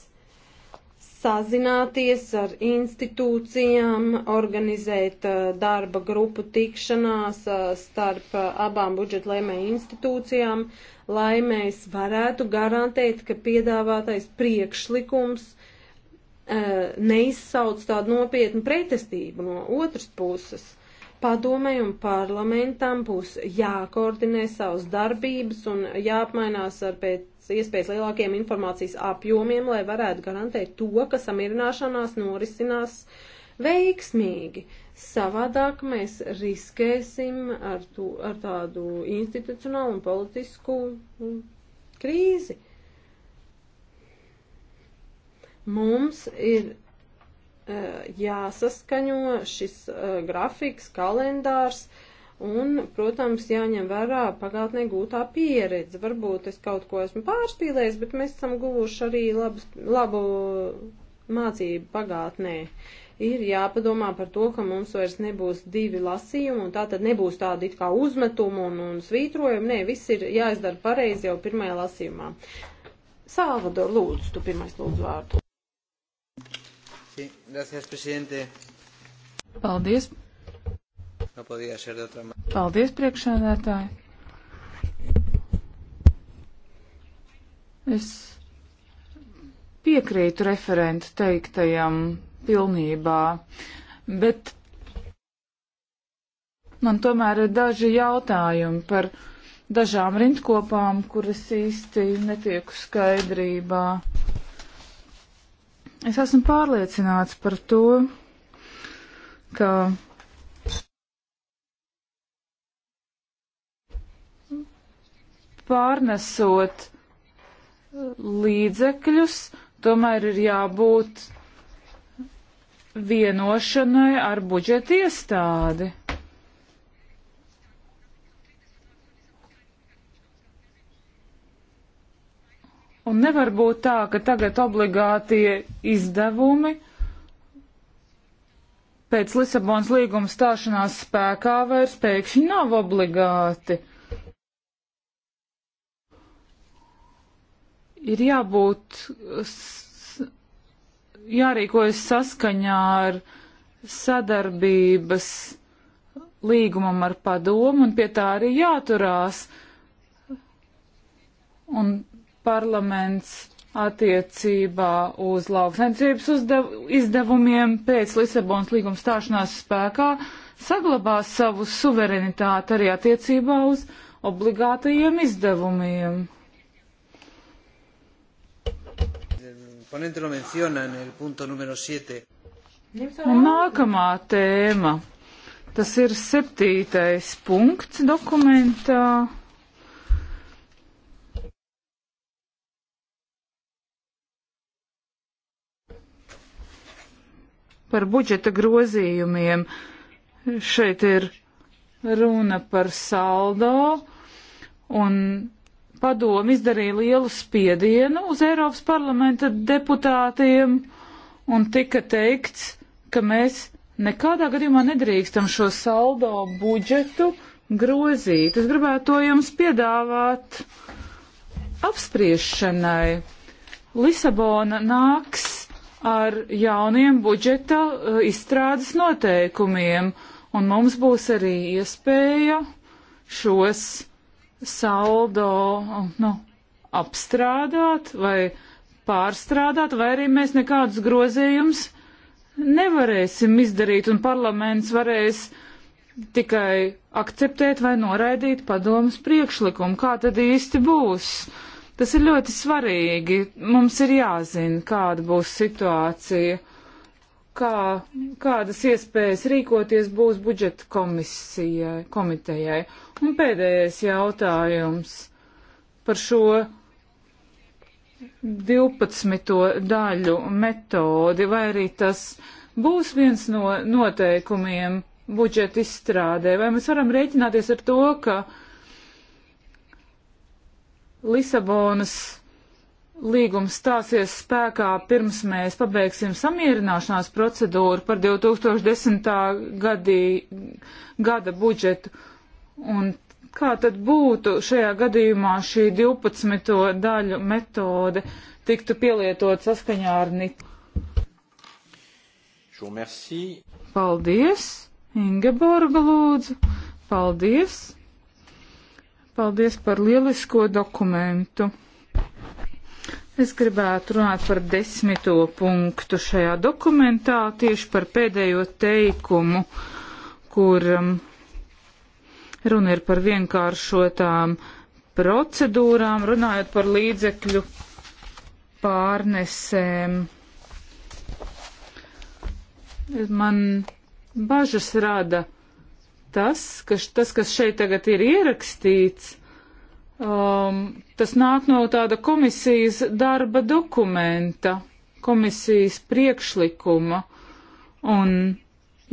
sazināties ar institūcijām, organizēt uh, darba grupu tikšanās uh, starp uh, abām budžeta lēmēju institūcijām, lai mēs varētu garantēt, ka piedāvātais priekšlikums neizsauc tādu nopietnu pretestību no otras puses padomei un parlamentam būs jākoordinē savas darbības un jāapmainās ar pēc iespējas lielākiem informācijas apjomiem, lai varētu garantēt to, ka samierināšanās norisinās veiksmīgi. Savādāk mēs riskēsim ar, tu, ar tādu institucionālu un politisku mm, krīzi. Mums ir uh, jāsaskaņo šis uh, grafiks, kalendārs, uh, Un, protams, jāņem vērā pagātnē gūtā pieredze. Varbūt es kaut ko esmu pārspīlējis, bet mēs esam guvuši arī labas, labu mācību pagātnē. Ir jāpadomā par to, ka mums vairs nebūs divi lasījumi, un tā tad nebūs tāda it kā uzmetuma un, un svītrojuma. Nē, viss ir jāizdara pareizi jau pirmajā lasījumā. Salvador, lūdzu, tu pirmais lūdzu vārdu. Sí, gracias, presidente. Paldies, No podía ser de otra manera. Paldies, priekšsēdētāji. Es piekrītu referentu teiktajam pilnībā, bet man tomēr ir daži jautājumi par dažām rindkopām, kuras īsti netieku skaidrībā. Es esmu pārliecināts par to, ka pārnesot līdzekļus, tomēr ir jābūt vienošanai ar budžeta iestādi. Un nevar būt tā, ka tagad obligātie izdevumi pēc Lisabonas līguma stāšanās spēkā vairs pēkšņi nav obligāti. ir jābūt, jārīkojas saskaņā ar sadarbības līgumam ar padomu, un pie tā arī jāturās. Un parlaments attiecībā uz lauksaimniecības izdevumiem pēc Lisabonas līguma stāšanās spēkā saglabās savu suverenitāti arī attiecībā uz obligātajiem izdevumiem. ponente lo menciona en el punto número 7. Un nākamā tēma. Tas ir septītais punkts dokumentā. Par budžeta grozījumiem šeit ir runa par saldo un padomu izdarīja lielu spiedienu uz Eiropas parlamenta deputātiem un tika teikts, ka mēs nekādā gadījumā nedrīkstam šo saldo budžetu grozīt. Es gribētu to jums piedāvāt apspriešanai. Lisabona nāks ar jauniem budžeta uh, izstrādes noteikumiem, un mums būs arī iespēja šos saldo nu, apstrādāt vai pārstrādāt, vai arī mēs nekādus grozījumus nevarēsim izdarīt un parlaments varēs tikai akceptēt vai noraidīt padomus priekšlikumu. Kā tad īsti būs? Tas ir ļoti svarīgi. Mums ir jāzina, kāda būs situācija kā, kādas iespējas rīkoties būs budžeta komisijai, komitejai. Un pēdējais jautājums par šo 12. daļu metodi, vai arī tas būs viens no noteikumiem budžeta izstrādē, vai mēs varam rēķināties ar to, ka Lisabonas līgums stāsies spēkā pirms mēs pabeigsim samierināšanās procedūru par 2010. Gadī, gada budžetu. Un kā tad būtu šajā gadījumā šī 12. daļu metode tiktu pielietot saskaņā ar NIT? Paldies, Ingeborga lūdzu. Paldies. Paldies par lielisko dokumentu. Es gribētu runāt par desmito punktu šajā dokumentā, tieši par pēdējo teikumu, kur um, runa ir par vienkāršotām procedūrām, runājot par līdzekļu pārnesēm. Man bažas rada tas, ka tas, kas šeit tagad ir ierakstīts, Um, tas nāk no tāda komisijas darba dokumenta, komisijas priekšlikuma. Un,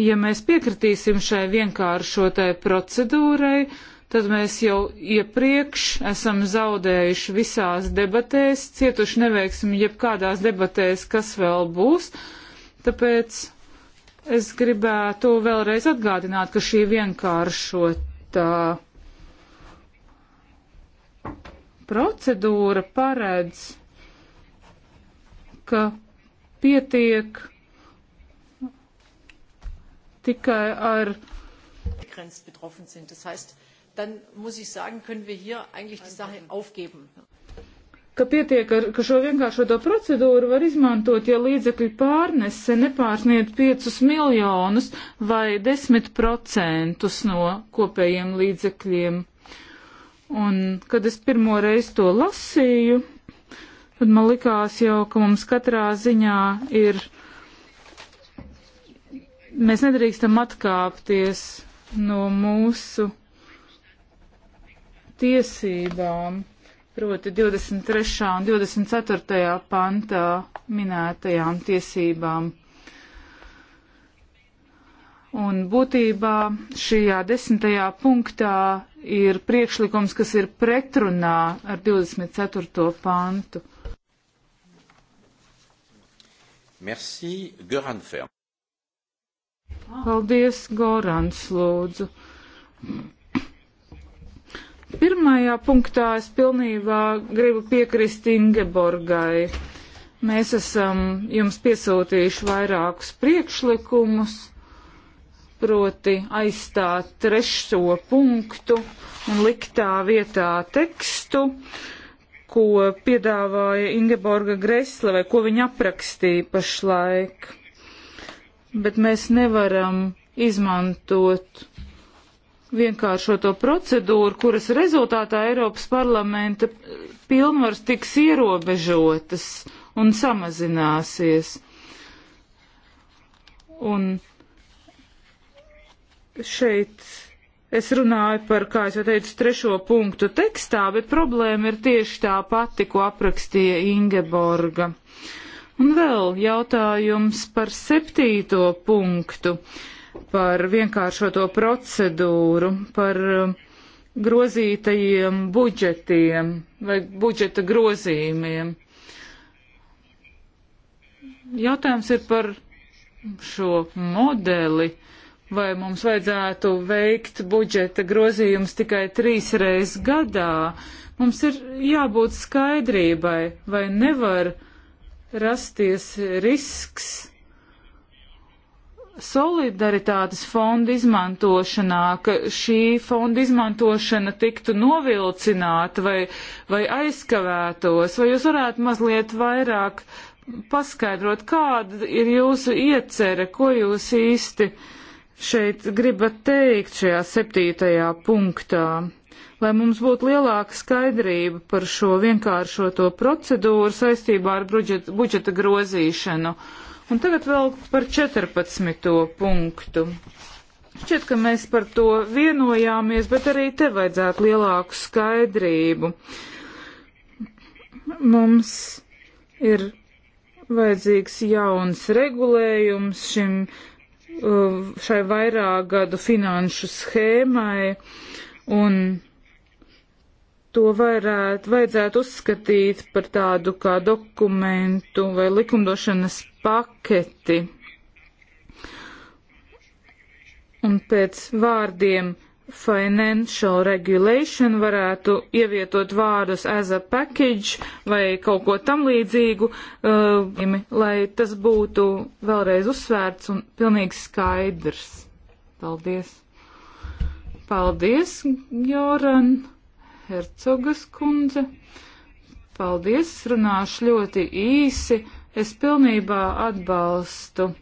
ja mēs piekritīsim šai vienkāršotai procedūrai, tad mēs jau iepriekš esam zaudējuši visās debatēs, cietuši neveiksim jebkādās debatēs, kas vēl būs. Tāpēc es gribētu vēlreiz atgādināt, ka šī vienkāršotā. Uh, procedūra paredz, ka pietiek tikai ar. betroffen sind. Das heißt, dann muss ich sagen, können wir hier eigentlich die Sache aufgeben. Ka pietiek ar ka šo vienkāršoto procedūru var izmantot, ja līdzekļu pārnese nepārsniedz 5 miljonus vai 10% no kopējiem līdzekļiem. Un, kad es pirmo reizi to lasīju, tad man likās jau, ka mums katrā ziņā ir, mēs nedrīkstam atkāpties no mūsu tiesībām, proti 23. un 24. pantā minētajām tiesībām. Un būtībā šajā desmitajā punktā ir priekšlikums, kas ir pretrunā ar 24. pāntu. Merci, Göran Ferm. Paldies, Gorans, lūdzu. Pirmajā punktā es pilnībā gribu piekrist Ingeborgai. Mēs esam jums piesūtījuši vairākus priekšlikumus proti aizstāt trešo punktu un liktā vietā tekstu, ko piedāvāja Ingeborga Gresle vai ko viņa aprakstīja pašlaik. Bet mēs nevaram izmantot vienkāršo to procedūru, kuras rezultātā Eiropas parlamenta pilnvars tiks ierobežotas un samazināsies. Un šeit es runāju par, kā es jau teicu, trešo punktu tekstā, bet problēma ir tieši tā pati, ko aprakstīja Ingeborga. Un vēl jautājums par septīto punktu, par vienkāršoto procedūru, par um, grozītajiem budžetiem vai budžeta grozījumiem. Jautājums ir par šo modeli. Uh, vai mums vajadzētu veikt budžeta grozījums tikai trīs reizes gadā. Mums ir jābūt skaidrībai, vai nevar rasties risks solidaritātes fonda izmantošanā, ka šī fonda izmantošana tiktu novilcināta vai, vai aizkavētos, vai jūs varētu mazliet vairāk paskaidrot, kāda ir jūsu iecere, ko jūs īsti uh, šeit gribat teikt šajā septītajā punktā? Lai mums būtu lielāka skaidrība par šo vienkāršoto procedūru saistībā ar budžeta, budžeta grozīšanu. Un tagad vēl par 14. punktu. Šķiet, ka mēs par to vienojāmies, bet arī te vajadzētu lielāku skaidrību. Mums ir vajadzīgs jauns regulējums šim Uh, šai vairāk gadu finanšu schēmai, un to varētu, vajadzētu uzskatīt par tādu kā dokumentu vai likumdošanas paketi. Un pēc vārdiem financial regulation varētu ievietot vārdus as a package vai kaut ko tam līdzīgu, uh, lai tas būtu vēlreiz uzsvērts un pilnīgi skaidrs. Paldies! Paldies, Joran Hercogas kundze! Paldies, runāšu ļoti īsi. Es pilnībā atbalstu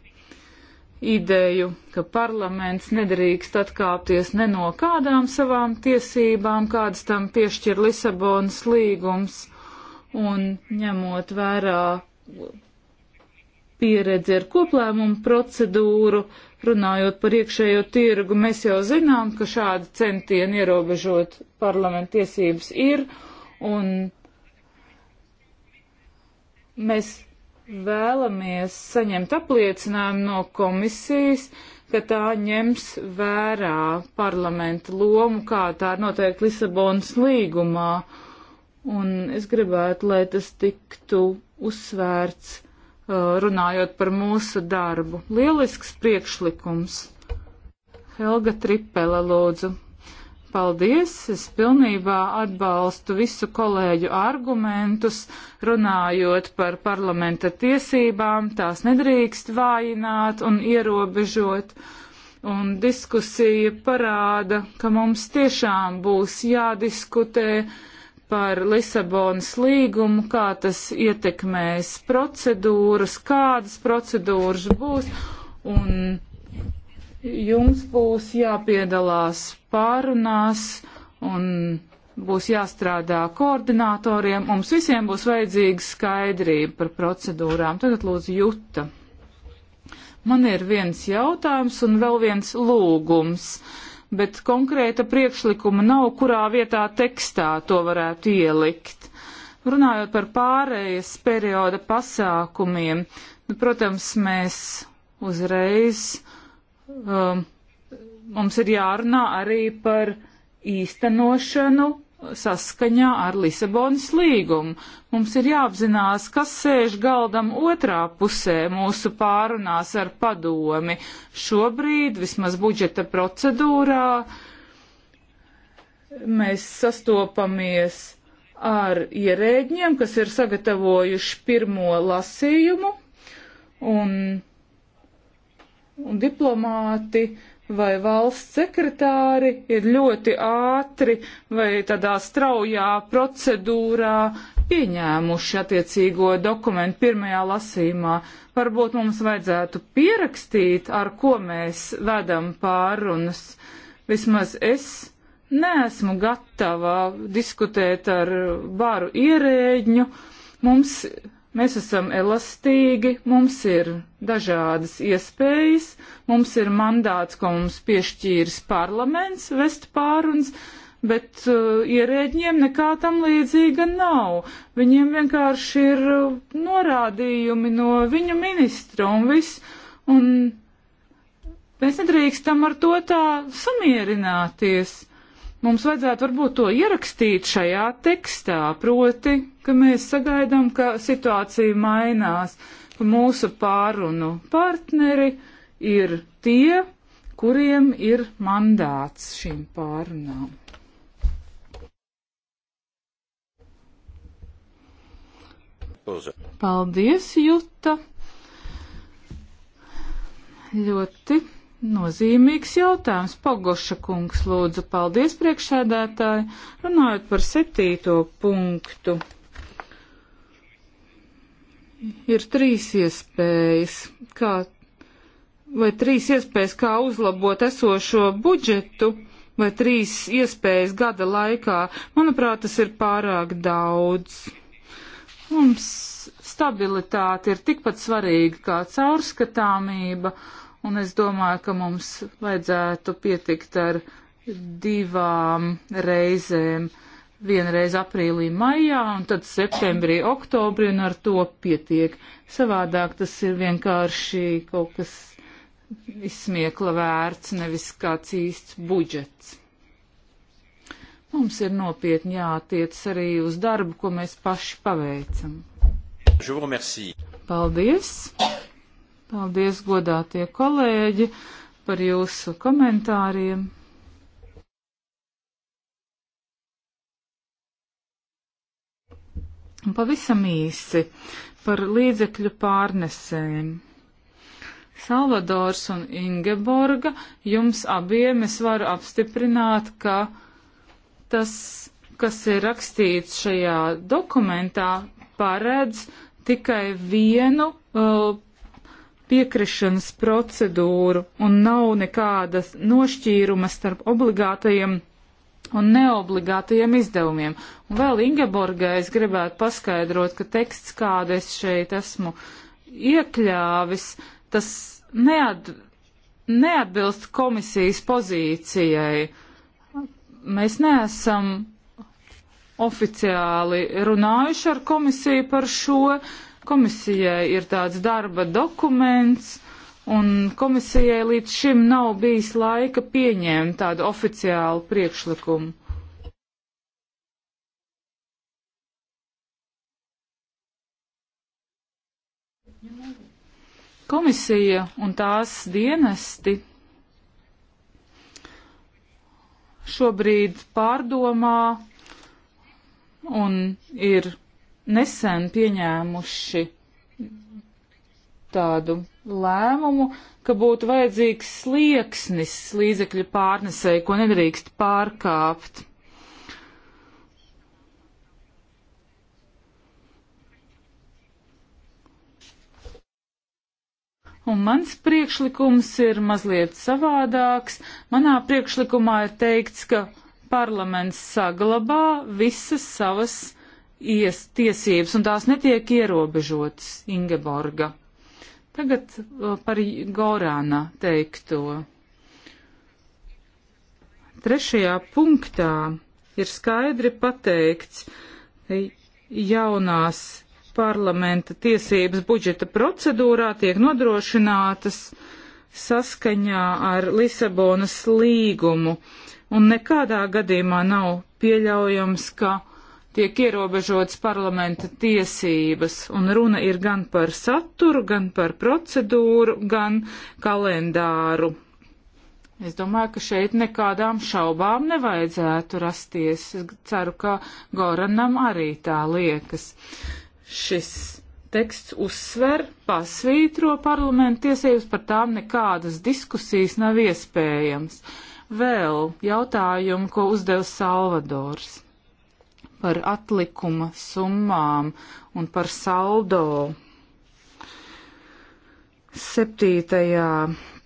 ideju, ka parlaments nedrīkst atkāpties ne no kādām savām tiesībām, kādas tam piešķir Lisabonas līgums, un ņemot vērā pieredzi ar koplēmumu procedūru, runājot par iekšējo tirgu, mēs jau zinām, ka šādi centieni ierobežot parlamentu tiesības ir, un mēs vēlamies saņemt apliecinājumu no komisijas, ka tā ņems vērā parlamenta lomu, kā tā ir noteikti Lisabonas līgumā. Un es gribētu, lai tas tiktu uzsvērts, uh, runājot par mūsu darbu. Lielisks priekšlikums. Helga Tripele, lūdzu. Paldies! Es pilnībā atbalstu visu kolēģu argumentus, runājot par parlamenta tiesībām. Tās nedrīkst vājināt un ierobežot. Un diskusija parāda, ka mums tiešām būs jādiskutē par Lisabonas līgumu, kā tas ietekmēs procedūras, kādas procedūras būs. Un jums būs jāpiedalās pārunās un būs jāstrādā koordinatoriem. Mums visiem būs vajadzīga skaidrība par procedūrām. Tagad lūdzu Juta. Man ir viens jautājums un vēl viens lūgums, bet konkrēta priekšlikuma nav, kurā vietā tekstā to varētu ielikt. Runājot par pārējas perioda pasākumiem, nu, protams, mēs uzreiz um, mums ir jārunā arī par īstenošanu saskaņā ar Lisabonas līgumu. Mums ir jāapzinās, kas sēž galdam otrā pusē mūsu pārunās ar padomi. Šobrīd, vismaz budžeta procedūrā, mēs sastopamies ar ierēģiem, kas ir sagatavojuši pirmo lasījumu, un un diplomāti vai valsts sekretāri ir ļoti ātri vai tādā straujā procedūrā pieņēmuši attiecīgo dokumentu pirmajā lasīmā. Varbūt mums vajadzētu pierakstīt, ar ko mēs vedam pārunas. Vismaz es neesmu gatava diskutēt ar bāru ierēģņu. Mums Mēs esam elastīgi, mums ir dažādas iespējas, mums ir mandāts, ko mums piešķīris parlaments, vest pārunas, bet uh, ierēģiem nekā tam līdzīga nav. Viņiem vienkārši ir uh, norādījumi no viņu ministra un viss, un mēs nedrīkstam ar to tā samierināties. Mums vajadzētu varbūt to ierakstīt šajā tekstā, proti, ka mēs sagaidām, ka situācija mainās, ka mūsu pārunu partneri ir tie, kuriem ir mandāts šīm pārunām. Paldies, Juta! Ļoti Nozīmīgs jautājums. Pogoša kungs, lūdzu, paldies priekšsēdētāji, runājot par septīto punktu. Ir trīs iespējas, kā, vai trīs iespējas, kā uzlabot esošo budžetu, vai trīs iespējas gada laikā. Manuprāt, tas ir pārāk daudz. Mums stabilitāte ir tikpat svarīga kā caurskatāmība un es domāju, ka mums vajadzētu pietikt ar divām reizēm. Vienreiz aprīlī, maijā, un tad septembrī, oktobrī, un ar to pietiek. Savādāk tas ir vienkārši kaut kas izsmiekla vērts, nevis kāds īsts budžets. Mums ir nopietni jātiec arī uz darbu, ko mēs paši paveicam. Paldies! Paldies, godātie kolēģi, par jūsu komentāriem. Un pavisam īsi par līdzekļu pārnesēm. Salvadors un Ingeborga, jums abiem es varu apstiprināt, ka tas, kas ir rakstīts šajā dokumentā, paredz tikai vienu uh, piekrišanas procedūru un nav nekādas nošķīruma starp obligātajiem un neobligātajiem izdevumiem. Un vēl Ingeborgai es gribētu paskaidrot, ka teksts, kādu es šeit esmu iekļāvis, tas neat, neatbilst komisijas pozīcijai. Mēs neesam oficiāli runājuši ar komisiju par šo, Komisijai ir tāds darba dokuments, un komisijai līdz šim nav bijis laika pieņēmt tādu oficiālu priekšlikumu. Komisija un tās dienesti šobrīd pārdomā un ir nesen pieņēmuši tādu lēmumu, ka būtu vajadzīgs slieksnis līdzekļu pārnesēji, ko nedrīkst pārkāpt. Un mans priekšlikums ir mazliet savādāks. Manā priekšlikumā ir teikts, ka parlaments saglabā visas savas ies tiesības, un tās netiek ierobežotas Ingeborga. Tagad uh, par Gorāna teikto. Trešajā punktā ir skaidri pateikts e, jaunās parlamenta tiesības budžeta procedūrā tiek nodrošinātas saskaņā ar Lisabonas līgumu, un nekādā gadījumā nav pieļaujams, ka tiek ierobežotas parlamenta tiesības, un runa ir gan par saturu, gan par procedūru, gan kalendāru. Es domāju, ka šeit nekādām šaubām nevajadzētu rasties. Es ceru, ka Goranam arī tā liekas. Šis teksts uzsver, pasvītro parlamentu tiesības, par tām nekādas diskusijas nav iespējams. Vēl jautājumu, ko uzdeva Salvadors par atlikuma summām un par saldo. Septītajā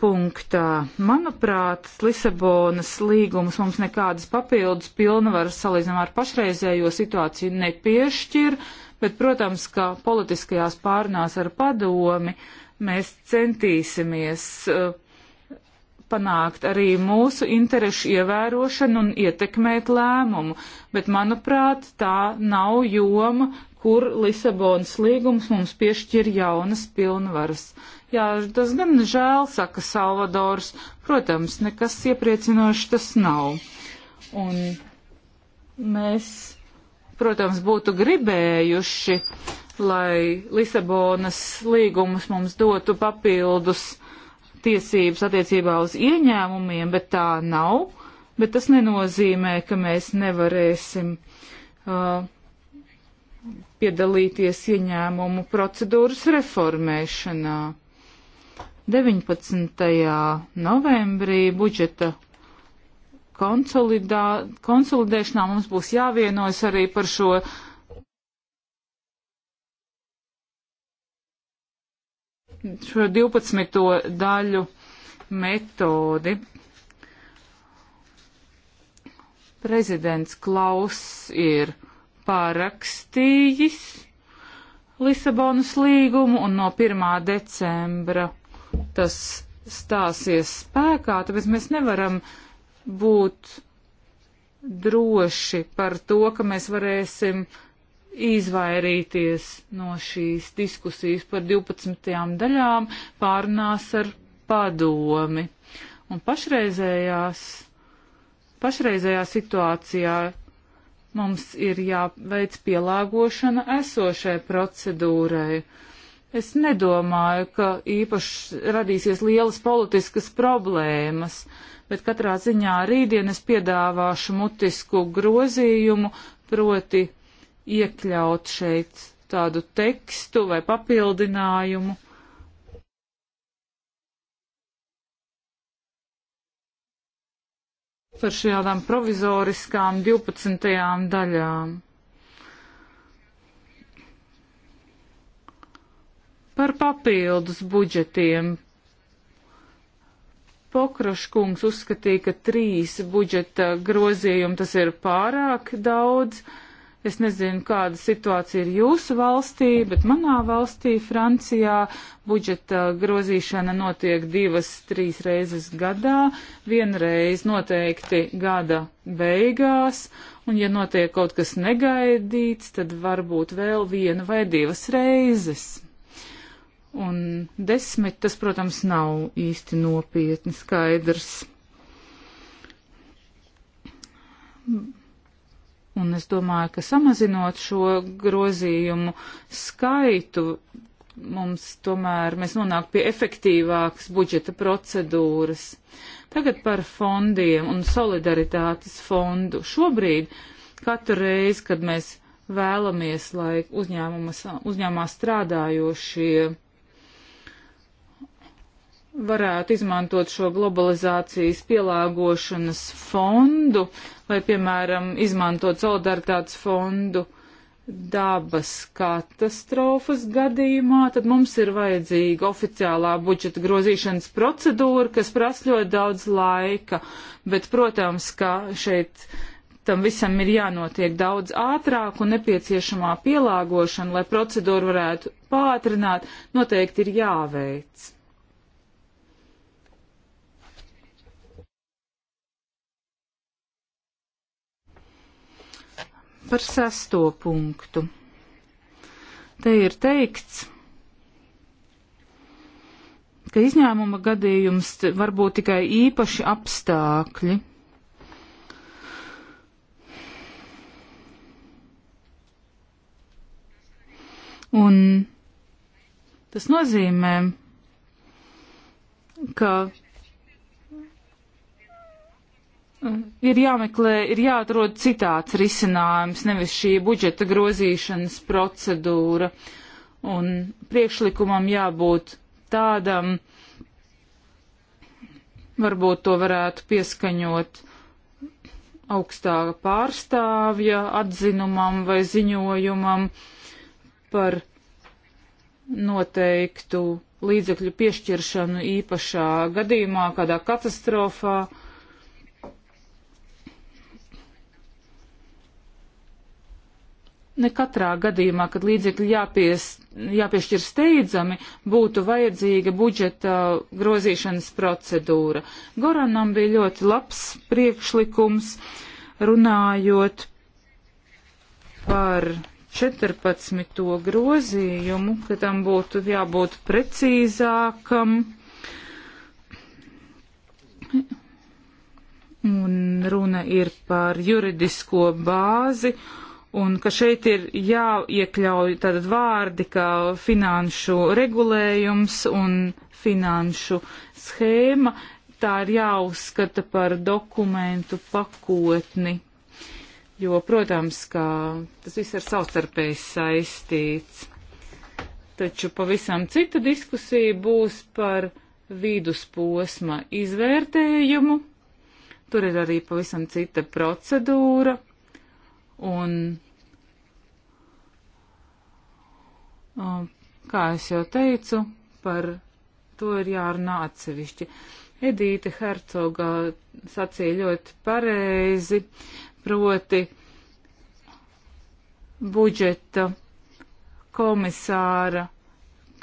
punktā, manuprāt, Lisabonas līgums mums nekādas papildus pilnvaras salīdzinām ar pašreizējo situāciju nepiešķir, bet, protams, ka politiskajās pārnās ar padomi mēs centīsimies uh, panākt arī mūsu interešu ievērošanu un ietekmēt lēmumu, bet, manuprāt, tā nav joma, kur Lisabonas līgums mums piešķir jaunas pilnvaras. Jā, tas gan žēl, saka Salvadors, protams, nekas iepriecinošs tas nav. Un mēs, protams, būtu gribējuši, lai Lisabonas līgums mums dotu papildus tiesības attiecībā uz ieņēmumiem, bet tā nav. Bet tas nenozīmē, ka mēs nevarēsim uh, piedalīties ieņēmumu procedūras reformēšanā. 19. novembrī budžeta konsolidēšanā mums būs jāvienojas arī par šo šo 12. daļu metodi. Prezidents Klaus ir parakstījis Lisabonas līgumu un no 1. decembra tas stāsies spēkā, tāpēc mēs nevaram būt droši par to, ka mēs varēsim uh, izvairīties no šīs diskusijas par 12. daļām pārnās ar padomi. Un pašreizējās, pašreizējā situācijā mums ir jāveic pielāgošana esošai procedūrai. Es nedomāju, ka īpaši radīsies lielas politiskas problēmas, bet katrā ziņā rītdien es piedāvāšu mutisku grozījumu proti iekļaut šeit tādu tekstu vai papildinājumu. par šādām provizoriskām 12. daļām. Par papildus budžetiem Pokraškungs uzskatīja, ka trīs budžeta grozījumi tas ir pārāk daudz. Uh, Es nezinu, kāda situācija ir jūsu valstī, bet manā valstī, Francijā, budžeta grozīšana notiek divas, trīs reizes gadā. Vienreiz noteikti gada beigās, un ja notiek kaut kas negaidīts, tad varbūt vēl viena vai divas reizes. Un desmit, tas, protams, nav īsti nopietni skaidrs. Un es domāju, ka samazinot šo grozījumu skaitu, mums tomēr mēs nonāk pie efektīvākas budžeta procedūras. Tagad par fondiem un solidaritātes fondu. Šobrīd katru reizi, kad mēs vēlamies, lai uzņēmumā strādājošie varētu izmantot šo globalizācijas pielāgošanas fondu vai, piemēram, izmantot solidaritātes fondu dabas katastrofas gadījumā, tad mums ir vajadzīga oficiālā budžeta grozīšanas procedūra, kas prasa ļoti daudz laika, bet, protams, ka šeit tam visam ir jānotiek daudz ātrāk un nepieciešamā pielāgošana, lai procedūru varētu pātrināt, noteikti ir jāveic. par sesto punktu. Te ir teikts, ka izņēmuma gadījums var būt tikai īpaši apstākļi. Un tas nozīmē, ka Mm. ir jāmeklē, ir jāatrod citāds risinājums, nevis šī budžeta grozīšanas procedūra. Un priekšlikumam jābūt tādam, varbūt to varētu pieskaņot augstāka pārstāvja atzinumam vai ziņojumam par noteiktu līdzekļu piešķiršanu īpašā gadījumā, kādā katastrofā Ne katrā gadījumā, kad līdzekļi jāpies, jāpiešķir steidzami, būtu vajadzīga budžeta grozīšanas procedūra. Goranam bija ļoti labs priekšlikums runājot par 14. grozījumu, ka tam būtu jābūt precīzākam. Un runa ir par juridisko bāzi un ka šeit ir jāiekļauj tātad vārdi kā finanšu regulējums un finanšu schēma. Tā ir jāuzskata par dokumentu pakotni, jo, protams, ka tas viss ir savstarpēji saistīts. Taču pavisam cita diskusija būs par vidusposma izvērtējumu. Tur ir arī pavisam cita procedūra Un, kā es jau teicu, par to ir jārunā atsevišķi. Edīte Hercogā sacīja ļoti pareizi, proti budžeta komisāra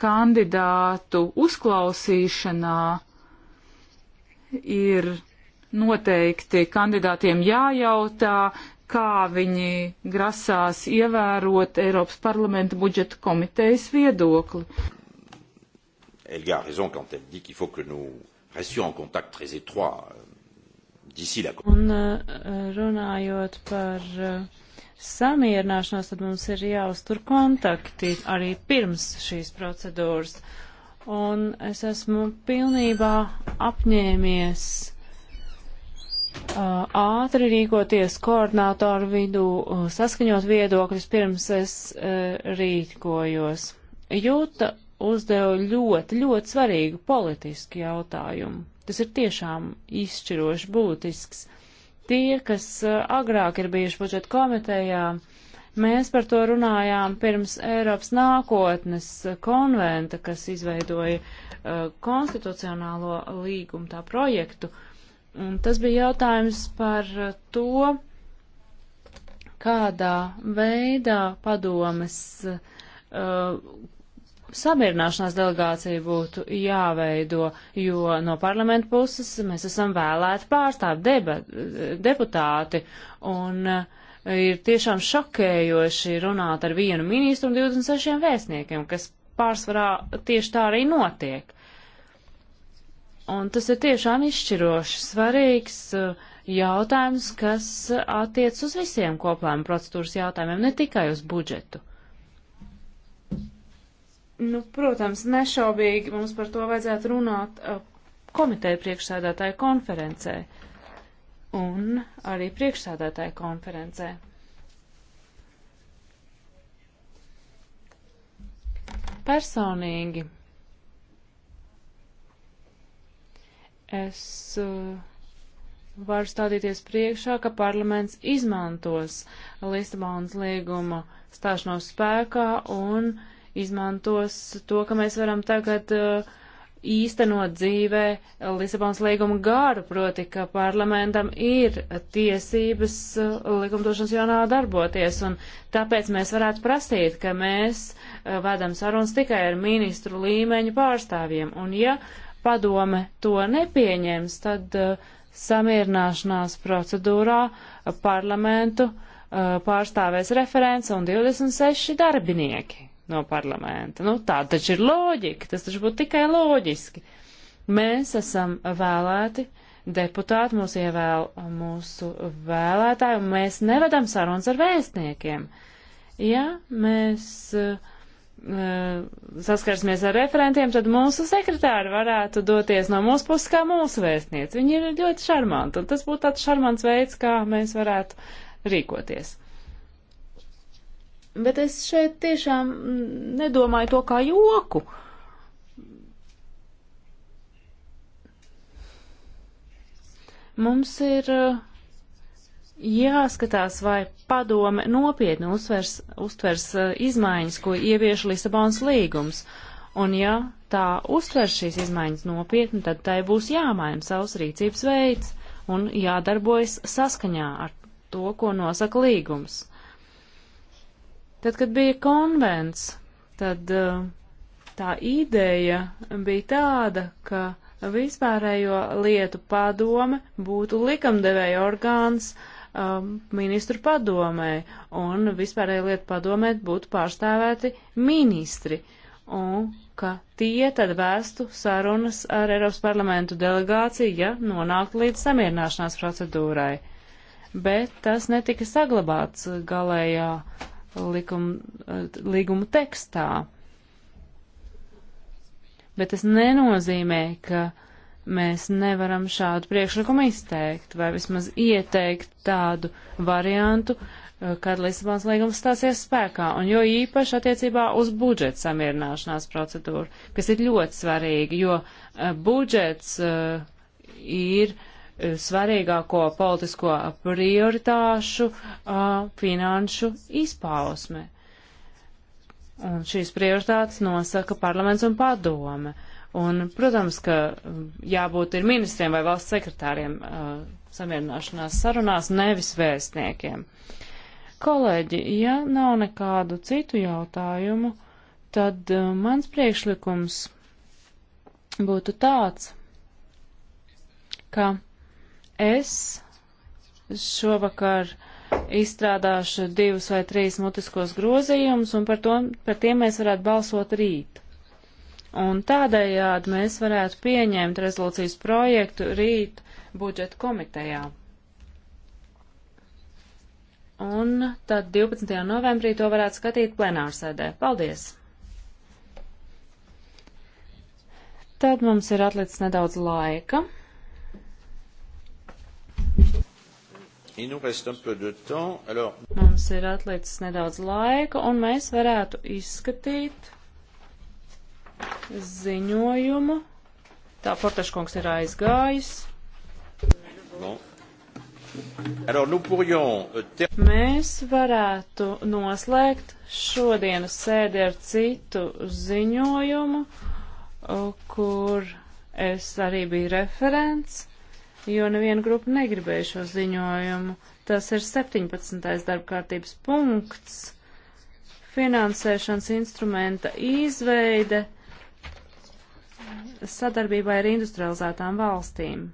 kandidātu uzklausīšanā ir noteikti kandidātiem jājautā, kā viņi grasās ievērot Eiropas parlamenta budžeta komitejas viedokli. Elga a raison quand elle dit qu'il faut que nous restions en contact très étroit euh, d'ici la Un euh, runājot par euh, samierināšanos, tad mums ir jāuztur kontakti arī pirms šīs procedūras. Un es esmu pilnībā apņēmies uh, Uh, ātri rīkoties koordinātoru vidū, uh, saskaņot viedokļus pirms es uh, rīkojos. Jūta uzdeva ļoti, ļoti svarīgu politisku jautājumu. Tas ir tiešām izšķiroši būtisks. Tie, kas agrāk ir bijuši budžeta komitejā, mēs par to runājām pirms Eiropas nākotnes konventa, kas izveidoja konstitucionālo līgumu tā projektu. Uh, Un tas bija jautājums par to, kādā veidā padomes uh, samierināšanās delegācija būtu jāveido, jo no parlamenta puses mēs esam vēlēti pārstāvi debat, deputāti, un uh, ir tiešām šokējoši runāt ar vienu ministru un 26 vēstniekiem, kas pārsvarā tieši tā arī notiek. Un tas ir tiešām izšķiroši svarīgs uh, jautājums, kas uh, attiec uz visiem koplēmu procedūras jautājumiem, ne tikai uz budžetu. Nu, protams, nešaubīgi mums par to vajadzētu runāt uh, komiteja priekšsēdētāja konferencē un arī priekšsēdētāja konferencē. Personīgi Es uh, varu stādīties priekšā, ka parlaments izmantos Lisabonas līguma stāšanos spēkā un izmantos to, ka mēs varam tagad uh, īstenot dzīvē Lisabons līguma gāru, proti, ka parlamentam ir tiesības uh, likumdošanas jaunā darboties, un tāpēc mēs varētu prasīt, ka mēs uh, vedam sarunas tikai ar ministru līmeņu pārstāvjiem, un ja padome to nepieņems, tad uh, samierināšanās procedūrā parlamentu uh, pārstāvēs referents un 26 darbinieki no parlamenta. Nu, tā taču ir loģika, tas taču būtu tikai loģiski. Mēs esam vēlēti, deputāti mūs ievēl mūsu vēlētāji, un mēs nevedam sarunas ar vēstniekiem. Ja mēs uh, Eh, saskarsimies ar referentiem, tad mūsu sekretāri varētu doties no mūsu puses kā mūsu vēstniec. Viņi ir ļoti šarmanti, un tas būtu tāds šarmants veids, kā mēs varētu rīkoties. Bet es šeit tiešām nedomāju to kā joku. Mums ir uh, jāskatās, vai padome nopietni uztvers, uztvers eh, izmaiņas, ko ievieš Lisabons līgums. Un ja tā uztvers šīs izmaiņas nopietni, tad tai būs jāmaina savs rīcības veids un jādarbojas saskaņā ar to, ko nosaka līgums. Tad, kad bija konvents, tad eh, tā ideja bija tāda, ka vispārējo lietu padome būtu likumdevēja orgāns, uh, um, ministru padomē, un vispārēji lietu padomē būtu pārstāvēti ministri, un ka tie tad vēstu sarunas ar Eiropas parlamentu delegāciju, ja nonāktu līdz samierināšanās procedūrai. Bet tas netika saglabāts galējā likuma, līguma tekstā. Bet tas nenozīmē, ka uh, Mēs nevaram šādu priekšlikumu izteikt vai vismaz ieteikt tādu variantu, eh, kad Lisabons līgums stāsies spēkā, un jo īpaši attiecībā uz budžeta samierināšanās procedūru, kas ir ļoti svarīgi, jo eh, budžets eh, ir svarīgāko politisko prioritāšu uh, finanšu izpausme. Un šīs prioritātes nosaka parlaments un padome. Un, protams, ka um, jābūt ir ministriem vai valsts sekretāriem uh, samierināšanās sarunās, nevis vēstniekiem. Kolēģi, ja nav nekādu citu jautājumu, tad uh, mans priekšlikums būtu tāds, ka es šovakar izstrādāšu divus vai trīs mutiskos grozījumus, un par, to, par tiem mēs varētu balsot rīt. Un tādējādi mēs varētu pieņemt rezolūcijas projektu rīt budžeta komitejā. Un tad 12. novembrī to varētu skatīt plenārsēdē. Paldies! Tad mums ir atlicis nedaudz laika. Mums ir atlicis nedaudz laika, un mēs varētu izskatīt ziņojumu. Tā Fortaškungs ir aizgājis. No. Alors, nous pourrions... Euh, Mēs varētu noslēgt šodienas sēdi ar citu ziņojumu, uh, kur es arī biju referents, jo neviena grupa negribēja šo ziņojumu. Tas ir 17. darbkārtības punkts finansēšanas instrumenta izveide sadarbībai ar industrializētām valstīm.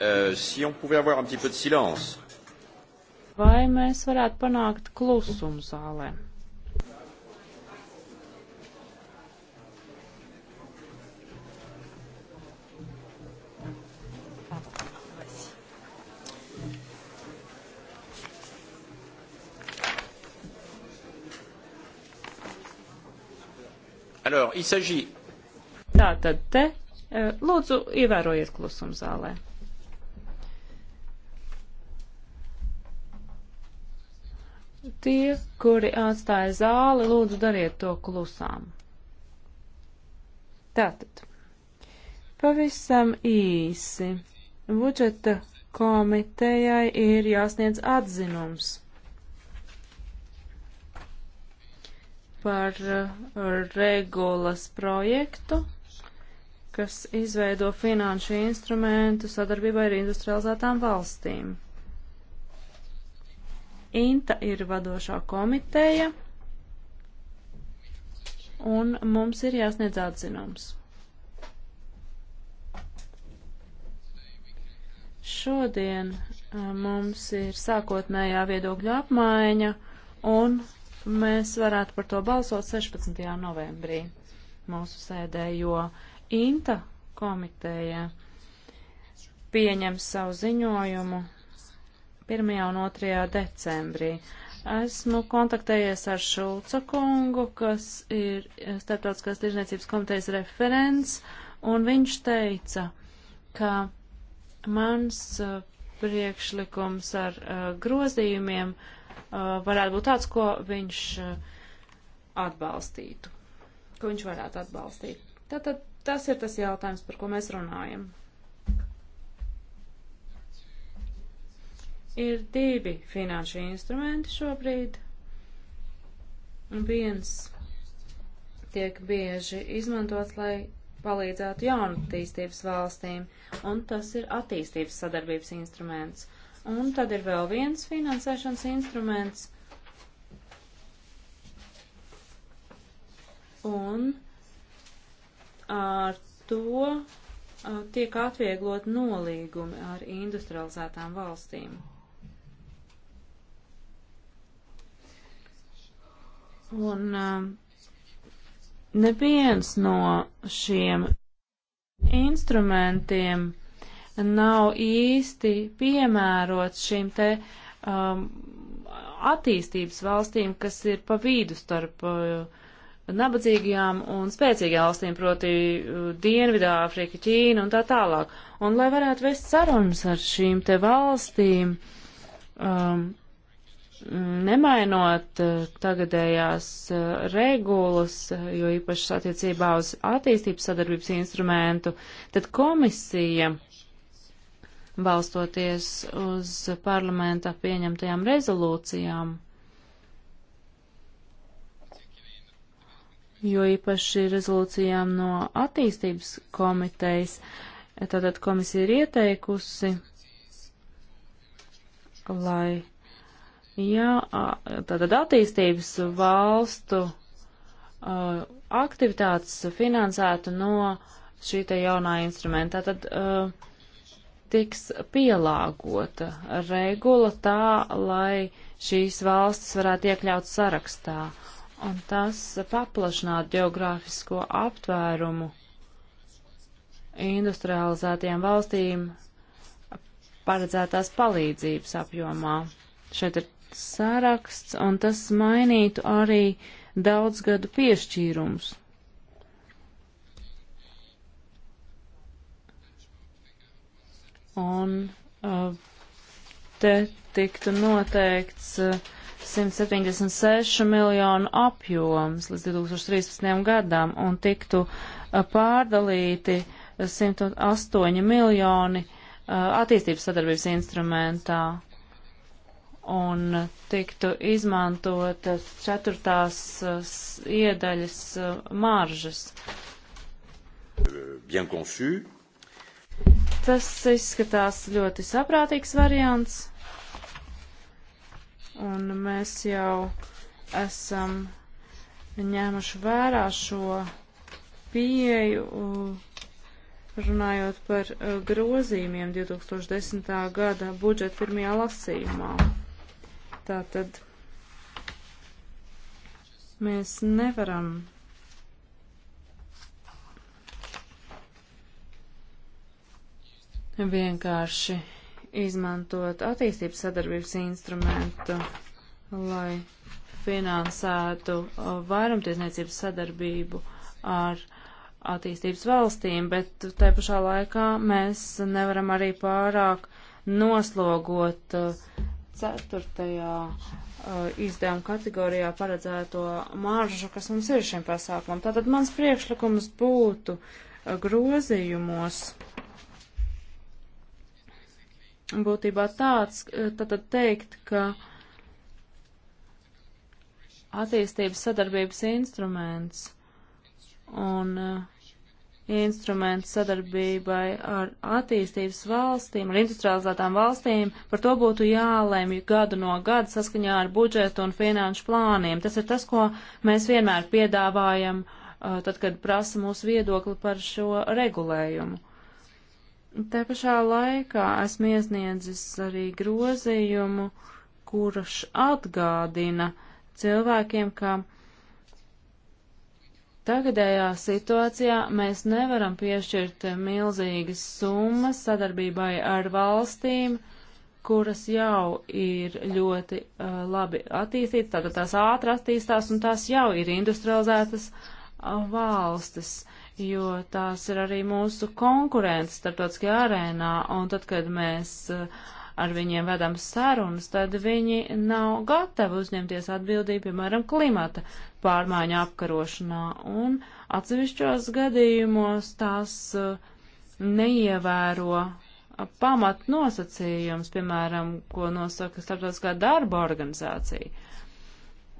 Uh, si on pouvait avoir un petit peu de silence. Vai mēs varētu panākt klusumu zālē? il s'agit. Tā tad te. E, lūdzu, ievērojiet klusumu zālē. Tie, kuri atstāja zāli, lūdzu dariet to klusām. Tātad. Pavisam īsi. Budžeta komitejai ir jāsniedz atzinums par eh, regulas projektu, kas izveido finanšu instrumentu sadarbībā ar industrializētām valstīm. INTA ir vadošā komiteja, un mums ir jāsniedz atzinums. Šodien eh, mums ir sākotnējā viedokļa apmaiņa, un mēs varētu par to balsot 16. novembrī mūsu sēdē, jo INTA komiteja pieņems savu ziņojumu 1. un 2. decembrī. Esmu kontaktējies ar Šulca kungu, kas ir starptautiskās tirzniecības komitejas referents, un viņš teica, ka mans uh, priekšlikums ar uh, grozījumiem uh, Uh, varētu būt tāds, ko viņš uh, atbalstītu, ko viņš varētu atbalstīt. Tātad tas ir tas jautājums, par ko mēs runājam. Ir divi finanšu instrumenti šobrīd. Viens tiek bieži izmantots, lai palīdzētu jaunatīstības valstīm, un tas ir attīstības sadarbības instruments – Un tad ir vēl viens finansēšanas instruments. Un ar to tiek atvieglot nolīgumi ar industrializētām valstīm. Un neviens no šiem instrumentiem nav īsti piemērots šīm te um, attīstības valstīm, kas ir pa vidu starp uh, nabadzīgajām un spēcīgajām valstīm, proti uh, Dienvidāfrika, Ķīna un tā tālāk. Un lai varētu vest sarunas ar šīm te valstīm, um, nemainot uh, tagadējās uh, regulas, jo īpaši attiecībā uz attīstības sadarbības instrumentu, tad komisija uh, balstoties uz parlamentā pieņemtajām rezolūcijām. jo īpaši rezolūcijām no attīstības komitejas. Tātad komisija ir ieteikusi, lai jā, tātad attīstības valstu uh, aktivitātes finansētu no šī te jaunā instrumenta. Tātad uh, tiks pielāgota regula tā, lai šīs valstis varētu iekļaut sarakstā, un tas paplašinātu geogrāfisko aptvērumu industrializētajām valstīm paredzētās palīdzības apjomā. Šeit ir saraksts, un tas mainītu arī daudzgadu piešķīrums. un uh, te tiktu noteikts uh, 176 miljonu apjoms līdz 2013. gadam un tiktu uh, pārdalīti 108 uh, miljoni uh, attīstības sadarbības instrumentā un uh, tiktu izmantotas ceturtās iedaļas maržas. Bien conçu, Tas izskatās ļoti saprātīgs variants. Un mēs jau esam ņēmuši vērā šo pieeju, runājot par uh, grozījumiem 2010. gada budžeta pirmajā lasījumā. Tātad mēs nevaram vienkārši izmantot attīstības sadarbības instrumentu, lai finansētu uh, vairumtiesniecības sadarbību ar attīstības valstīm, bet te pašā laikā mēs nevaram arī pārāk noslogot uh, ceturtajā uh, izdevuma kategorijā paredzēto maržu, kas mums ir šim pasākumam. Tātad mans priekšlikums būtu grozījumos būtībā tāds, tad teikt, ka attīstības sadarbības instruments un uh, instruments sadarbībai ar attīstības valstīm, ar industrializētām valstīm, par to būtu jālēmj gadu no gada saskaņā ar budžetu un finanšu plāniem. Tas ir tas, ko mēs vienmēr piedāvājam, uh, tad, kad prasa mūsu viedokli par šo regulējumu. Te pašā laikā esmu iesniedzis arī grozījumu, kurš atgādina cilvēkiem, ka tagadējā situācijā mēs nevaram piešķirt milzīgas summas sadarbībai ar valstīm, kuras jau ir ļoti uh, labi attīstītas, tātad tās ātri attīstās un tās jau ir industrializētas uh, valstis jo tās ir arī mūsu konkurents starptautiskajā arēnā, un tad, kad mēs eh, ar viņiem vedam sarunas, tad viņi nav gatavi uzņemties atbildību, piemēram, klimata pārmaiņu apkarošanā, un atsevišķos gadījumos tās eh, neievēro pamat nosacījums, piemēram, ko nosaka starptautiskā darba organizācija.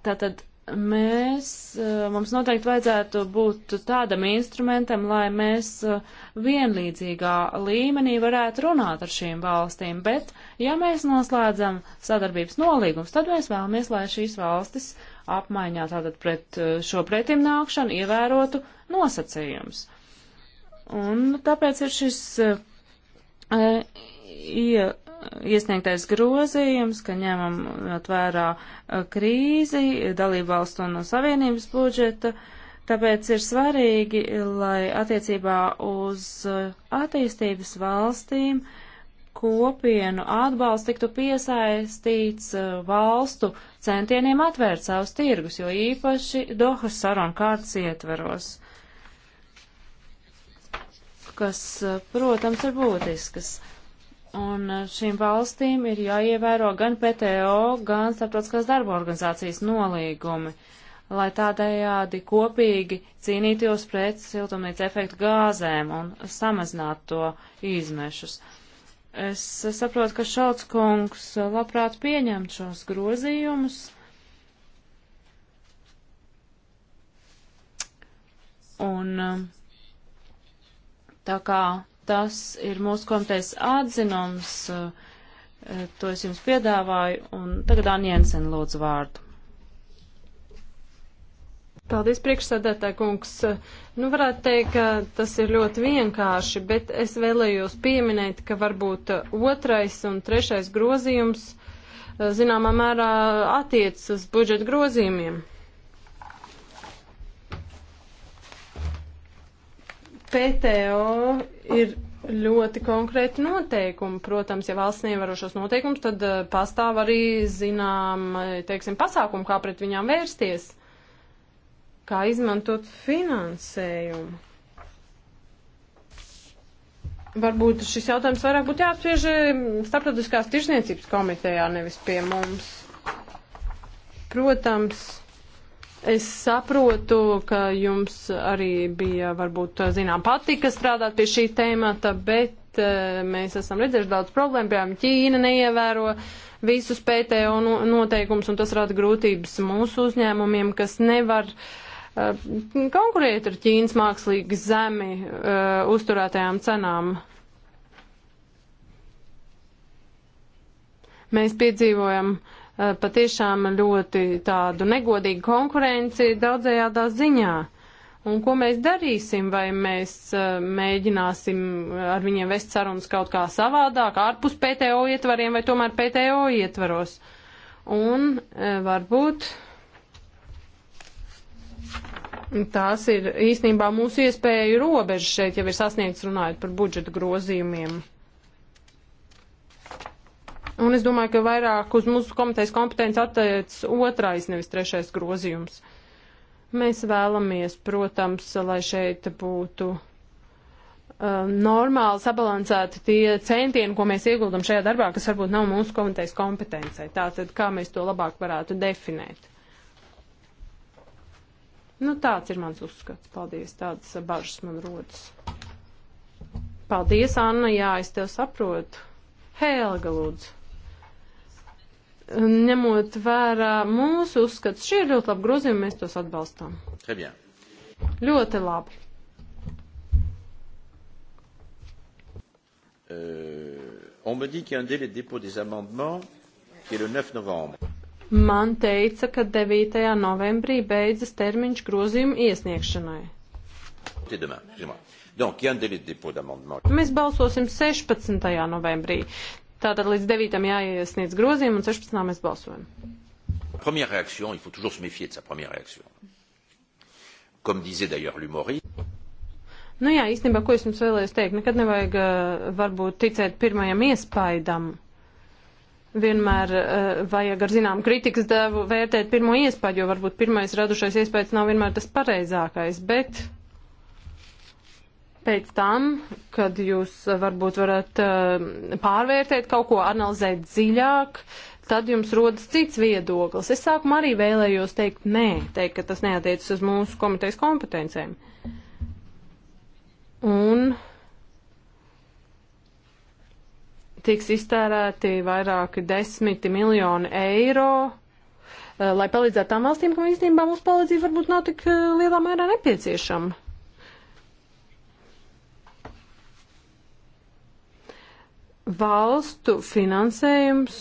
Tātad mēs, eh, mums noteikti vajadzētu būt tādam instrumentam, lai mēs eh, vienlīdzīgā līmenī varētu runāt ar šīm valstīm, bet ja mēs noslēdzam sadarbības nolīgums, tad mēs vēlamies, lai šīs valstis apmaiņā tātad pret eh, šo pretim nākšanu ievērotu nosacījums. Un tāpēc ir šis. E, ie, iesniegtais grozījums, ka ņemam vērā e, krīzi dalībvalstu un no savienības budžeta, tāpēc ir svarīgi, lai attiecībā uz e, attīstības valstīm kopienu atbalsts tiktu piesaistīts e, valstu centieniem atvērt savus tirgus, jo īpaši Dohas sarunu kārtas ietveros kas, protams, ir būtiskas. Un eh, šīm valstīm ir jāievēro gan PTO, gan starptautiskās darba organizācijas nolīgumi, lai tādējādi kopīgi cīnītos pret siltumnīca efektu gāzēm un samazinātu to izmešus. Es saprotu, ka Šalts kungs labprāt pieņemt šos grozījumus. Un eh, tā kā Tas ir mūsu komitejas atzinums, eh, to es jums piedāvāju, un tagad Aniensen lūdzu vārdu. Paldies, priekšsēdētāji kungs. Nu, varētu teikt, ka tas ir ļoti vienkārši, bet es vēlējos pieminēt, ka varbūt otrais un trešais grozījums eh, zināmā mērā attiecas uz budžeta grozījumiem. PTO ir ļoti konkrēti noteikumi. Protams, ja valsts neievēro šos noteikumus, tad eh, pastāv arī zinām, eh, teiksim, pasākumu, kā pret viņām vērsties, kā izmantot finansējumu. Varbūt šis jautājums vairāk būtu jāapsviež eh, starptautiskās tirsniecības komitejā, nevis pie mums. Protams, Es saprotu, ka jums arī bija varbūt zinām patika strādāt pie šī tēmata, bet eh, mēs esam redzējuši daudz problēmu, piemēram, Ķīna neievēro visus PTO nu, noteikumus, un tas rada grūtības mūsu uzņēmumiem, kas nevar eh, konkurēt ar Ķīnas mākslīgi zemi eh, uzturētajām cenām. Mēs piedzīvojam uh, Eh, patiešām ļoti tādu negodīgu konkurenci daudzējādā ziņā. Un ko mēs darīsim, vai mēs eh, mēģināsim ar viņiem vest sarunas kaut kā savādāk, ārpus PTO ietvariem vai tomēr PTO ietvaros. Un eh, varbūt tās ir īstenībā mūsu iespēju robežas šeit jau ir sasniegts runājot par budžeta grozījumiem. Un es domāju, ka vairāk uz mūsu komitejas kompetenci attiec otrais, nevis trešais grozījums. Mēs vēlamies, protams, lai šeit būtu uh, normāli sabalansēti tie centieni, ko mēs ieguldam šajā darbā, kas varbūt nav mūsu komitejas kompetencē. Tātad, kā mēs to labāk varētu definēt? Nu, tāds ir mans uzskats. Paldies, tādas bažas man rodas. Paldies, Anna, jā, es tev saprotu. Helga, lūdzu ņemot vērā mūsu uzskats, šie ir ļoti labi grozījumi, mēs tos atbalstām. Ļoti labi. Uh, on me dit qu'il y a un délai de dépôt des amendements qui est le 9 novembre. Man teica, ka 9. novembrī beidzas termiņš grozījumu iesniegšanai. Demain, Donc, il y a un délai de dépôt d'amendement. Mēs balsosim 16. novembrī. Tātad līdz 9. jāiesniedz grozījumi un 16. mēs balsojam. Première réaction, il faut toujours se méfier de sa première réaction. Comme disait d'ailleurs l'humoriste. Nu jā, īstenībā, ko es jums vēlējos teikt, nekad nevajag uh, varbūt ticēt pirmajam iespaidam. Vienmēr uh, vajag ar zinām kritikas devu vērtēt pirmo iespēju, jo varbūt pirmais radušais iespējas nav vienmēr tas pareizākais, bet uh, pēc tam, kad jūs varbūt varat eh, pārvērtēt kaut ko, analizēt dziļāk, tad jums rodas cits viedoklis. Es sākumā arī vēlējos teikt nē, teikt, ka tas neatiecas uz mūsu komitejas kompetencēm. Un tiks iztērēti vairāki desmiti miljoni eiro, eh, lai palīdzētu tām valstīm, kam īstenībā mūsu palīdzība varbūt nav tik eh, lielā mērā nepieciešama. valstu finansējums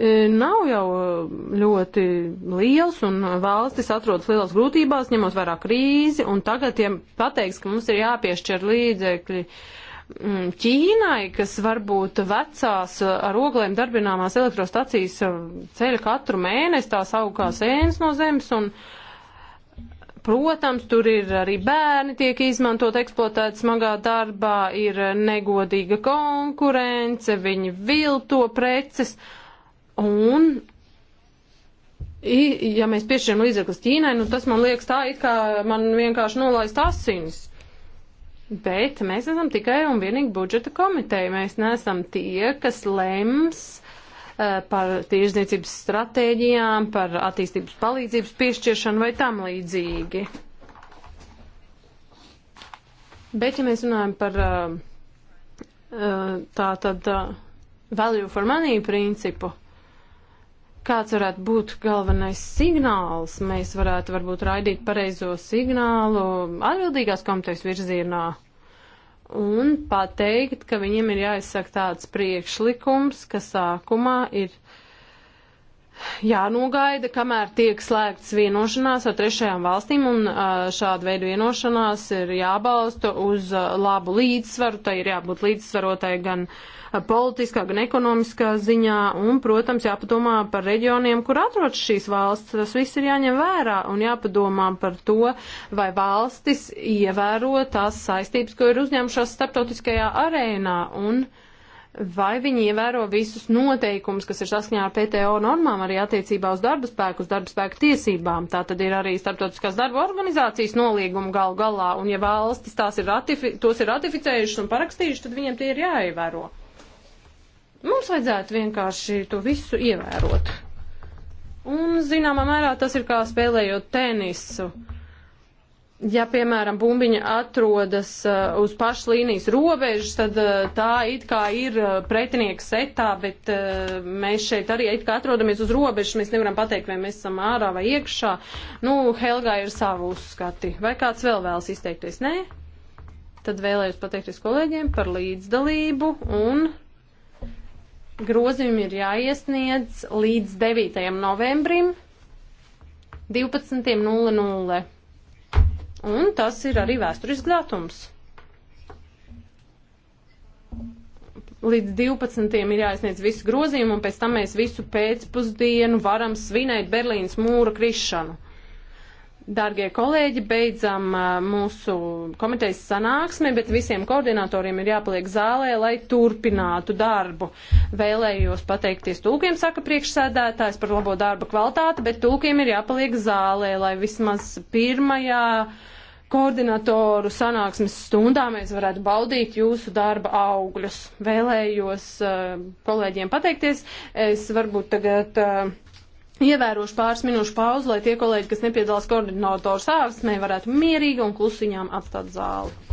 e, nav jau ļoti liels un valstis atrodas lielās grūtībās, ņemot vērā krīzi, un tagad tiem pateiks, ka mums ir jāpiešķir līdzekļi mm, Ķīnai, kas varbūt vecās e, ar oglēm darbināmās elektrostacijas e, ceļ katru mēnesi, tās augās ēnas no zemes, un uh, Protams, tur ir arī bērni tiek izmantot, eksploatēt smagā darbā, ir negodīga konkurence, viņi vilto preces. Un, ja mēs piešķiram līdzeklis Ķīnai, nu tas man liekas tā, it kā man vienkārši nolaist asinis. Bet mēs esam tikai un vienīgi budžeta komiteja. Mēs neesam tie, kas lems Eh, par tiešniecības stratēģijām, par attīstības palīdzības piešķiršanu vai tam līdzīgi. Bet, ja mēs runājam par eh, eh, tā tad value for money principu, kāds varētu būt galvenais signāls, mēs varētu varbūt raidīt pareizo signālu atbildīgās komitejas virzienā un pateikt, ka viņiem ir jāizsaka tāds priekšlikums, ka sākumā ir jānogaida, kamēr tiek slēgts vienošanās ar trešajām valstīm, un šāda veida vienošanās ir jābalsta uz labu līdzsvaru, tai ir jābūt līdzsvarotai gan uh, politiskā, gan ekonomiskā ziņā, un, protams, jāpadomā par reģioniem, kur atrodas šīs valsts. Tas viss ir jāņem vērā un jāpadomā par to, vai valstis ievēro tās saistības, ko ir uzņemšās starptautiskajā arēnā. Un, Vai viņi ievēro visus noteikumus, kas ir saskaņā ar PTO normām, arī attiecībā uz darba spēku, uz darba spēku tiesībām? Tā tad ir arī starptautiskās darba organizācijas nolīguma gal galā, un ja valstis tās ir ratifi, tos ir ratificējušas un parakstījušas, tad viņiem tie ir jāievēro. Mums vajadzētu vienkārši to visu ievērot. Un, zināmā mērā, tas ir kā spēlējot tenisu. Ja, piemēram, bumbiņa atrodas uh, uz pašlīnijas robežas, tad uh, tā it kā ir uh, pretinieka setā, bet uh, mēs šeit arī it kā atrodamies uz robežas, mēs nevaram pateikt, vai mēs esam ārā vai iekšā. Nu, Helgā ir savu uzskati. Vai kāds vēl vēlas izteikties? Nē? Tad vēlējos pateikties kolēģiem par līdzdalību un. Grozījumi ir jāiesniedz līdz 9. novembrim 12.00. Un tas ir arī vēsturisks datums. līdz 12. ir jāizniedz visi grozījumi, un pēc tam mēs visu pēcpusdienu varam svinēt Berlīnas mūra krišanu. Dargie kolēģi, beidzam uh, mūsu komitejas sanāksmi, bet visiem koordinatoriem ir jāpaliek zālē, lai turpinātu darbu. Vēlējos pateikties tūkiem, saka priekšsēdētājs, par labo darba kvalitāti, bet tūkiem ir jāpaliek zālē, lai vismaz pirmajā koordinatoru sanāksmes stundā mēs varētu baudīt jūsu darba augļus. Vēlējos uh, kolēģiem pateikties. Es varbūt tagad. Uh, Ievērošu pāris minūšu pauzi, lai tie kolēģi, kas nepiedalās koordinatoru sārsmē, varētu mierīgi un klusiņām atstāt zāli.